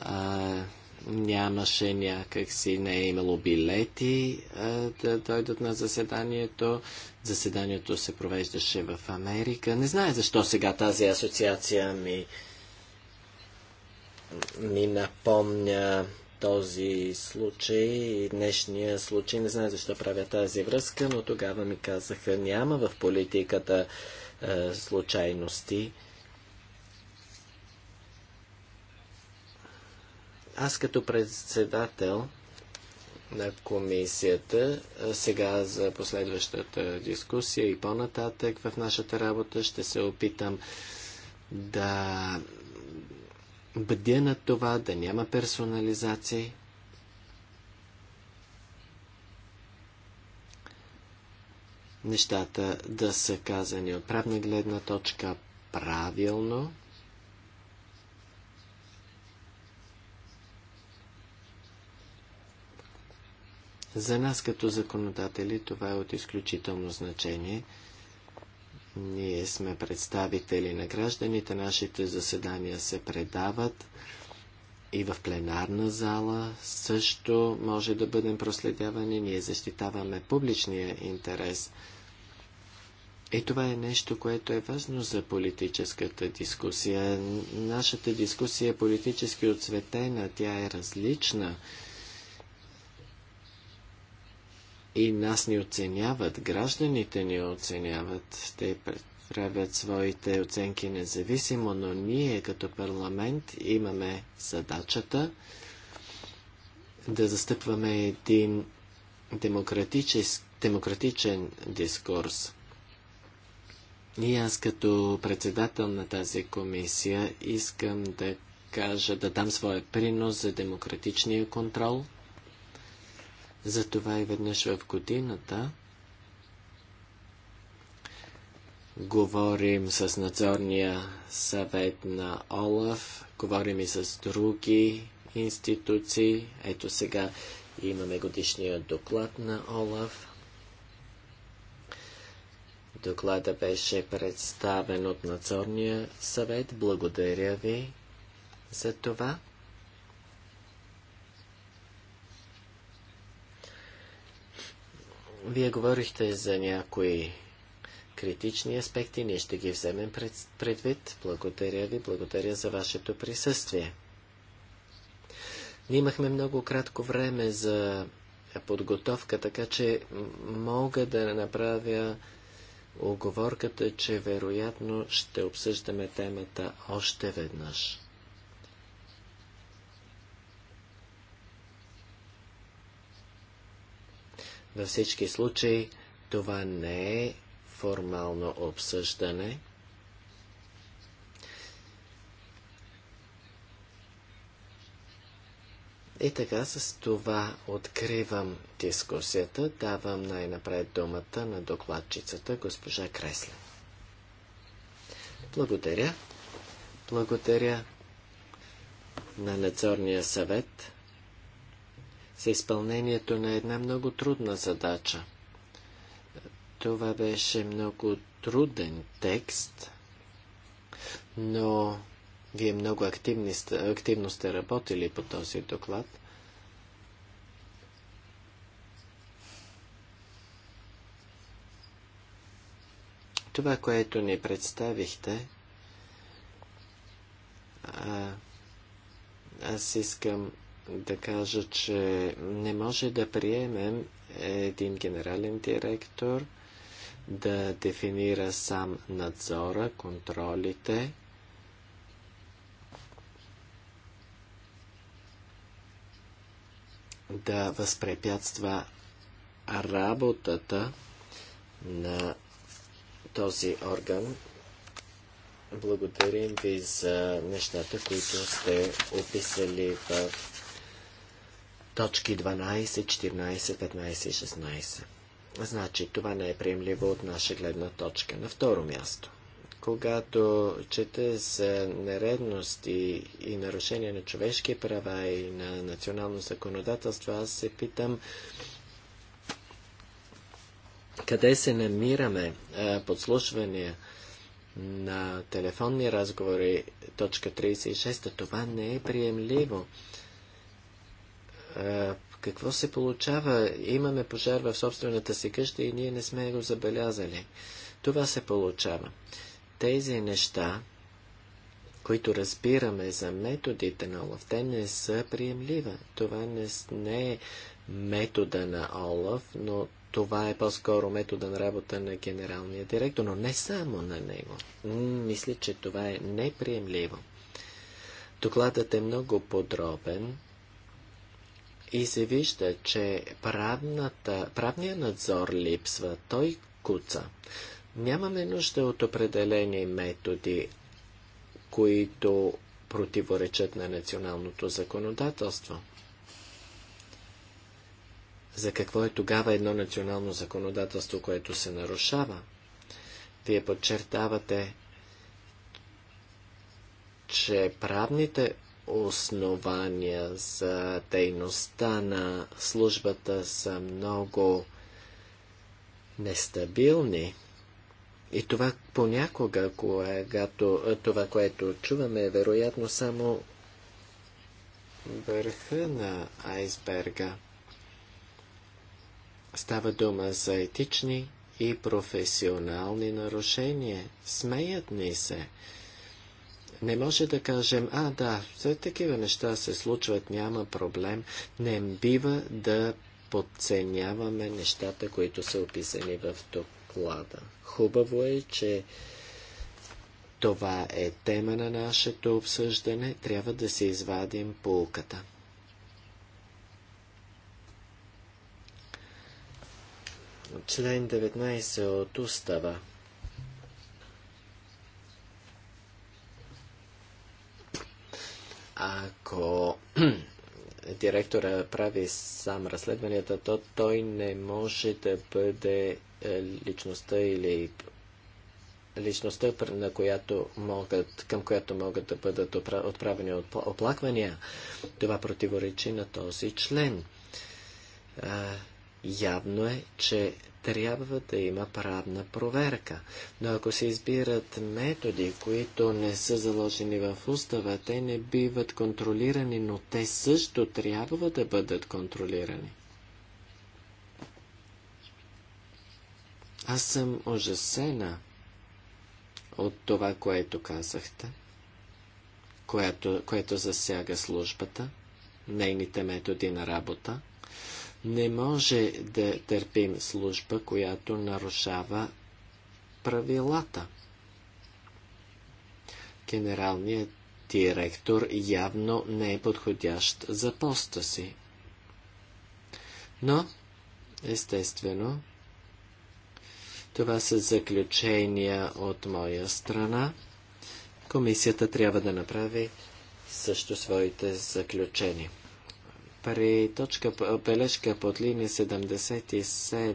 а, нямаше някакси, не е имало билети а, да дойдат на заседанието. Заседанието се провеждаше в Америка. Не знае защо сега тази асоциация ми ми напомня този случай и днешния случай. Не знае защо правя тази връзка, но тогава ми казаха няма в политиката а, случайности. Аз като председател на комисията, сега за последващата дискусия и по-нататък в нашата работа ще се опитам да бдя на това, да няма персонализации. Нещата да са казани от правна гледна точка правилно – За нас като законодатели това е от изключително значение. Ние сме представители на гражданите, нашите заседания се предават и в пленарна зала също може да бъдем проследявани. Ние защитаваме публичния интерес. И това е нещо, което е важно за политическата дискусия. Нашата дискусия е политически отцветена, тя е различна и нас ни оценяват, гражданите ни оценяват, те правят своите оценки независимо, но ние като парламент имаме задачата да застъпваме един демократичен дискурс. И аз като председател на тази комисия искам да кажа, да дам своя принос за демократичния контрол – затова и веднъж в годината говорим с надзорния съвет на ОЛАФ, говорим и с други институции. Ето сега имаме годишния доклад на ОЛАФ. Доклада беше представен от надзорния съвет. Благодаря ви за това. Вие говорихте за някои критични аспекти, ние ще ги вземем пред, предвид. Благодаря ви, благодаря за вашето присъствие. Ние имахме много кратко време за подготовка, така че мога да направя оговорката, че вероятно ще обсъждаме темата още веднъж. Във всички случаи това не е формално обсъждане. И така с това откривам дискусията. Давам най-напред думата на докладчицата госпожа Кресле. Благодаря. Благодаря на надзорния съвет за изпълнението на една много трудна задача. Това беше много труден текст, но вие много активни, активно сте работили по този доклад. Това, което ни представихте, а, аз искам да кажа, че не може да приемем един генерален директор да дефинира сам надзора, контролите. да възпрепятства работата на този орган. Благодарим ви за нещата, които сте описали в точки 12, 14, 15 и 16. Значи, това не е приемливо от наша гледна точка. На второ място, когато чете за нередности и нарушения на човешки права и на национално законодателство, аз се питам къде се намираме. Подслушвания на телефонни разговори, точка 36, това не е приемливо какво се получава? Имаме пожар в собствената си къща и ние не сме го забелязали. Това се получава. Тези неща, които разбираме за методите на Олаф, те не са приемлива. Това не, не е метода на Олаф, но това е по-скоро метода на работа на генералния директор, но не само на него. Мисля, че това е неприемливо. Докладът е много подробен и се вижда, че правната, правният надзор липсва, той куца. Нямаме нужда от определени методи, които противоречат на националното законодателство. За какво е тогава едно национално законодателство, което се нарушава? Вие подчертавате, че правните основания за дейността на службата са много нестабилни. И това понякога, когато това, което чуваме, е вероятно само върха на айсберга. Става дума за етични и професионални нарушения. Смеят ни се. Не може да кажем, а да, все такива неща се случват, няма проблем. Не бива да подценяваме нещата, които са описани в доклада. Хубаво е, че това е тема на нашето обсъждане. Трябва да се извадим полката. Член 19 от устава ако директора прави сам разследванията, то той не може да бъде е, личността или личността, на която могат, към която могат да бъдат отправени оплаквания. Това противоречи на този член. Явно е, че трябва да има правна проверка. Но ако се избират методи, които не са заложени в устава, те не биват контролирани, но те също трябва да бъдат контролирани. Аз съм ужасена от това, което казахте, което, което засяга службата, нейните методи на работа – не може да търпим служба, която нарушава правилата. Генералният директор явно не е подходящ за поста си. Но, естествено, това са заключения от моя страна. Комисията трябва да направи също своите заключения при точка бележка под линия 77.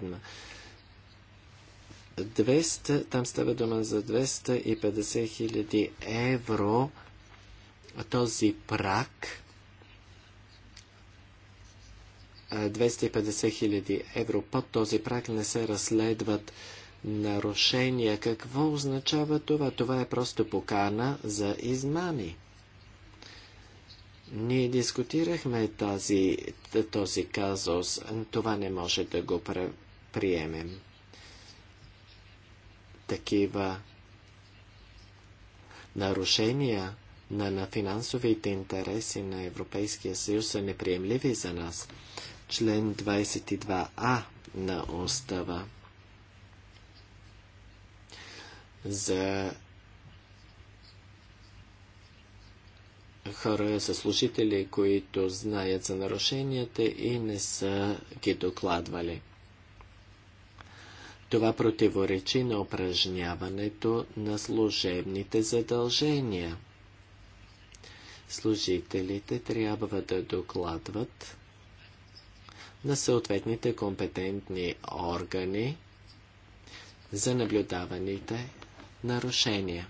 200, там става дума за 250 хиляди евро. Този прак 250 хиляди евро под този прак не се разследват нарушения. Какво означава това? Това е просто покана за измами. Ние дискутирахме тази, този казус. Това не може да го приемем. Такива нарушения на, на финансовите интереси на Европейския съюз са неприемливи за нас. Член 22а на устава за хора, са служители, които знаят за нарушенията и не са ги докладвали. Това противоречи на упражняването на служебните задължения. Служителите трябва да докладват на съответните компетентни органи за наблюдаваните нарушения.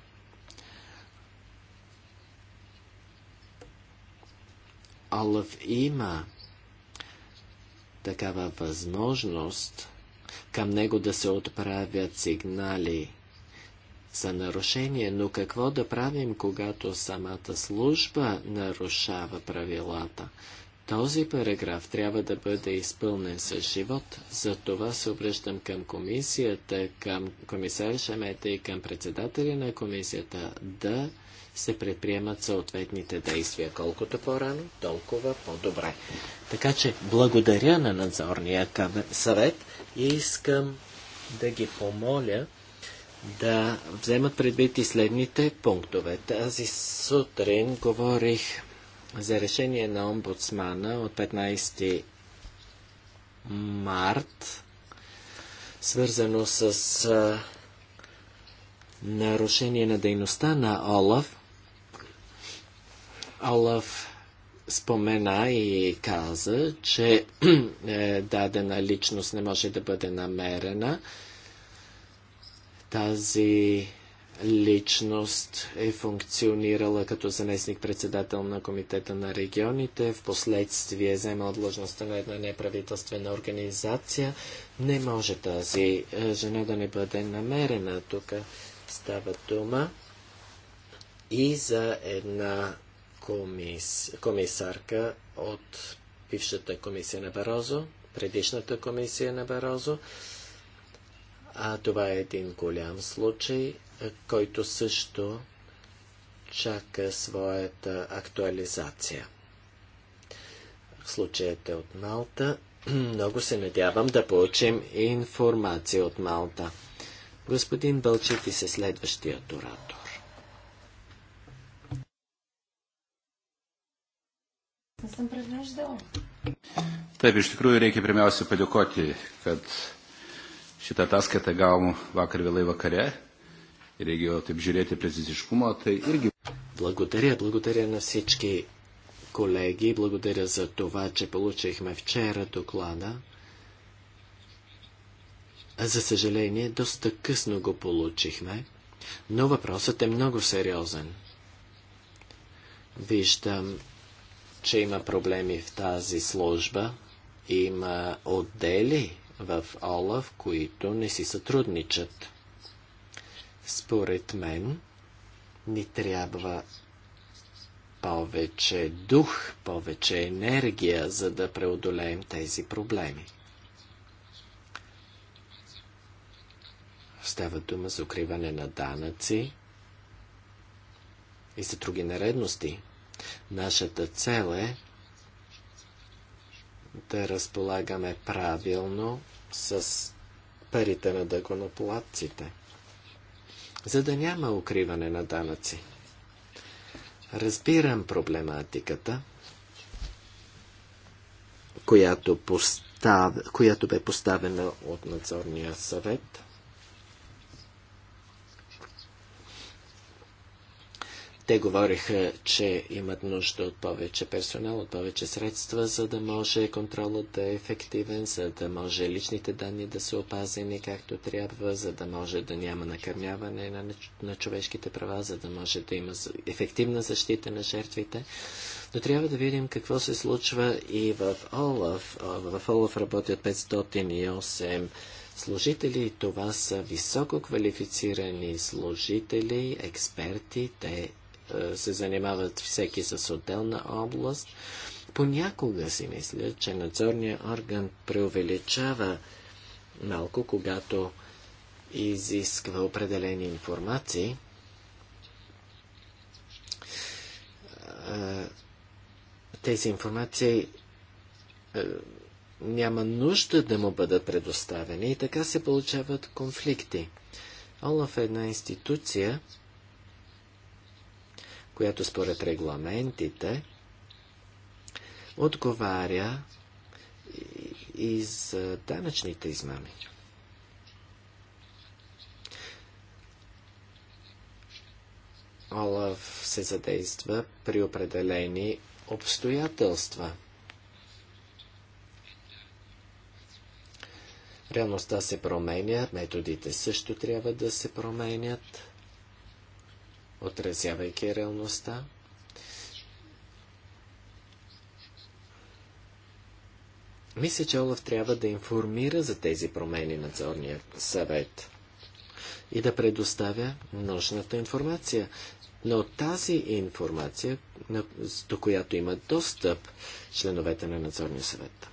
Алъв има такава възможност към него да се отправят сигнали за нарушение, но какво да правим, когато самата служба нарушава правилата? Този параграф трябва да бъде изпълнен с живот, за това се обръщам към комисията, към комисар Шамета и към председателя на комисията да се предприемат съответните действия. Колкото по-рано, толкова по-добре. Така че благодаря на надзорния съвет и искам да ги помоля да вземат предвид и следните пунктове. Тази сутрин говорих за решение на омбудсмана от 15 март, свързано с нарушение на дейността на ОЛАФ Олаф спомена и каза, че е, дадена личност не може да бъде намерена. Тази личност е функционирала като заместник-председател на Комитета на регионите, в последствие е вземала длъжността на една неправителствена организация. Не може тази е, жена да не бъде намерена. Тук става дума и за една комис... комисарка от бившата комисия на Барозо, предишната комисия на Барозо. А това е един голям случай, който също чака своята актуализация. Случаят е от Малта. Много се надявам да получим информация от Малта. Господин Бълчев и се следващия оратор. Не съм превеждала. Taip, iš tikrųjų reikia pirmiausia padėkoti, kad šitą ataskaitą gavom vakar vėlai vakare ir reikėjo taip žiūrėti preciziškumo, tai irgi. Благодаря, благодаря на всички колеги, благодаря за това, че получихме вчера доклада. За съжаление, доста късно го получихме, но въпросът е много сериозен. Виждам че има проблеми в тази служба. Има отдели в ОЛАВ, които не си сътрудничат. Според мен, ни трябва повече дух, повече енергия, за да преодолеем тези проблеми. Става дума за укриване на данъци и за други нередности. Нашата цел е да разполагаме правилно с парите на дъгоноплатците, за да няма укриване на данъци. Разбирам проблематиката, която, постав... която бе поставена от надзорния съвет. Те говориха, че имат нужда от повече персонал, от повече средства, за да може контролът да е ефективен, за да може личните данни да са опазени както трябва, за да може да няма накърняване на, на човешките права, за да може да има ефективна защита на жертвите. Но трябва да видим какво се случва и в ОЛАФ. В ОЛАФ работят 508 служители. Това са високо квалифицирани служители, експерти. Те е, се занимават всеки с отделна област. Понякога си мисля, че надзорният орган преувеличава малко, когато изисква определени информации. Е, тези информации е, няма нужда да му бъдат предоставени и така се получават конфликти. Олаф е една институция, която според регламентите отговаря и за данъчните измами. Олаф се задейства при определени обстоятелства. Реалността се променя, методите също трябва да се променят отразявайки реалността. Мисля, че Олаф трябва да информира за тези промени надзорния съвет и да предоставя нужната информация. Но тази информация, до която има достъп членовете на надзорния съвет.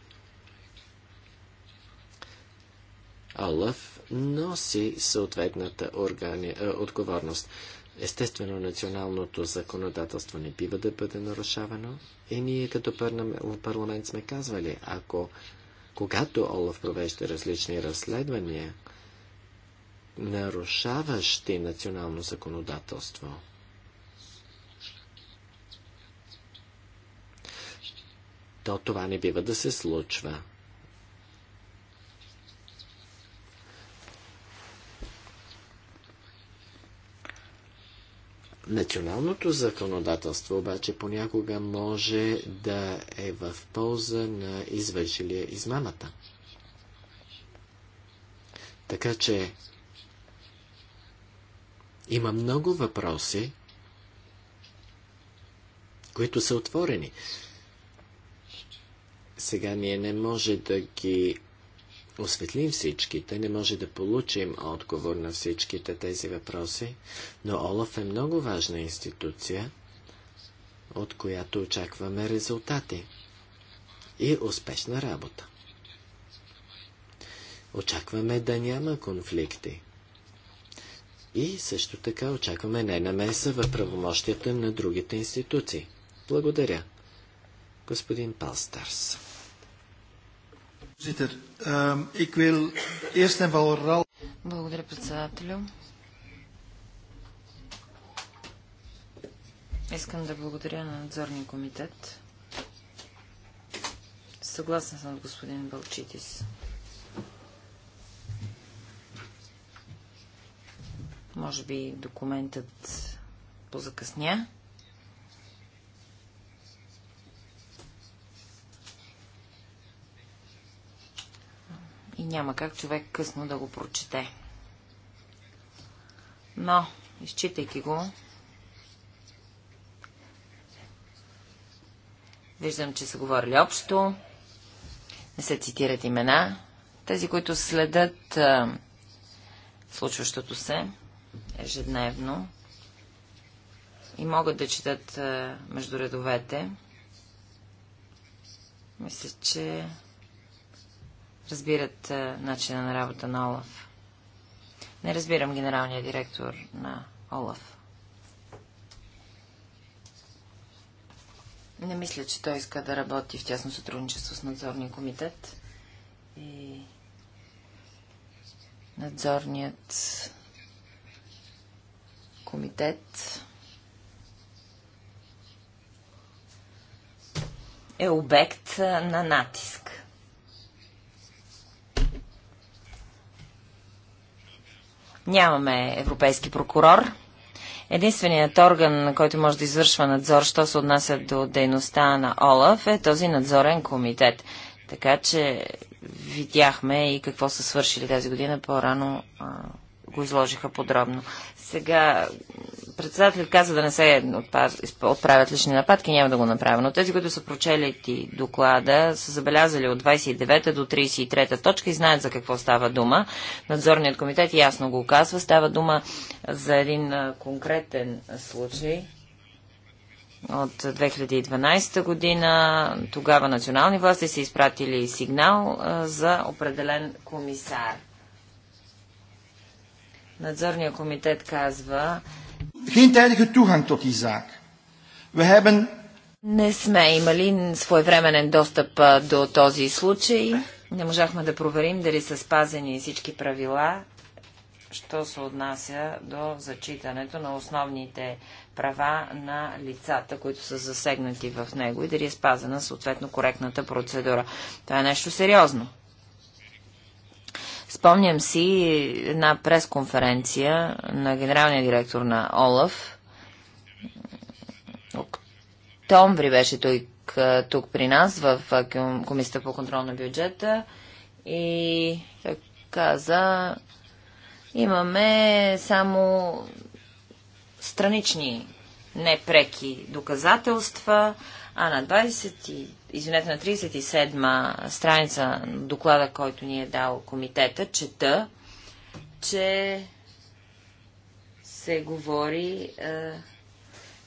Олаф носи съответната органи... Е, отговорност. Естествено, националното законодателство не бива да бъде нарушавано. И ние като парламент сме казвали, ако когато Олаф провежда различни разследвания, нарушаващи национално законодателство, то това не бива да се случва. Националното законодателство обаче понякога може да е в полза на извършилия измамата. Така че има много въпроси, които са отворени. Сега ние не може да ги осветлим всичките, не може да получим отговор на всичките тези въпроси, но Олаф е много важна институция, от която очакваме резултати и успешна работа. Очакваме да няма конфликти. И също така очакваме не намеса в правомощията на другите институции. Благодаря. Господин Палстарс. Ehm, благодаря, председателю. Искам да благодаря на надзорния комитет. Съгласен съм с господин Балчитис. Може би документът позакъсня. и няма как човек късно да го прочете. Но, изчитайки го, виждам, че са говорили общо, не се цитират имена. Тези, които следят а, случващото се ежедневно и могат да четат а, между редовете, мисля, че разбират начина на работа на Олаф. Не разбирам генералния директор на Олаф. Не мисля, че той иска да работи в тясно сътрудничество с надзорния комитет и надзорният комитет е обект на натиск. Нямаме европейски прокурор. Единственият орган, който може да извършва надзор, що се отнася до дейността на ОЛАФ, е този надзорен комитет. Така че видяхме и какво са свършили тази година. По-рано го изложиха подробно. Сега председателят каза да не се отправят лични нападки, няма да го направя. Но тези, които са прочели ти доклада, са забелязали от 29 до 33 точка и знаят за какво става дума. Надзорният комитет ясно го казва. Става дума за един конкретен случай, от 2012 година. Тогава национални власти са изпратили сигнал за определен комисар. Надзорният комитет казва, не сме имали своевременен достъп до този случай. Не можахме да проверим дали са спазени всички правила, що се отнася до зачитането на основните права на лицата, които са засегнати в него и дали е спазена съответно коректната процедура. Това е нещо сериозно. Спомням си една пресконференция на генералния директор на ОЛАФ. Октомври беше той тук, при нас в Комисията по контрол на бюджета и каза, имаме само странични непреки доказателства, а на 20, извинете, на 37 страница доклада, който ни е дал комитета, чета, че се говори е,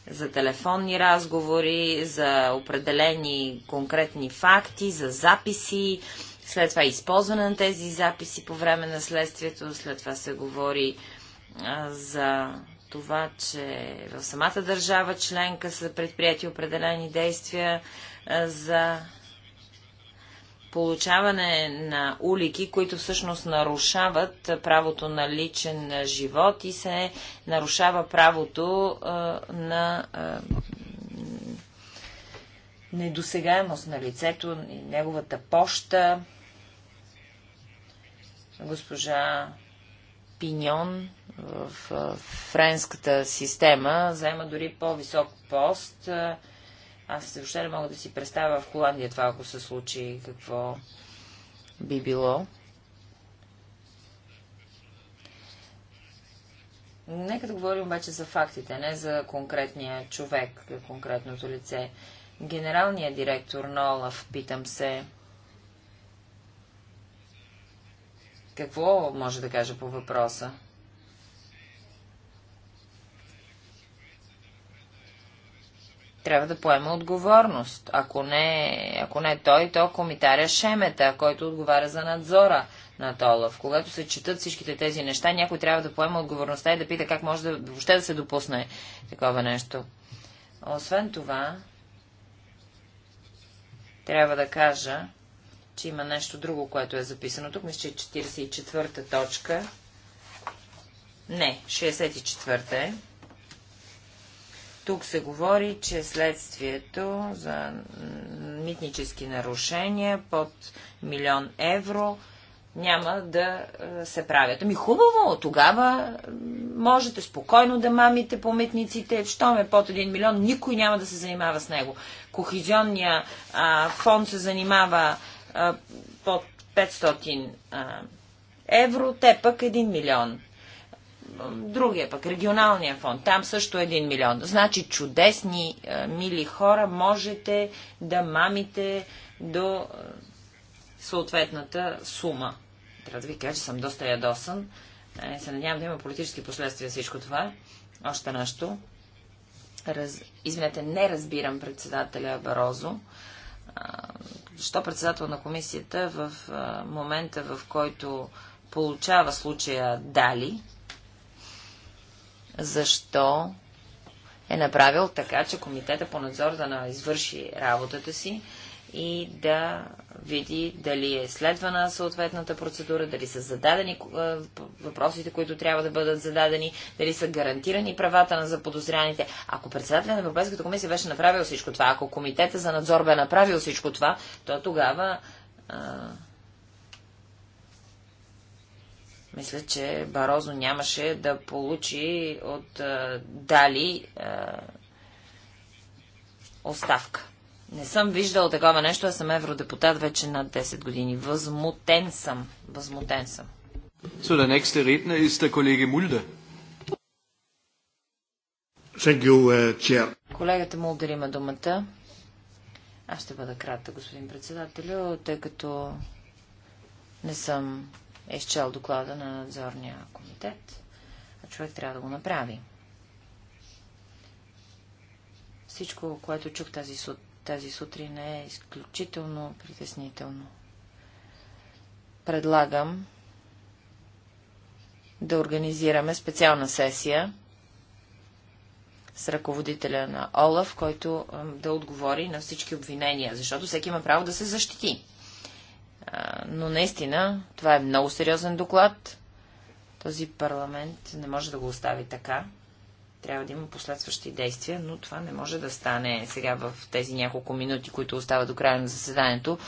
за телефонни разговори, за определени конкретни факти, за записи, след това използване на тези записи по време на следствието, след това се говори е, за това, че в самата държава членка са предприяти определени действия за получаване на улики, които всъщност нарушават правото на личен живот и се нарушава правото на недосегаемост на лицето и неговата поща. Госпожа Пиньон в френската система, заема дори по-висок пост. Аз въобще не мога да си представя в Холандия това, ако се случи, какво би било. Нека да говорим обаче за фактите, не за конкретния човек, конкретното лице. Генералният директор на Олаф, питам се, какво може да кажа по въпроса? трябва да поема отговорност. Ако не, ако не той, то комитаря Шемета, който отговаря за надзора на Толов. Когато се четат всичките тези неща, някой трябва да поема отговорността и да пита как може да, въобще да се допусне такова нещо. Освен това, трябва да кажа, че има нещо друго, което е записано. Тук мисля, че е 44-та точка. Не, 64-та е. Тук се говори, че следствието за митнически нарушения под милион евро няма да е, се правят. Ами хубаво, тогава можете спокойно да мамите по митниците, щом е под 1 милион, никой няма да се занимава с него. Кохизионния а, фонд се занимава а, под 500 а, евро, те пък 1 милион другия пък, регионалния фонд, там също 1 милион. Значи чудесни, е, мили хора можете да мамите до е, съответната сума. Трябва да ви кажа, че съм доста ядосан. Е, се надявам да има политически последствия всичко това. Още нещо. Раз... Извинете, не разбирам председателя Барозо. А, що председател на комисията в а, момента, в който получава случая Дали, защо е направил така, че комитета по надзор да извърши работата си и да види дали е следвана съответната процедура, дали са зададени е, въпросите, които трябва да бъдат зададени, дали са гарантирани правата на заподозряните. Ако председателя на Европейската комисия беше направил всичко това, ако комитета за надзор бе направил всичко това, то тогава а, е, мисля, че Барозо нямаше да получи от а, Дали а, оставка. Не съм виждал такова нещо, аз съм евродепутат вече над 10 години. Възмутен съм. Възмутен съм. So, the next Redner is the Kollege Mulder. Thank you, uh, chair. Колегата Мулдер има думата. Аз ще бъда кратък, господин председател, тъй като не съм е изчел доклада на надзорния комитет, а човек трябва да го направи. Всичко, което чух тази, сут, тази сутрин е изключително притеснително. Предлагам да организираме специална сесия с ръководителя на Олаф, който да отговори на всички обвинения, защото всеки има право да се защити но наистина това е много сериозен доклад. Този парламент не може да го остави така. Трябва да има последващи действия, но това не може да стане сега в тези няколко минути, които остават до края на заседанието.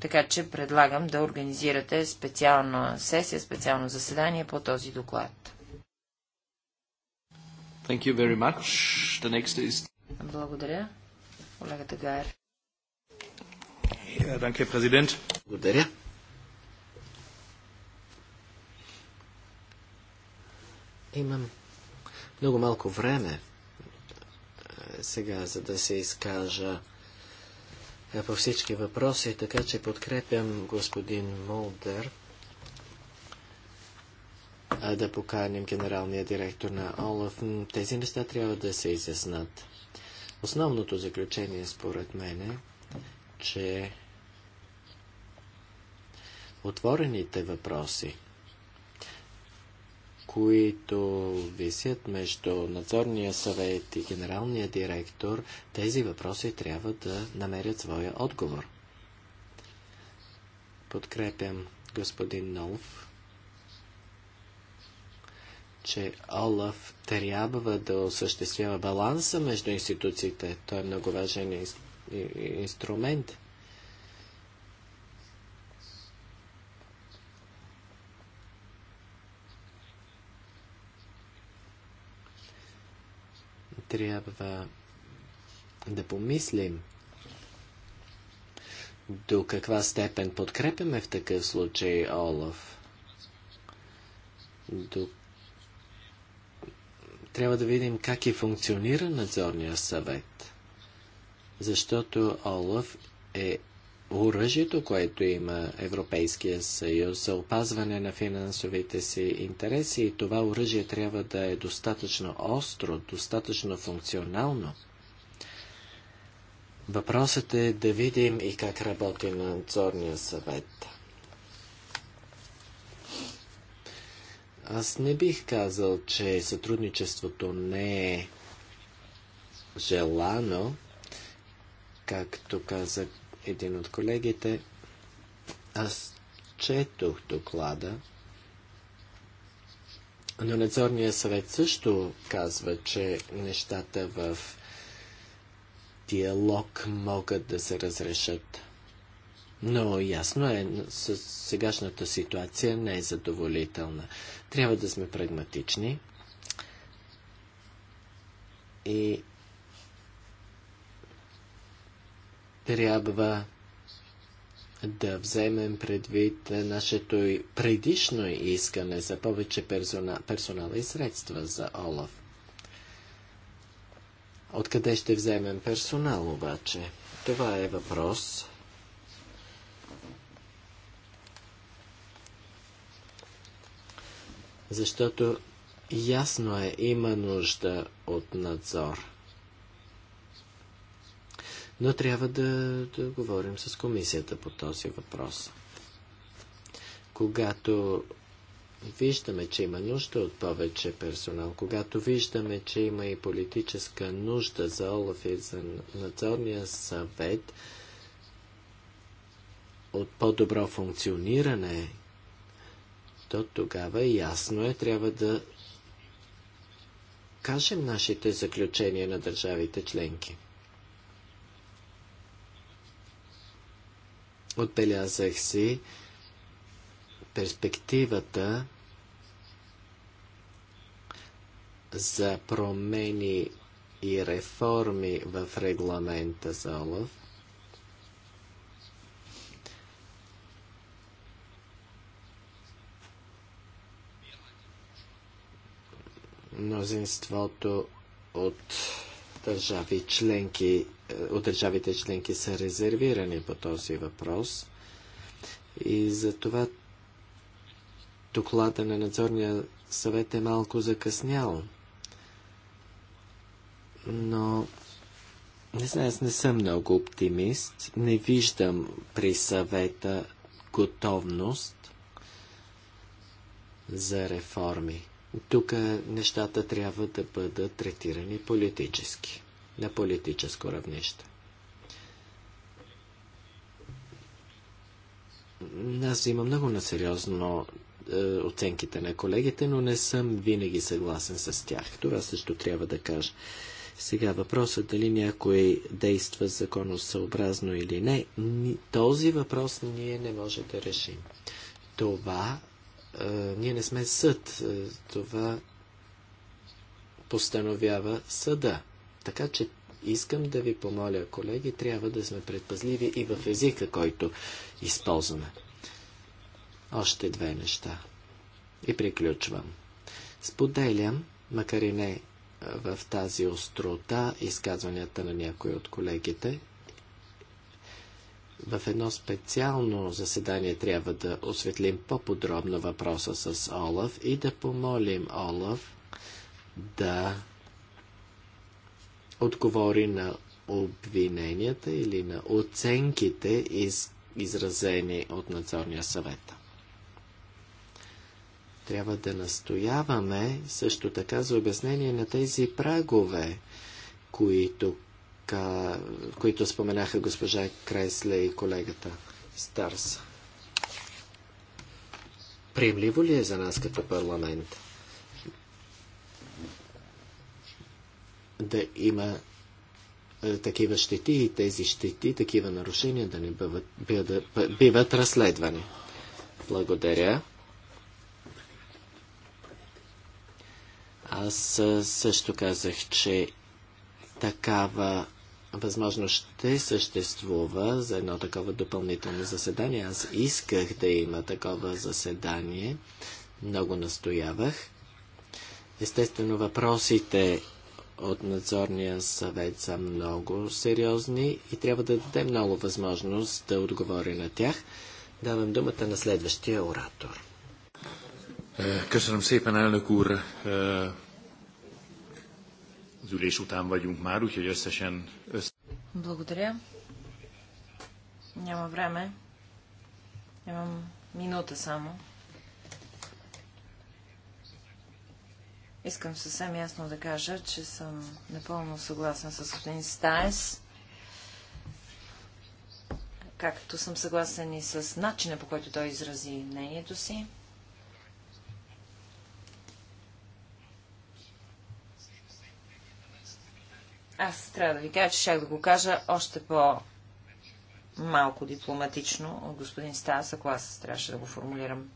Така че предлагам да организирате специална сесия, специално заседание по този доклад. Thank you very much. The next is... Благодаря. Колегата Гайер. Yeah, danke, Благодаря. Имам много малко време е, сега, за да се изкажа е, по всички въпроси, така че подкрепям господин Молдер е, да поканим генералния директор на ОЛАФ. Тези неща трябва да се изяснат. Основното заключение според мен е, че отворените въпроси, които висят между надзорния съвет и генералния директор, тези въпроси трябва да намерят своя отговор. Подкрепям господин Нов, че Олаф трябва да осъществява баланса между институциите. Той е много важен инструмент. трябва да помислим до каква степен подкрепяме в такъв случай Олаф. До... Трябва да видим как и функционира надзорния съвет. Защото Олаф е оръжието, което има Европейския съюз за опазване на финансовите си интереси и това оръжие трябва да е достатъчно остро, достатъчно функционално. Въпросът е да видим и как работи на надзорния съвет. Аз не бих казал, че сътрудничеството не е желано, както казах, един от колегите. Аз четох доклада, но Надзорния съвет също казва, че нещата в диалог могат да се разрешат. Но ясно е, с сегашната ситуация не е задоволителна. Трябва да сме прагматични и трябва да вземем предвид нашето предишно искане за повече персонал, персонал и средства за ОЛАФ. Откъде ще вземем персонал обаче? Това е въпрос. Защото ясно е, има нужда от надзор. Но трябва да, да говорим с комисията по този въпрос. Когато виждаме, че има нужда от повече персонал, когато виждаме, че има и политическа нужда за Олаф и за надзорния съвет, от по-добро функциониране, то тогава ясно е, трябва да кажем нашите заключения на държавите членки. Отбелязах си перспективата за промени и реформи в регламента за ОЛОВ. Мнозинството от държави членки от държавите членки са резервирани по този въпрос и затова доклада на надзорния съвет е малко закъснял. Но не знам, аз не съм много оптимист. Не виждам при съвета готовност за реформи. Тук нещата трябва да бъдат третирани политически на политическо равнище. Аз взимам много насериозно е, оценките на колегите, но не съм винаги съгласен с тях. Това също трябва да кажа. Сега въпросът дали някой действа законосъобразно или не, този въпрос ние не можем да решим. Това, е, ние не сме съд, е, това постановява съда. Така че искам да ви помоля, колеги, трябва да сме предпазливи и в езика, който използваме. Още две неща. И приключвам. Споделям, макар и не е, в тази острота, изказванията на някои от колегите, в едно специално заседание трябва да осветлим по-подробно въпроса с Олаф и да помолим Олаф да отговори на обвиненията или на оценките, из, изразени от надзорния съвет. Трябва да настояваме също така за обяснение на тези прагове, които, ка, които споменаха госпожа Кресле и колегата Старс. Приемливо ли е за нас като парламент? да има е, такива щети и тези щети, такива нарушения да не биват, биват, биват разследвани. Благодаря. Аз е, също казах, че такава възможност ще съществува за едно такова допълнително заседание. Аз исках да има такова заседание. Много настоявах. Естествено, въпросите от надзорния съвет са много сериозни и трябва да дадем много възможност да отговори на тях. Давам думата на следващия оратор. Köszönöm се, elnök úr! Az ülés után vagyunk már, úgyhogy Благодаря. Няма време. Имам минута само. Искам съвсем ясно да кажа, че съм напълно съгласна с господин Стайс, както съм съгласен и с начина, по който той изрази мнението си. Аз трябва да ви кажа, че щях да го кажа още по малко дипломатично от господин Стас, ако аз трябваше да го формулирам.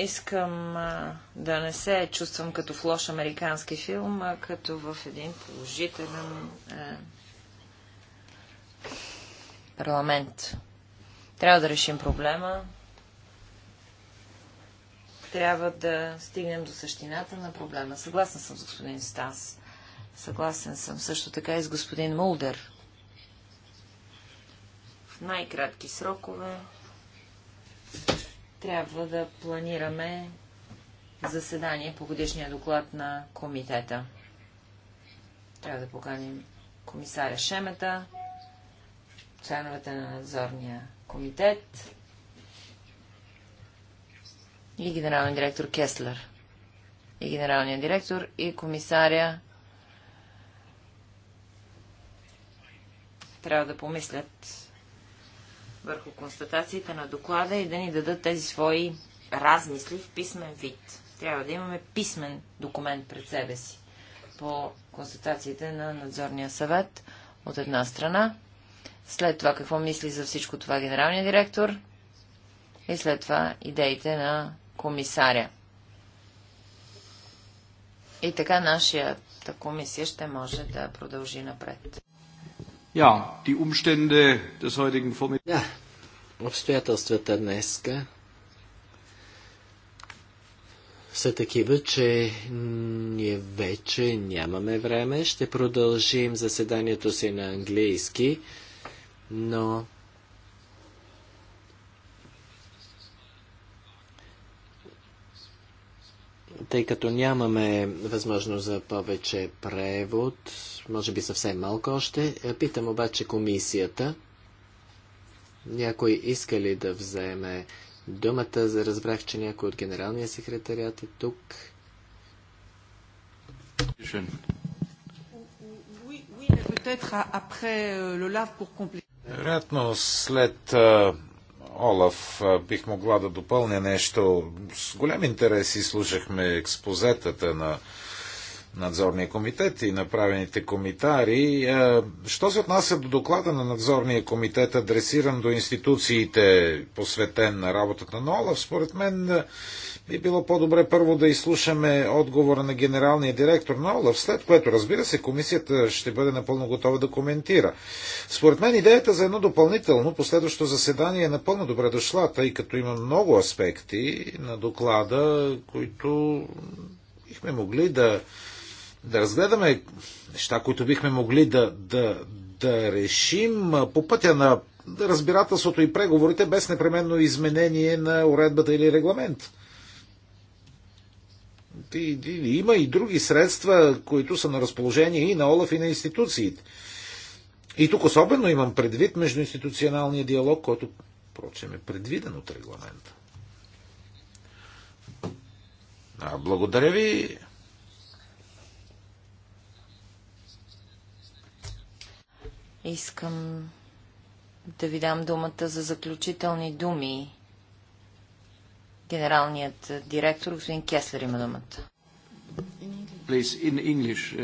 Искам а, да не се чувствам като в лош американски филм, а като в един положителен а, парламент. Трябва да решим проблема. Трябва да стигнем до същината на проблема. Съгласен съм с господин Стас. Съгласен съм също така и с господин Мулдер. В най-кратки срокове трябва да планираме заседание по годишния доклад на комитета. Трябва да поканим комисаря Шемета, членовете на надзорния комитет и генералния директор Кеслер. И генералния директор и комисаря трябва да помислят върху констатациите на доклада и да ни дадат тези свои размисли в писмен вид. Трябва да имаме писмен документ пред себе си по констатациите на надзорния съвет от една страна, след това какво мисли за всичко това генералния директор и след това идеите на комисаря. И така нашата комисия ще може да продължи напред. Ja, die Umstände des heutigen Vormittags. Ja, wird der Neske. са такива, че ние вече нямаме време. Ще продължим заседанието си на английски, но Тъй като нямаме възможност за повече превод, може би съвсем малко още, е, питам обаче комисията. Някой иска ли да вземе думата? Разбрах, че някой от генералния секретарят е тук. Euh, Вероятно след Олаф, бих могла да допълня нещо. С голям интерес изслушахме експозетата на надзорния комитет и направените комитари. Що се отнася до доклада на надзорния комитет, адресиран до институциите, посветен на работата на Олаф, според мен би било по-добре първо да изслушаме отговора на генералния директор на Олаф, след което, разбира се, комисията ще бъде напълно готова да коментира. Според мен идеята за едно допълнително последващо заседание е напълно добре дошла, тъй като има много аспекти на доклада, които бихме могли да, да разгледаме, неща, които бихме могли да, да, да решим по пътя на разбирателството и преговорите без непременно изменение на уредбата или регламент и, и, има и други средства, които са на разположение и на ОЛАФ, и на институциите. И тук особено имам предвид междуинституционалния диалог, който, впрочем, е предвиден от регламента. А, благодаря ви. Искам да ви дам думата за заключителни думи Генералният директор, господин Кеслер, има думата. Please, in English. Uh,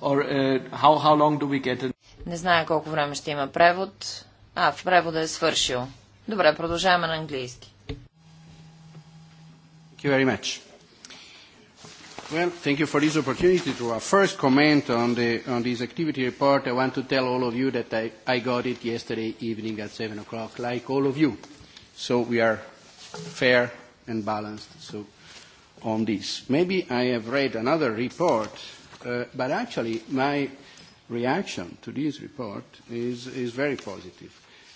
or, uh, how, how long do we get in... Не зная колко време ще има превод. А, в превода е свършил. Добре, продължаваме на английски. Thank you very much. Well, thank you for this opportunity to our first comment on, the, on this activity report. I want to tell all of you that I, I got it yesterday evening at 7 o'clock, like all of you. So we are fair and balanced so on this. Maybe I have read another report, uh, but actually my reaction to this report is, is very positive.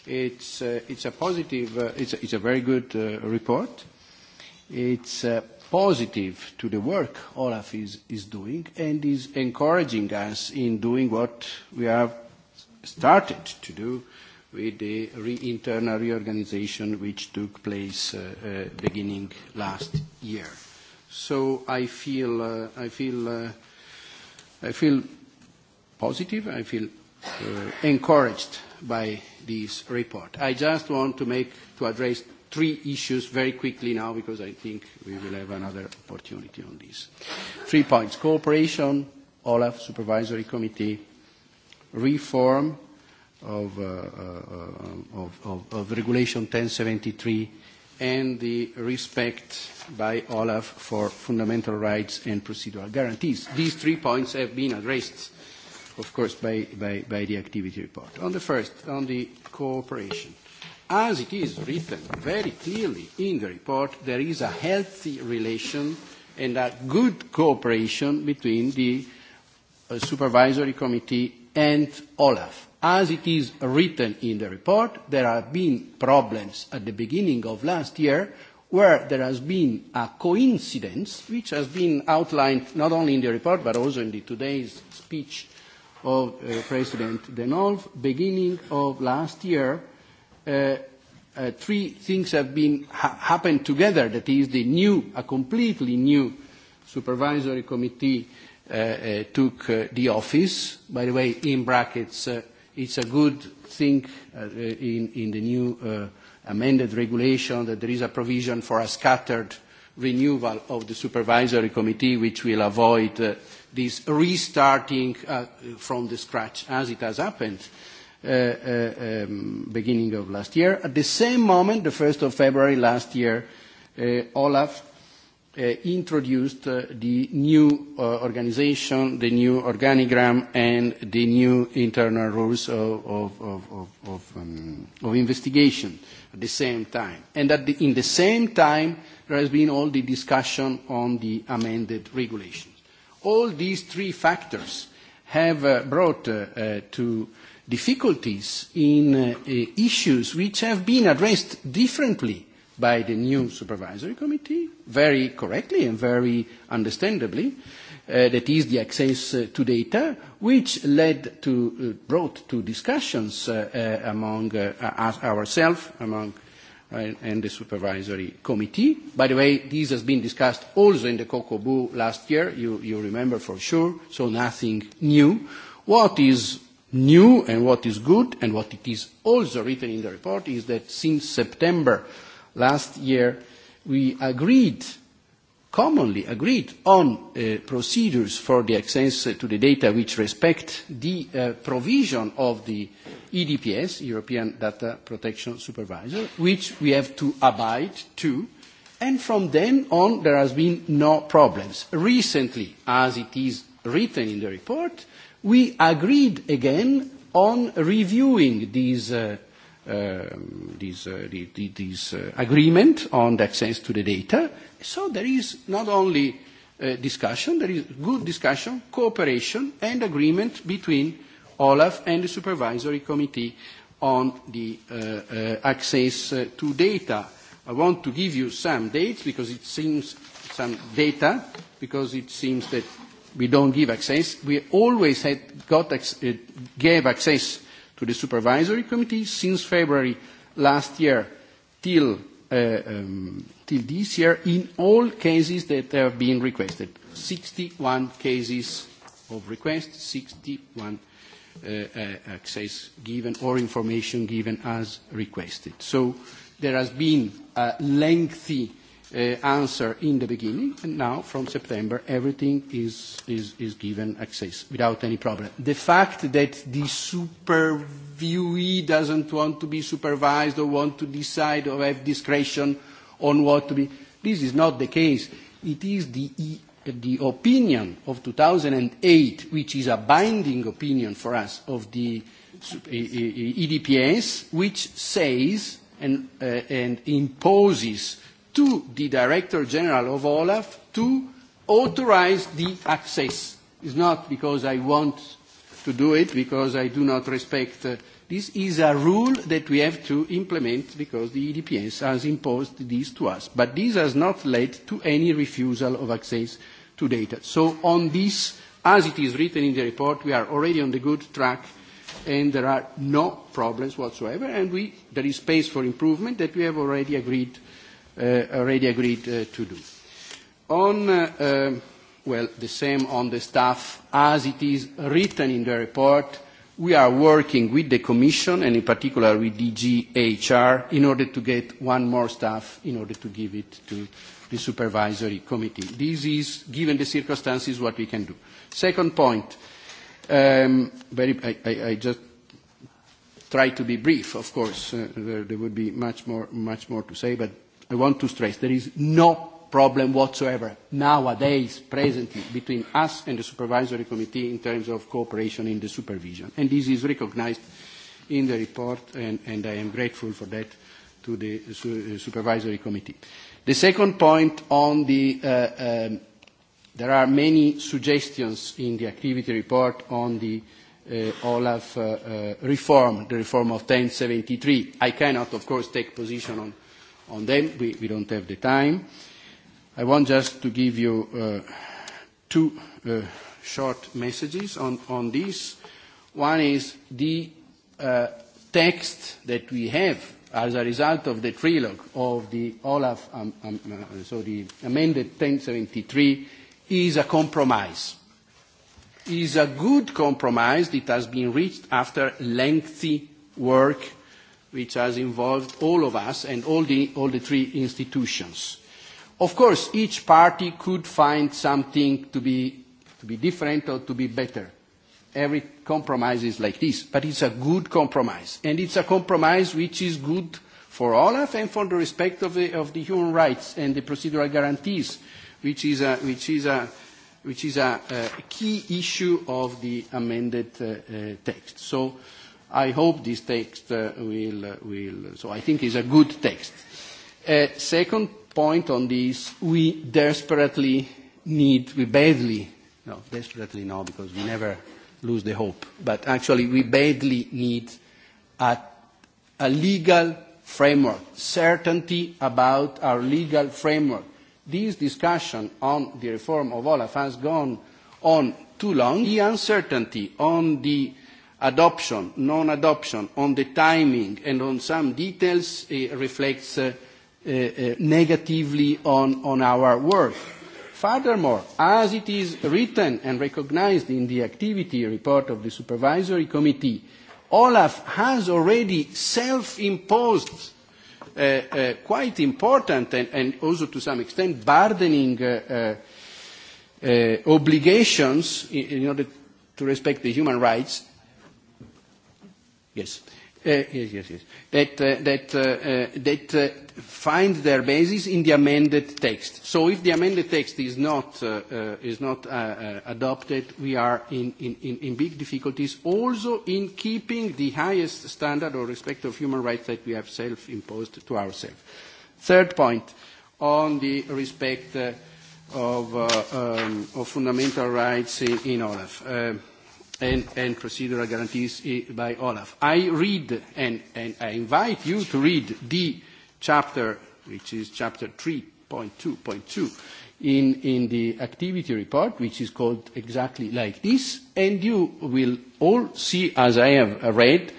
It's, uh, it's a positive, uh, it's, it's a very good uh, report. It's uh, positive to the work Olaf is, is doing and is encouraging us in doing what we have started to do with the re internal reorganization which took place beginning last year. So I feel, I feel, uh, I feel positive. I feel uh, encouraged by this report. I just want to make to address three issues very quickly now because I think we will have another opportunity on this. Three points: cooperation, OLAF supervisory committee, reform of, uh, uh, of, of, of Regulation 1073 and the respect by Olaf for fundamental rights and procedural guarantees. These three points have been addressed, of course, by, by, by the activity report. On the first, on the cooperation. As it is written very clearly in the report, there is a healthy relation and a good cooperation between the uh, supervisory committee and Olaf. As it is written in the report, there have been problems at the beginning of last year where there has been a coincidence, which has been outlined not only in the report but also in the today's speech of uh, President Denolf, beginning of last year, uh, uh, three things have been ha- happened together. That is, the new, a completely new supervisory committee uh, took the office. By the way, in brackets, it's a good thing in the new amended regulation that there is a provision for a scattered renewal of the supervisory committee, which will avoid this restarting from the scratch, as it has happened beginning of last year. At the same moment, the 1st of February last year, Olaf introduced the new organisation, the new organigram, and the new internal rules of investigation at the same time. And at the in the same time, there has been all the discussion on the amended regulations. All these three factors have brought to difficulties in issues which have been addressed differently by the new supervisory committee, very correctly and very understandably, that is the access to data, which led to, brought to discussions among ourselves, among and the supervisory committee. By the way, this has been discussed also in the COCOBU last year, you, you remember for sure, so nothing new. What is new and what is good and what it is also written in the report is that since September last year, we agreed, commonly agreed, on uh, procedures for the access to the data which respect the uh, provision of the EDPS, European Data Protection Supervisor, which we have to abide to. And from then on, there has been no problems. Recently, as it is written in the report, we agreed again on reviewing these uh, this, uh, the, the, this uh, agreement on the access to the data. So there is not only uh, discussion, there is good discussion, cooperation, and agreement between Olaf and the Supervisory Committee on the uh, uh, access uh, to data. I want to give you some dates because it seems some data because it seems that we don't give access. We always had got ac uh, gave access to the Supervisory Committee since February last year till, uh, um, till this year in all cases that have been requested. 61 cases of requests, 61 uh, uh, access given or information given as requested. So there has been a lengthy answer in the beginning, and now from September, everything is is is given access without any problem. The fact that the superviewee doesn't want to be supervised or want to decide or have discretion on what to be, this is not the case. It is the the opinion of 2008, which is a binding opinion for us of the EDPS, which says and, uh, and imposes to the Director General of Olaf to authorize the access. It's not because I want to do it, because I do not respect. Uh, this is a rule that we have to implement because the EDPS has imposed this to us. But this has not led to any refusal of access to data. So on this, as it is written in the report, we are already on the good track and there are no problems whatsoever and we, there is space for improvement that we have already agreed uh, already agreed to do. On, well, the same on the staff, as it is written in the report, we are working with the Commission and in particular with DG HR in order to get one more staff in order to give it to the supervisory committee. This is, given the circumstances, what we can do. Second point, um, very, I, I, I just try to be brief, of course. Uh, there, there would be much more, much more to say, but I want to stress, there is no problem whatsoever nowadays, presently, between us and the supervisory committee in terms of cooperation in the supervision. And this is recognized in the report, and, and I am grateful for that to the su- supervisory committee. The second point on the, uh, um, there are many suggestions in the activity report on the uh, Olaf uh, uh, reform, the reform of 1073. I cannot, of course, take position on on them. We, we don't have the time. I want just to give you two short messages on, this. One is the text that we have as a result of the trilogue of the Olaf, so the amended 1073, is a compromise. Is a good compromise that has been reached after lengthy work which has involved all of us and all the, all the three institutions. Of course, each party could find something to be, to be different or to be better. Every compromise is like this, but it's a good compromise. And it's a compromise which is good for Olaf and for the respect of the, of the human rights and the procedural guarantees, which is a, which is a, which is a, a key issue of the amended uh, uh, text. So I hope this text will, will, so I think it's a good text. Uh, second point on this, we desperately need, we badly, no, desperately no, because we never lose the hope, but actually we badly need a, a legal framework, certainty about our legal framework. This discussion on the reform of Olaf has gone on too long. The uncertainty on the adoption, non-adoption, on the timing, and on some details reflects negatively on our work. Furthermore, as it is written and recognized in the activity report of the Supervisory Committee, Olaf has already self-imposed quite important and also to some extent burdening obligations in order to respect the human rights Yes. Uh, yes, yes, yes. That, uh, that, uh, that uh, find their basis in the amended text. So if the amended text is not, uh, uh, is not uh, uh, adopted, we are in, in, in big difficulties, also in keeping the highest standard or respect of human rights that we have self-imposed to ourselves. Third point, on the respect uh, of, uh, um, of fundamental rights in, in OLAF. Uh, and, and procedural guarantees by Olaf. I read and, and I invite you to read the chapter, which is chapter 3.2.2 in, in the activity report, which is called exactly like this, and you will all see, as I have read,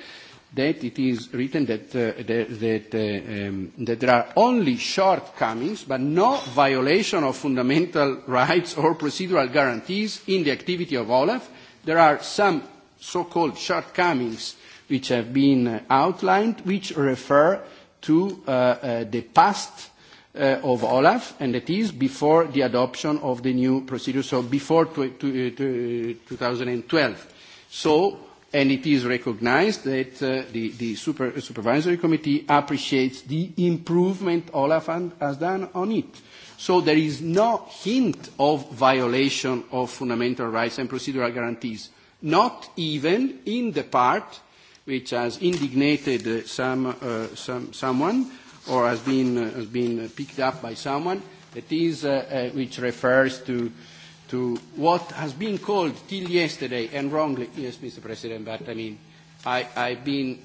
that it is written that, uh, that, that, uh, um, that there are only shortcomings but no violation of fundamental rights or procedural guarantees in the activity of Olaf, There are some so-called shortcomings which have been outlined, which refer to the past of Olaf, and that is before the adoption of the new procedure, so before 2012. So, and it is recognized that the supervisory committee appreciates the improvement Olaf has done on it So there is no hint of violation of fundamental rights and procedural guarantees, not even in the part which has indignated some, uh, some, someone or has been, uh, has been picked up by someone, that is, uh, uh, which refers to, to what has been called till yesterday, and wrongly, yes, Mr. President, but I mean, I, I've been,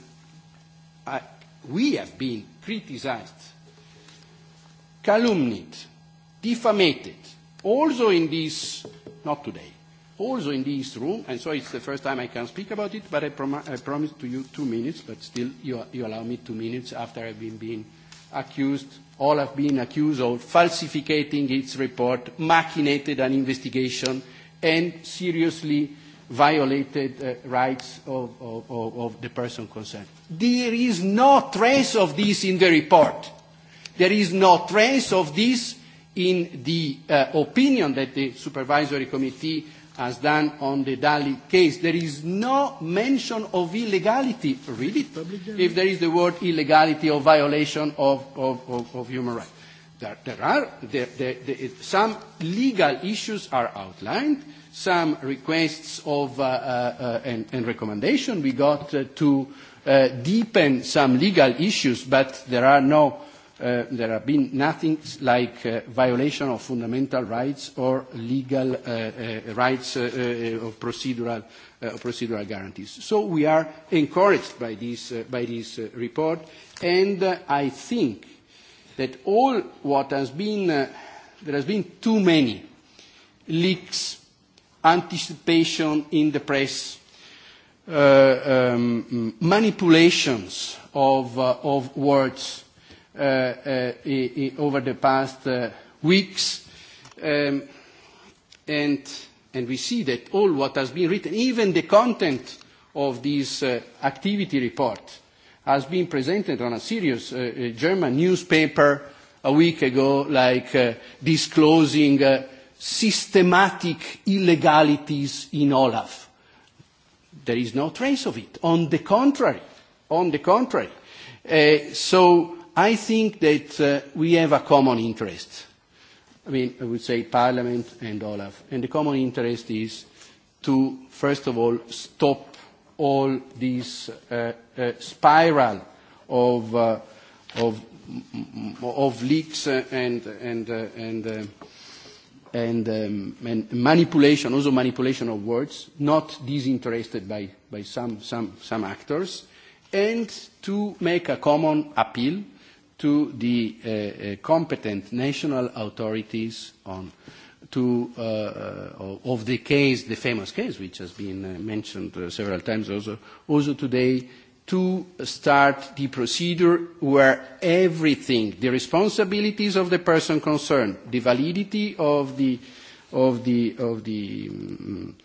I, we have been criticized, calumniated, defamated, also in this, not today, also in this room, and so it's the first time I can speak about it, but I, prom- I promise to you two minutes, but still you, you allow me two minutes after I've been being accused, all have been accused of falsificating its report, machinated an investigation, and seriously violated uh, rights of, of, of, of the person concerned. There is no trace of this in the report. There is no trace of this in the uh, opinion that the supervisory committee has done on the Dali case. There is no mention of illegality. Read it. If there is the word illegality or violation of, of, of, of human rights. There, there are there, there, there, some legal issues are outlined, some requests of uh, uh, and, and recommendation we got uh, to uh, deepen some legal issues, but there are no there have been nothing like uh, violation of fundamental rights or legal uh, uh, rights uh, uh, procedural, uh, procedural guarantees. So we are encouraged by this, uh, by this uh, report, and uh, I think that all what has been, uh, there has been too many leaks, anticipation in the press, uh, um, manipulations of, uh, of words, over the past weeks. and We see that all what has been written, even the content of this activity report, has been presented on a serious German newspaper a week ago, like disclosing systematic illegalities in Olaf. There is no trace of it. On the contrary, on the contrary. so I think that uh, we have a common interest. I mean, I would say Parliament and Olaf. And the common interest is to, first of all, stop all this uh, uh, spiral of, uh, of, of leaks and, and, uh, and, uh, and, um, and manipulation, also manipulation of words, not disinterested by, by some, some, some actors, and to make a common appeal to the uh, competent national authorities on to uh, uh, of the case, the famous case, which has been uh, mentioned uh, several times also, also today, to start the procedure where everything, the responsibilities of the person concerned, the validity of the of the of the um,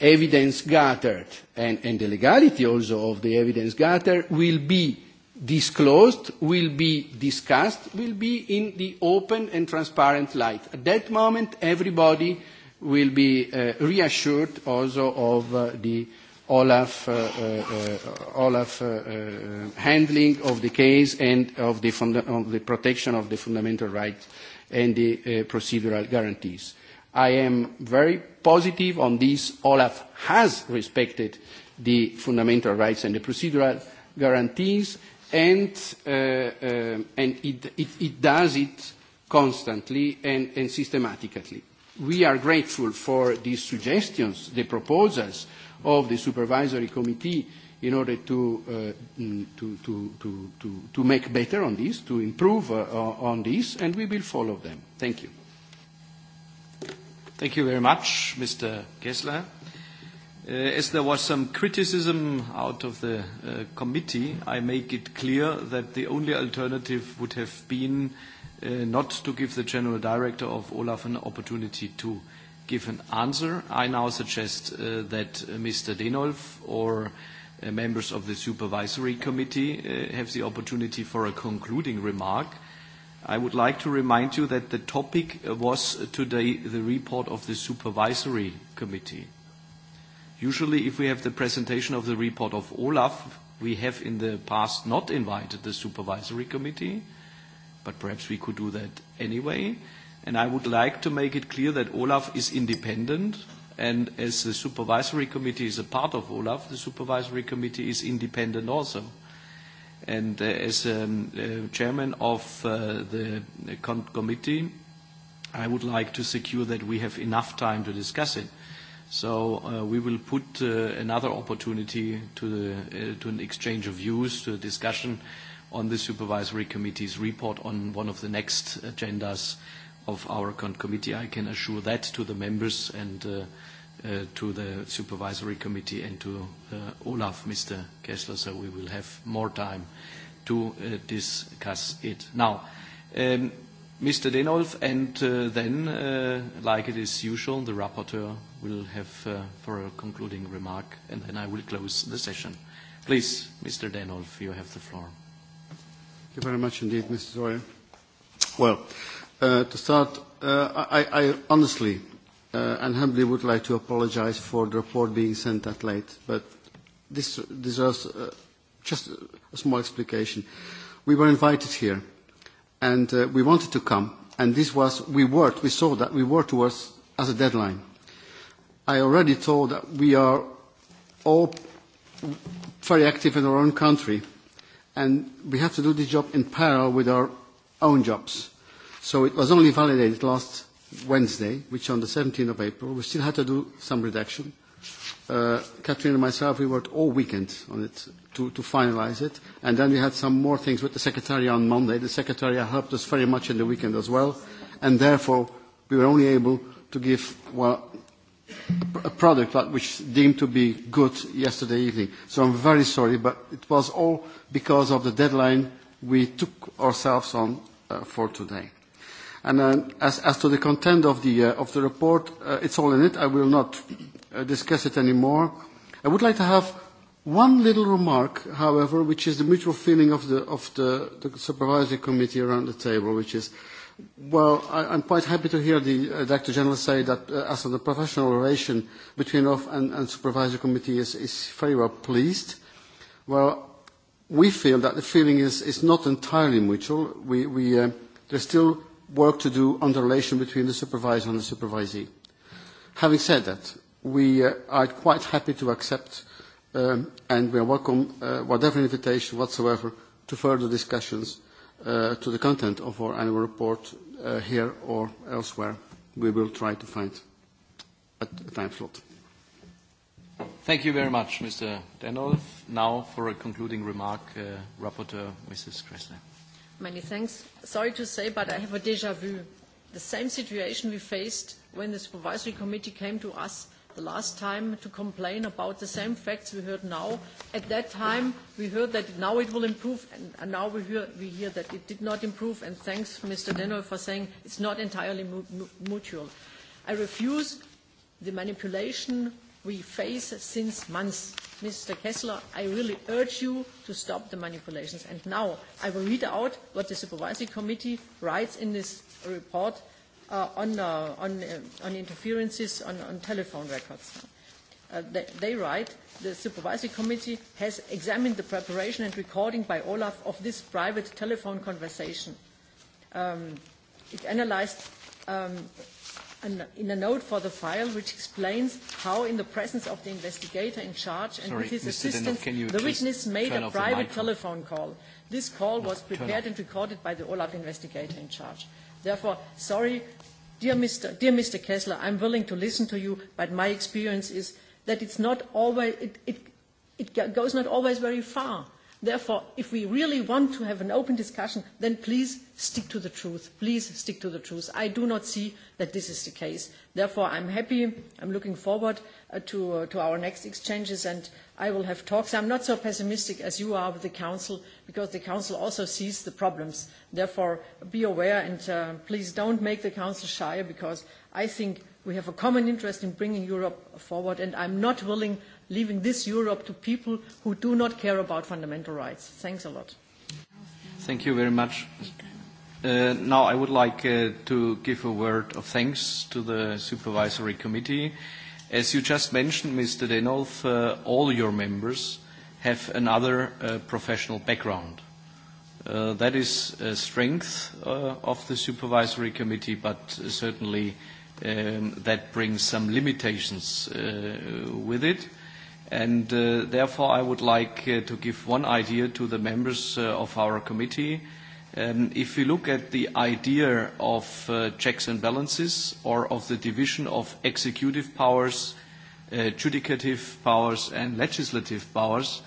evidence gathered, and, and the legality also of the evidence gathered will be disclosed, will be discussed, will be in the open and transparent light. At that moment, everybody will be uh, reassured also of uh, the Olaf, uh, uh, Olaf uh, uh, handling of the case and of the, of the protection of the fundamental rights and the uh, procedural guarantees. I am very positive on this. Olaf has respected the fundamental rights and the procedural guarantees and, uh, uh, and it, it, it does it constantly and, and systematically. We are grateful for these suggestions, the proposals of the supervisory committee in order to, uh, to, to, to, to, to make better on this, to improve uh, on this, and we will follow them. Thank you. Thank you very much, Mr. Kessler. As there was some criticism out of the committee, I make it clear that the only alternative would have been not to give the general director of Olaf an opportunity to give an answer. I now suggest that Mr. Denolf or members of the supervisory committee have the opportunity for a concluding remark. I would like to remind you that the topic was today the report of the supervisory committee. Usually, if we have the presentation of the report of Olaf, we have in the past not invited the supervisory committee, but perhaps we could do that anyway. And I would like to make it clear that Olaf is independent, and as the supervisory committee is a part of Olaf, the supervisory committee is independent also. And as chairman of the committee, I would like to secure that we have enough time to discuss it. So we will put another opportunity to, the, uh, to an exchange of views, to a discussion on the Supervisory Committee's report on one of the next agendas of our committee. I can assure that to the members and uh, to the Supervisory Committee and to uh, Olaf, Mr. Kessler, so we will have more time to discuss it. Now, Mr. Denolf, and then, like it is usual, the rapporteur will have for a concluding remark, and then I will close the session. Please, Mr. Denolf, you have the floor. Thank you very much indeed, Mr. Zoyer. Well, uh, to start, uh, I, I honestly and humbly would like to apologize for the report being sent that late, but this deserves just a small explication. We were invited here and uh, we wanted to come. And this was, we worked, we saw that, we worked towards as a deadline. I already told that we are all very active in our own country, and we have to do this job in parallel with our own jobs. So it was only validated last Wednesday, which on the 17th of April, we still had to do some redaction. Uh, Catherine and myself, we worked all weekend on it, to, finalise finalize it. And then we had some more things with the Secretary on Monday. The Secretariat helped us very much in the weekend as well. And therefore, we were only able to give well, a product that which deemed to be good yesterday evening. So I'm very sorry, but it was all because of the deadline we took ourselves on uh, for today. And then as, as to the content of the, uh, of the report, uh, it's all in it. I will not uh, discuss it anymore. I would like to have One little remark, however, which is the mutual feeling of the, of the, the supervisory committee around the table, which is, well, I, I'm quite happy to hear the uh, Director General say that uh, as of the professional relation between OFF and, and supervisory committee is, is very well pleased. Well, we feel that the feeling is, is not entirely mutual. We, we, uh, there's still work to do on the relation between the supervisor and the supervisee. Having said that, we uh, are quite happy to accept – um, and we welcome uh, whatever invitation whatsoever to further discussions uh, to the content of our annual report uh, here or elsewhere. We will try to find a, time slot. Thank you very much, Mr. Denolf. Now, for a concluding remark, uh, Rapporteur Mrs. Kressler. Many thanks. Sorry to say, but I have a déjà vu. The same situation we faced when the Supervisory Committee came to us the last time to complain about the same facts we heard now. At that time, we heard that now it will improve, and now we hear, we hear that it did not improve, and thanks, Mr. Denoy, for saying it's not entirely mu mu mutual. I refuse the manipulation we face since months. Mr. Kessler, I really urge you to stop the manipulations. And now I will read out what the Supervisory Committee writes in this report uh, on, uh, on, uh, on interferences on, on telephone records. Uh, they, they write, the Supervisory Committee has examined the preparation and recording by Olaf of this private telephone conversation. Um, it analyzed um, an, in a note for the file which explains how in the presence of the investigator in charge and Sorry, with his Mr. assistance Denov, the witness made a private telephone call. This call was prepared and recorded by the Olaf investigator in charge. Therefore, sorry, Dear Mr. Dear Mr. Kessler, I'm willing to listen to you, but my experience is that it's not always, it, it, it goes not always very far Therefore, if we really want to have an open discussion, then please stick to the truth. Please stick to the truth. I do not see that this is the case. Therefore, I'm happy. I'm looking forward to, to our next exchanges, and I will have talks. I'm not so pessimistic as you are with the Council, because the Council also sees the problems. Therefore, be aware, and uh, please don't make the Council shy, because I think we have a common interest in bringing Europe forward, and I'm not willing – leaving this Europe to people who do not care about fundamental rights. Thanks a lot. Thank you very much. Uh, now I would like uh, to give a word of thanks to the Supervisory Committee. As you just mentioned, Mr. Denolf, uh, all your members have another uh, professional background. Uh, that is a strength uh, of the Supervisory Committee, but certainly um, that brings some limitations uh, with it. And uh, therefore, I would like uh, to give one idea to the members uh, of our committee. Um, if you look at the idea of uh, checks and balances or of the division of executive powers, uh, judicative powers, and legislative powers,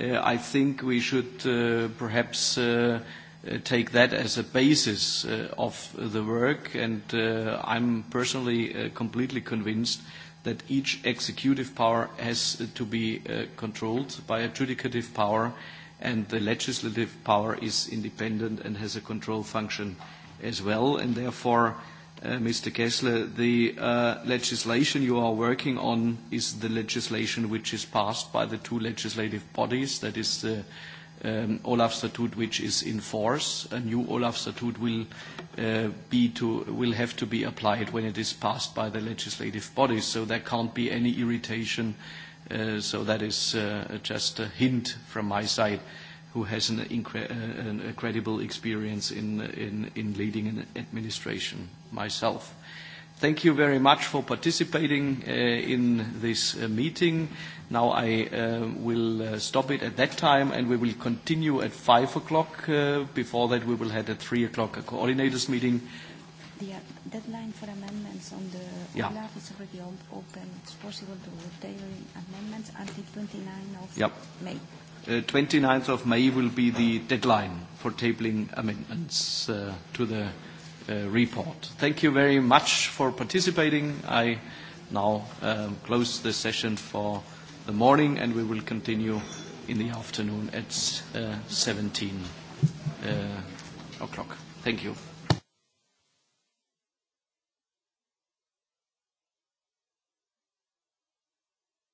uh, I think we should uh, perhaps uh, take that as a basis uh, of the work. And uh, I'm personally uh, completely convinced uh, that each executive power has to be controlled by a judicative power, and the legislative power is independent and has a control function as well. And therefore, Mr. Kessler, the legislation you are working on is the legislation which is passed by the two legislative bodies, that is the Olaf Statute which is in force. A new Olaf Statute will, be to, will have to be applied when it is passed by the legislative bodies, so there can't be any irritation. so that is just a hint from my side who has an, incre- an incredible experience in, in, in leading an administration myself. Thank you very much for participating uh, in this uh, meeting. Now I uh, will uh, stop it at that time and we will continue at 5 o'clock. Uh, before that we will have at 3 o'clock a coordinators meeting. The deadline for amendments on the yeah. OLAF is already open. It's possible to table amendments until 29th of yep. May. Uh, 29th of May will be the deadline for tabling amendments uh, to the uh, report. Thank you very much for participating. I now um, close the session for the morning, and we will continue in the afternoon at uh, 17 uh, o'clock. Thank you.